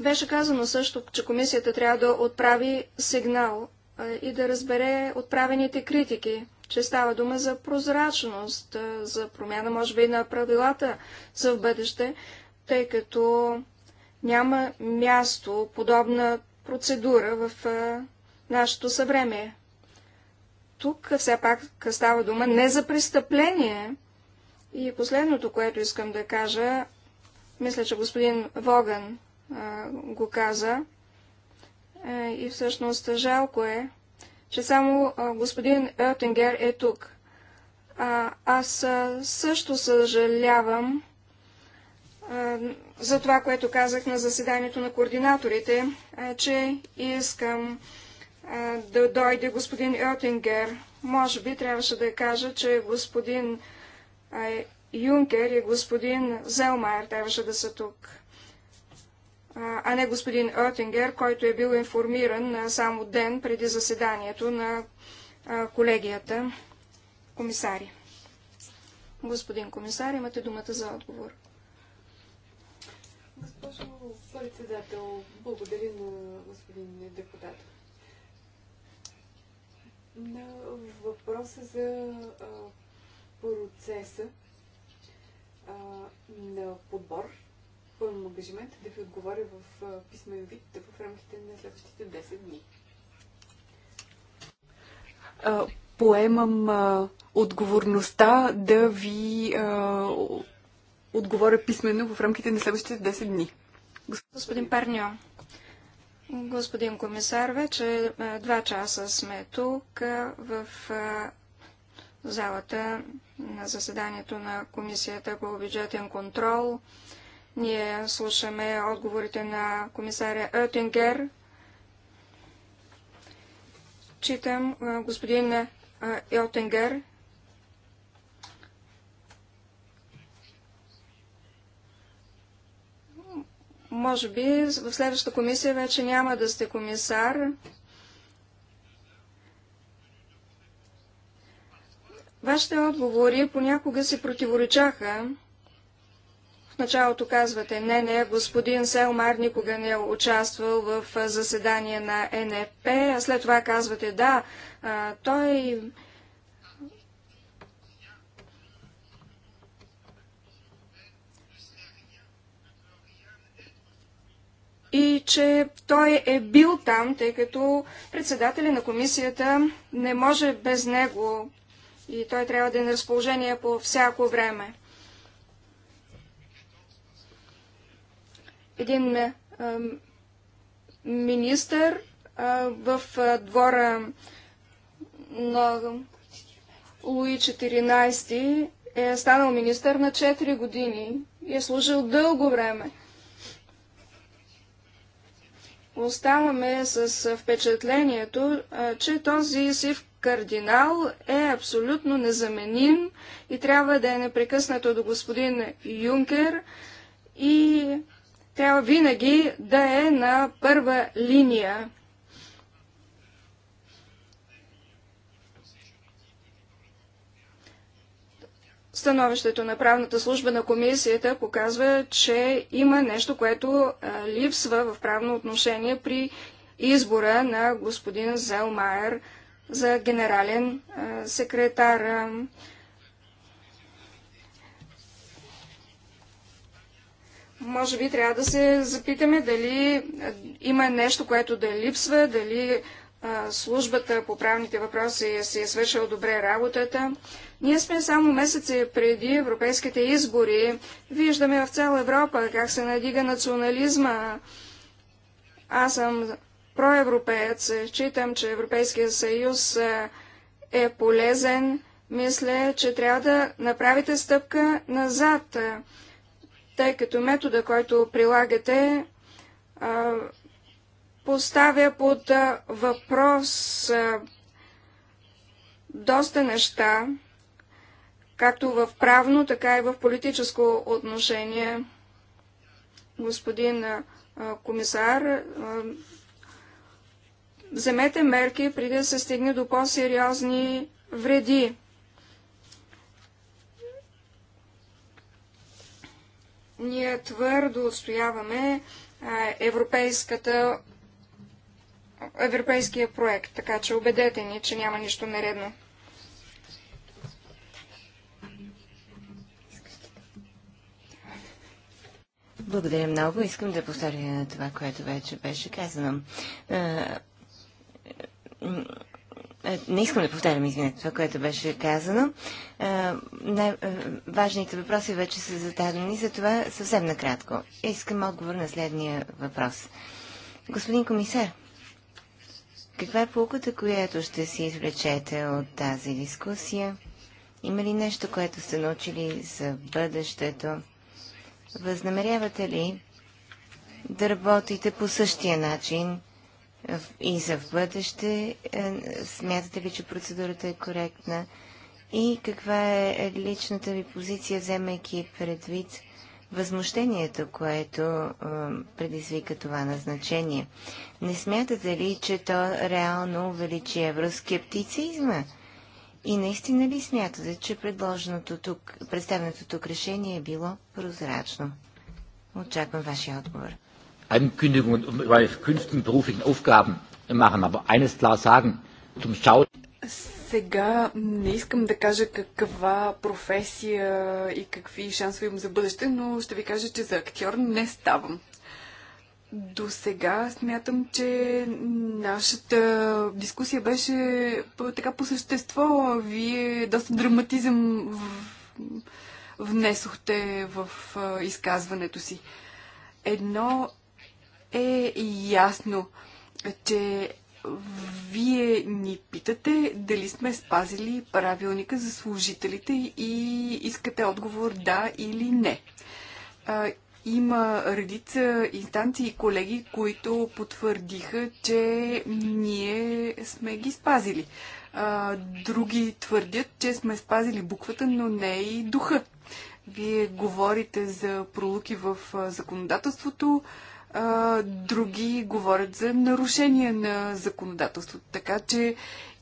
Беше казано също, че комисията трябва да отправи сигнал а, и да разбере отправените критики, че става дума за прозрачност, а, за промяна, може би, на правилата за в бъдеще, тъй като няма място подобна процедура в а, нашето съвремие тук все пак става дума не за престъпление. И последното, което искам да кажа, мисля, че господин Воган а, го каза, а, е, и всъщност жалко е, че само а, господин Елтенгер е тук. А, аз а, също съжалявам а, за това, което казах на заседанието на координаторите, а, че искам да дойде господин Йотингер. Може би трябваше да кажа, че господин Юнкер и господин Зелмайер трябваше да са тук, а не господин Йотингер, който е бил информиран само ден преди заседанието на колегията комисари. Господин комисар, имате думата за отговор. Госпожо председател, благодаря на господин депутат на въпроса за а, процеса а, на подбор. Пълно ангажимент да ви отговоря в а, писмен вид в рамките на следващите 10 дни. А, поемам а, отговорността да ви а, отговоря писменно в рамките на следващите 10 дни. Господин Перньо. Господин комисар, вече е, два часа сме тук е, в е, залата на заседанието на Комисията по бюджетен контрол. Ние слушаме отговорите на комисаря Оттингер. Читам господин Оттингер. Може би в следващата комисия вече няма да сте комисар. Вашите отговори понякога се противоречаха. В началото казвате, не, не, господин Селмар никога не е участвал в заседание на НФП, а след това казвате, да, той и че той е бил там, тъй като председателя на комисията не може без него и той трябва да е на разположение по всяко време. Един а, министър а, в двора на Луи 14 е станал министър на 4 години и е служил дълго време оставаме с впечатлението, че този сив кардинал е абсолютно незаменим и трябва да е непрекъснато до господин Юнкер и трябва винаги да е на първа линия Становището на правната служба на комисията показва, че има нещо, което липсва в правно отношение при избора на господин Зелмайер за генерален секретар. Може би трябва да се запитаме дали има нещо, което да липсва, дали службата по правните въпроси си е свършила добре работата. Ние сме само месеци преди европейските избори. Виждаме в цяла Европа как се надига национализма. Аз съм проевропеец. Читам, че Европейския съюз е полезен. Мисля, че трябва да направите стъпка назад, тъй като метода, който прилагате, поставя под въпрос доста неща, както в правно, така и в политическо отношение. Господин комисар, вземете мерки преди да се стигне до по-сериозни вреди. Ние твърдо отстояваме европейската европейския проект, така че убедете ни, че няма нищо нередно. Благодаря много. Искам да повторя на това, което вече беше казано. Не искам да повтарям, извинете, това, което беше казано. Най-важните въпроси вече са зададени, това съвсем накратко. Искам отговор на следния въпрос. Господин комисар, каква е полуката, която ще си извлечете от тази дискусия? Има ли нещо, което сте научили за бъдещето? Възнамерявате ли да работите по същия начин и за в бъдеще? Е, смятате ли, че процедурата е коректна? И каква е личната ви позиция, вземайки предвид възмущението, което а, предизвика това назначение. Не смятате ли, че то реално увеличи евроскептицизма? И наистина ли смятате, че предложеното тук, представеното тук решение е било прозрачно? Очаквам вашия отговор. Ankündigungen bei künftigen beruflichen Aufgaben machen, aber eines klar sagen, zum Schauen. Сега не искам да кажа каква професия и какви шансове имам за бъдеще, но ще ви кажа, че за актьор не ставам. До сега смятам, че нашата дискусия беше така по същество. Вие доста драматизъм внесохте в изказването си. Едно е ясно, че вие ни питате дали сме спазили правилника за служителите и искате отговор да или не. Има редица инстанции и колеги, които потвърдиха, че ние сме ги спазили. Други твърдят, че сме спазили буквата, но не и духа. Вие говорите за пролуки в законодателството а, други говорят за нарушение на законодателството. Така че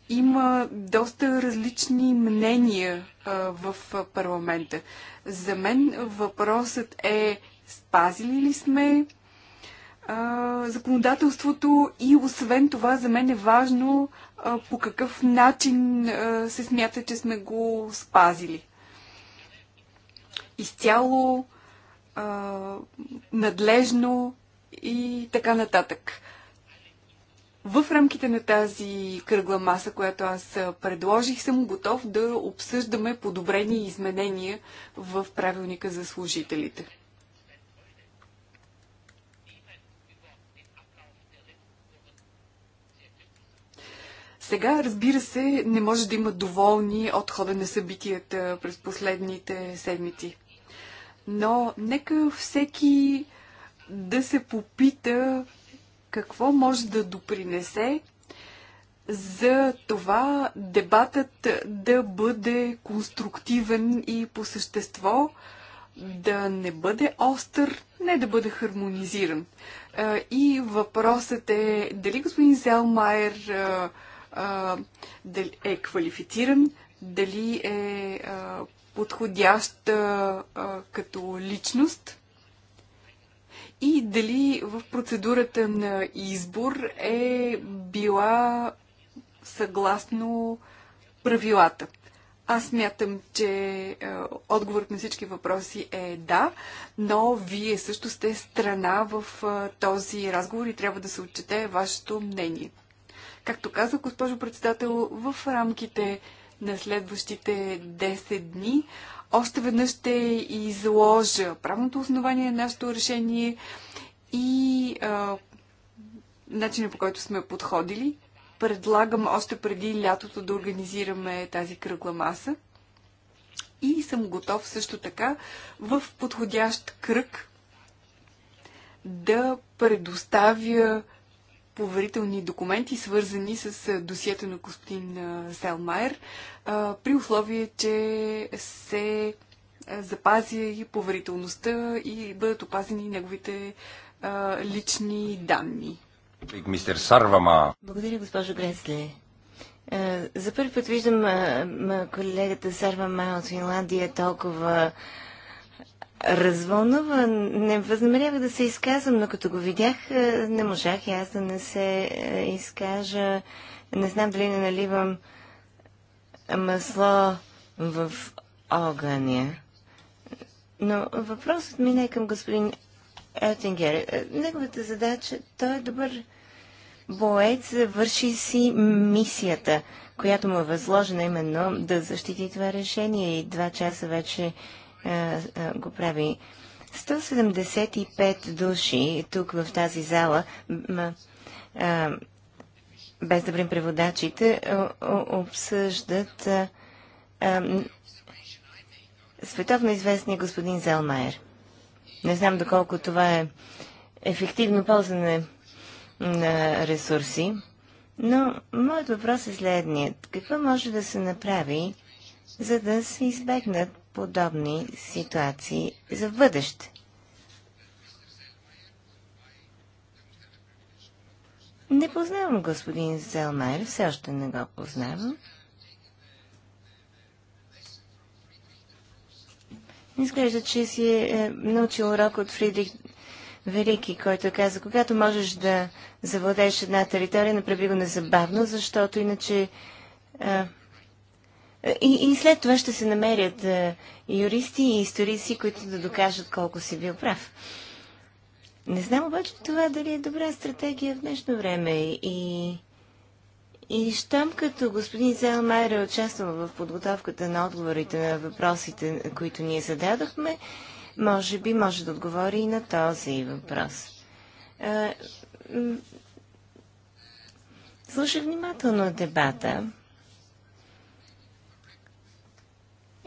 има доста различни мнения а, в парламента. За мен въпросът е спазили ли сме а, законодателството и освен това за мен е важно а, по какъв начин а, се смята, че сме го спазили. Изцяло а, надлежно и така нататък. В рамките на тази кръгла маса, която аз предложих, съм готов да обсъждаме подобрени изменения в правилника за служителите. Сега, разбира се, не може да има доволни от хода на събитията през последните седмици. Но нека всеки да се попита какво може да допринесе за това дебатът да бъде конструктивен и по същество, да не бъде остър, не да бъде хармонизиран. И въпросът е дали господин Зелмайер е квалифициран, дали е подходящ като личност – и дали в процедурата на избор е била съгласно правилата. Аз мятам, че е, отговорът на всички въпроси е да, но вие също сте страна в е, този разговор и трябва да се отчете вашето мнение. Както казах, госпожо председател, в рамките на следващите 10 дни още веднъж ще изложа правното основание на нашето решение и а, начина по който сме подходили. Предлагам още преди лятото да организираме тази кръгла маса. И съм готов също така в подходящ кръг да предоставя поверителни документи, свързани с досието на господин Селмайер, при условие, че се запази и поверителността и бъдат опазени неговите лични данни. Мистер Сарвама. Благодаря, госпожо Гресле. За първи път виждам колегата Сарвама от Финландия толкова развълнуван. Не възнамерявах да се изказвам, но като го видях, е, не можах и аз да не се е, изкажа. Не знам дали не наливам масло в огъня. Но въпросът ми не е към господин Елтингер. Е, неговата задача, той е добър боец, върши си мисията, която му е възложена именно да защити това решение и два часа вече е, е, го прави 175 души тук в тази зала, е, без да брим преводачите, обсъждат световно известния господин Зелмайер. Не знам доколко това е ефективно ползване на ресурси, но моят въпрос е следният. Какво може да се направи, за да се избегнат подобни ситуации за бъдеще. Не познавам господин Зелмайер, все още не го познавам. Изглежда, че си е, е научил урок от Фридрих Велики, който каза, когато можеш да завладееш една територия, направи го незабавно, защото иначе а, е, и, и след това ще се намерят а, е, юристи и историци, които да докажат колко си бил прав. Не знам обаче това дали е добра стратегия в днешно време. И, и щом като господин Зелмайер е участвал в подготовката на отговорите на въпросите, които ние зададохме, може би може да отговори и на този въпрос. А, е, слушах внимателно дебата.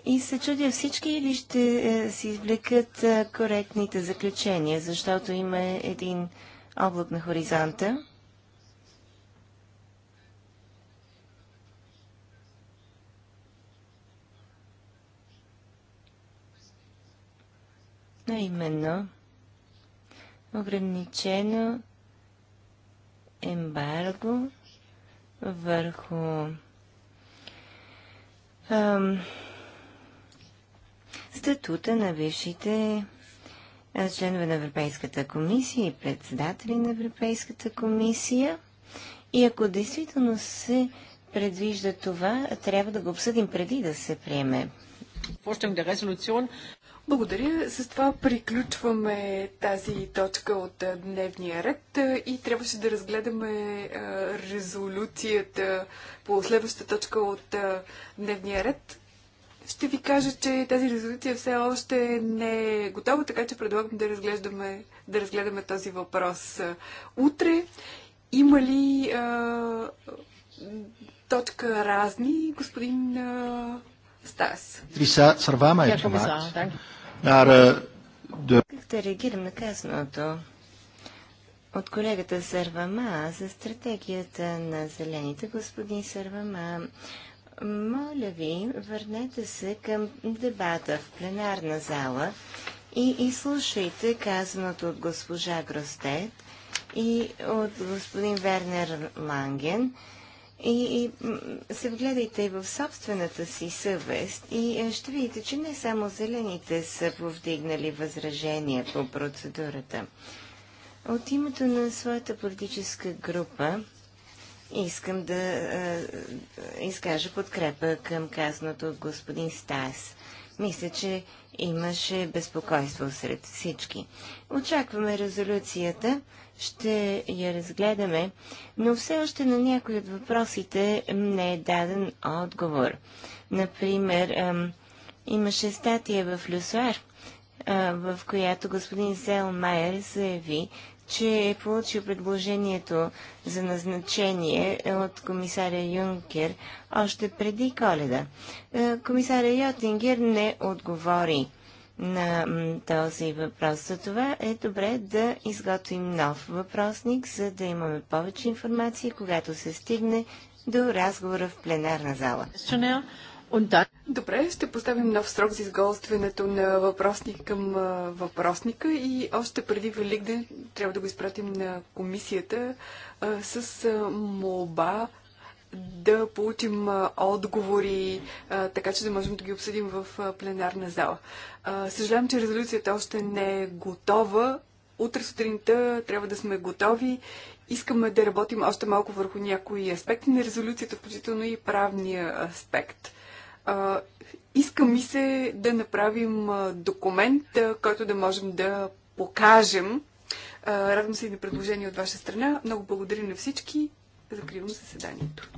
И се чудя всички или ще е, си извлекат е, коректните заключения, защото има един облак на хоризонта. А именно, ограничено ембарго върху ам, статута на вишите членове на Европейската комисия и председатели на Европейската комисия. И ако действително се предвижда това, трябва да го обсъдим преди да се приеме. Благодаря. С това приключваме тази точка от дневния ред и трябваше да разгледаме резолюцията по следващата точка от дневния ред. Ще ви кажа, че тази резолюция все още не е готова, така че предлагам да разглеждаме, да разгледаме този въпрос утре. Има ли а, точка разни, господин а, Стас? Триса Сървама е Как да реагирам на казаното от колегата Сървама за стратегията на зелените? Господин Сървама моля ви, върнете се към дебата в пленарна зала и изслушайте казаното от госпожа Гростет и от господин Вернер Ланген и, и се вгледайте и в собствената си съвест и е, ще видите, че не само зелените са повдигнали възражения по процедурата. От името на своята политическа група Искам да е, изкажа подкрепа към казаното от господин Стас. Мисля, че имаше безпокойство сред всички. Очакваме резолюцията, ще я разгледаме, но все още на някои от въпросите не е даден отговор. Например, е, имаше статия в Люсуар, в която господин Майер заяви, че е получил предложението за назначение от комисаря Юнкер още преди коледа. Е, комисаря Йотингер не отговори на този въпрос. За това е добре да изготвим нов въпросник, за да имаме повече информация, когато се стигне до разговора в пленарна зала. Добре, ще поставим нов срок за изготвянето на въпросник към въпросника и още преди Великден трябва да го изпратим на комисията а, с молба да получим отговори, а, така че да можем да ги обсъдим в пленарна зала. А, съжалявам, че резолюцията още не е готова. Утре сутринта трябва да сме готови. Искаме да работим още малко върху някои аспекти на резолюцията, включително и правния аспект. А, иска ми се да направим документ, който да можем да покажем. А, радвам се и на предложение от ваша страна. Много благодаря на всички. Закривам заседанието.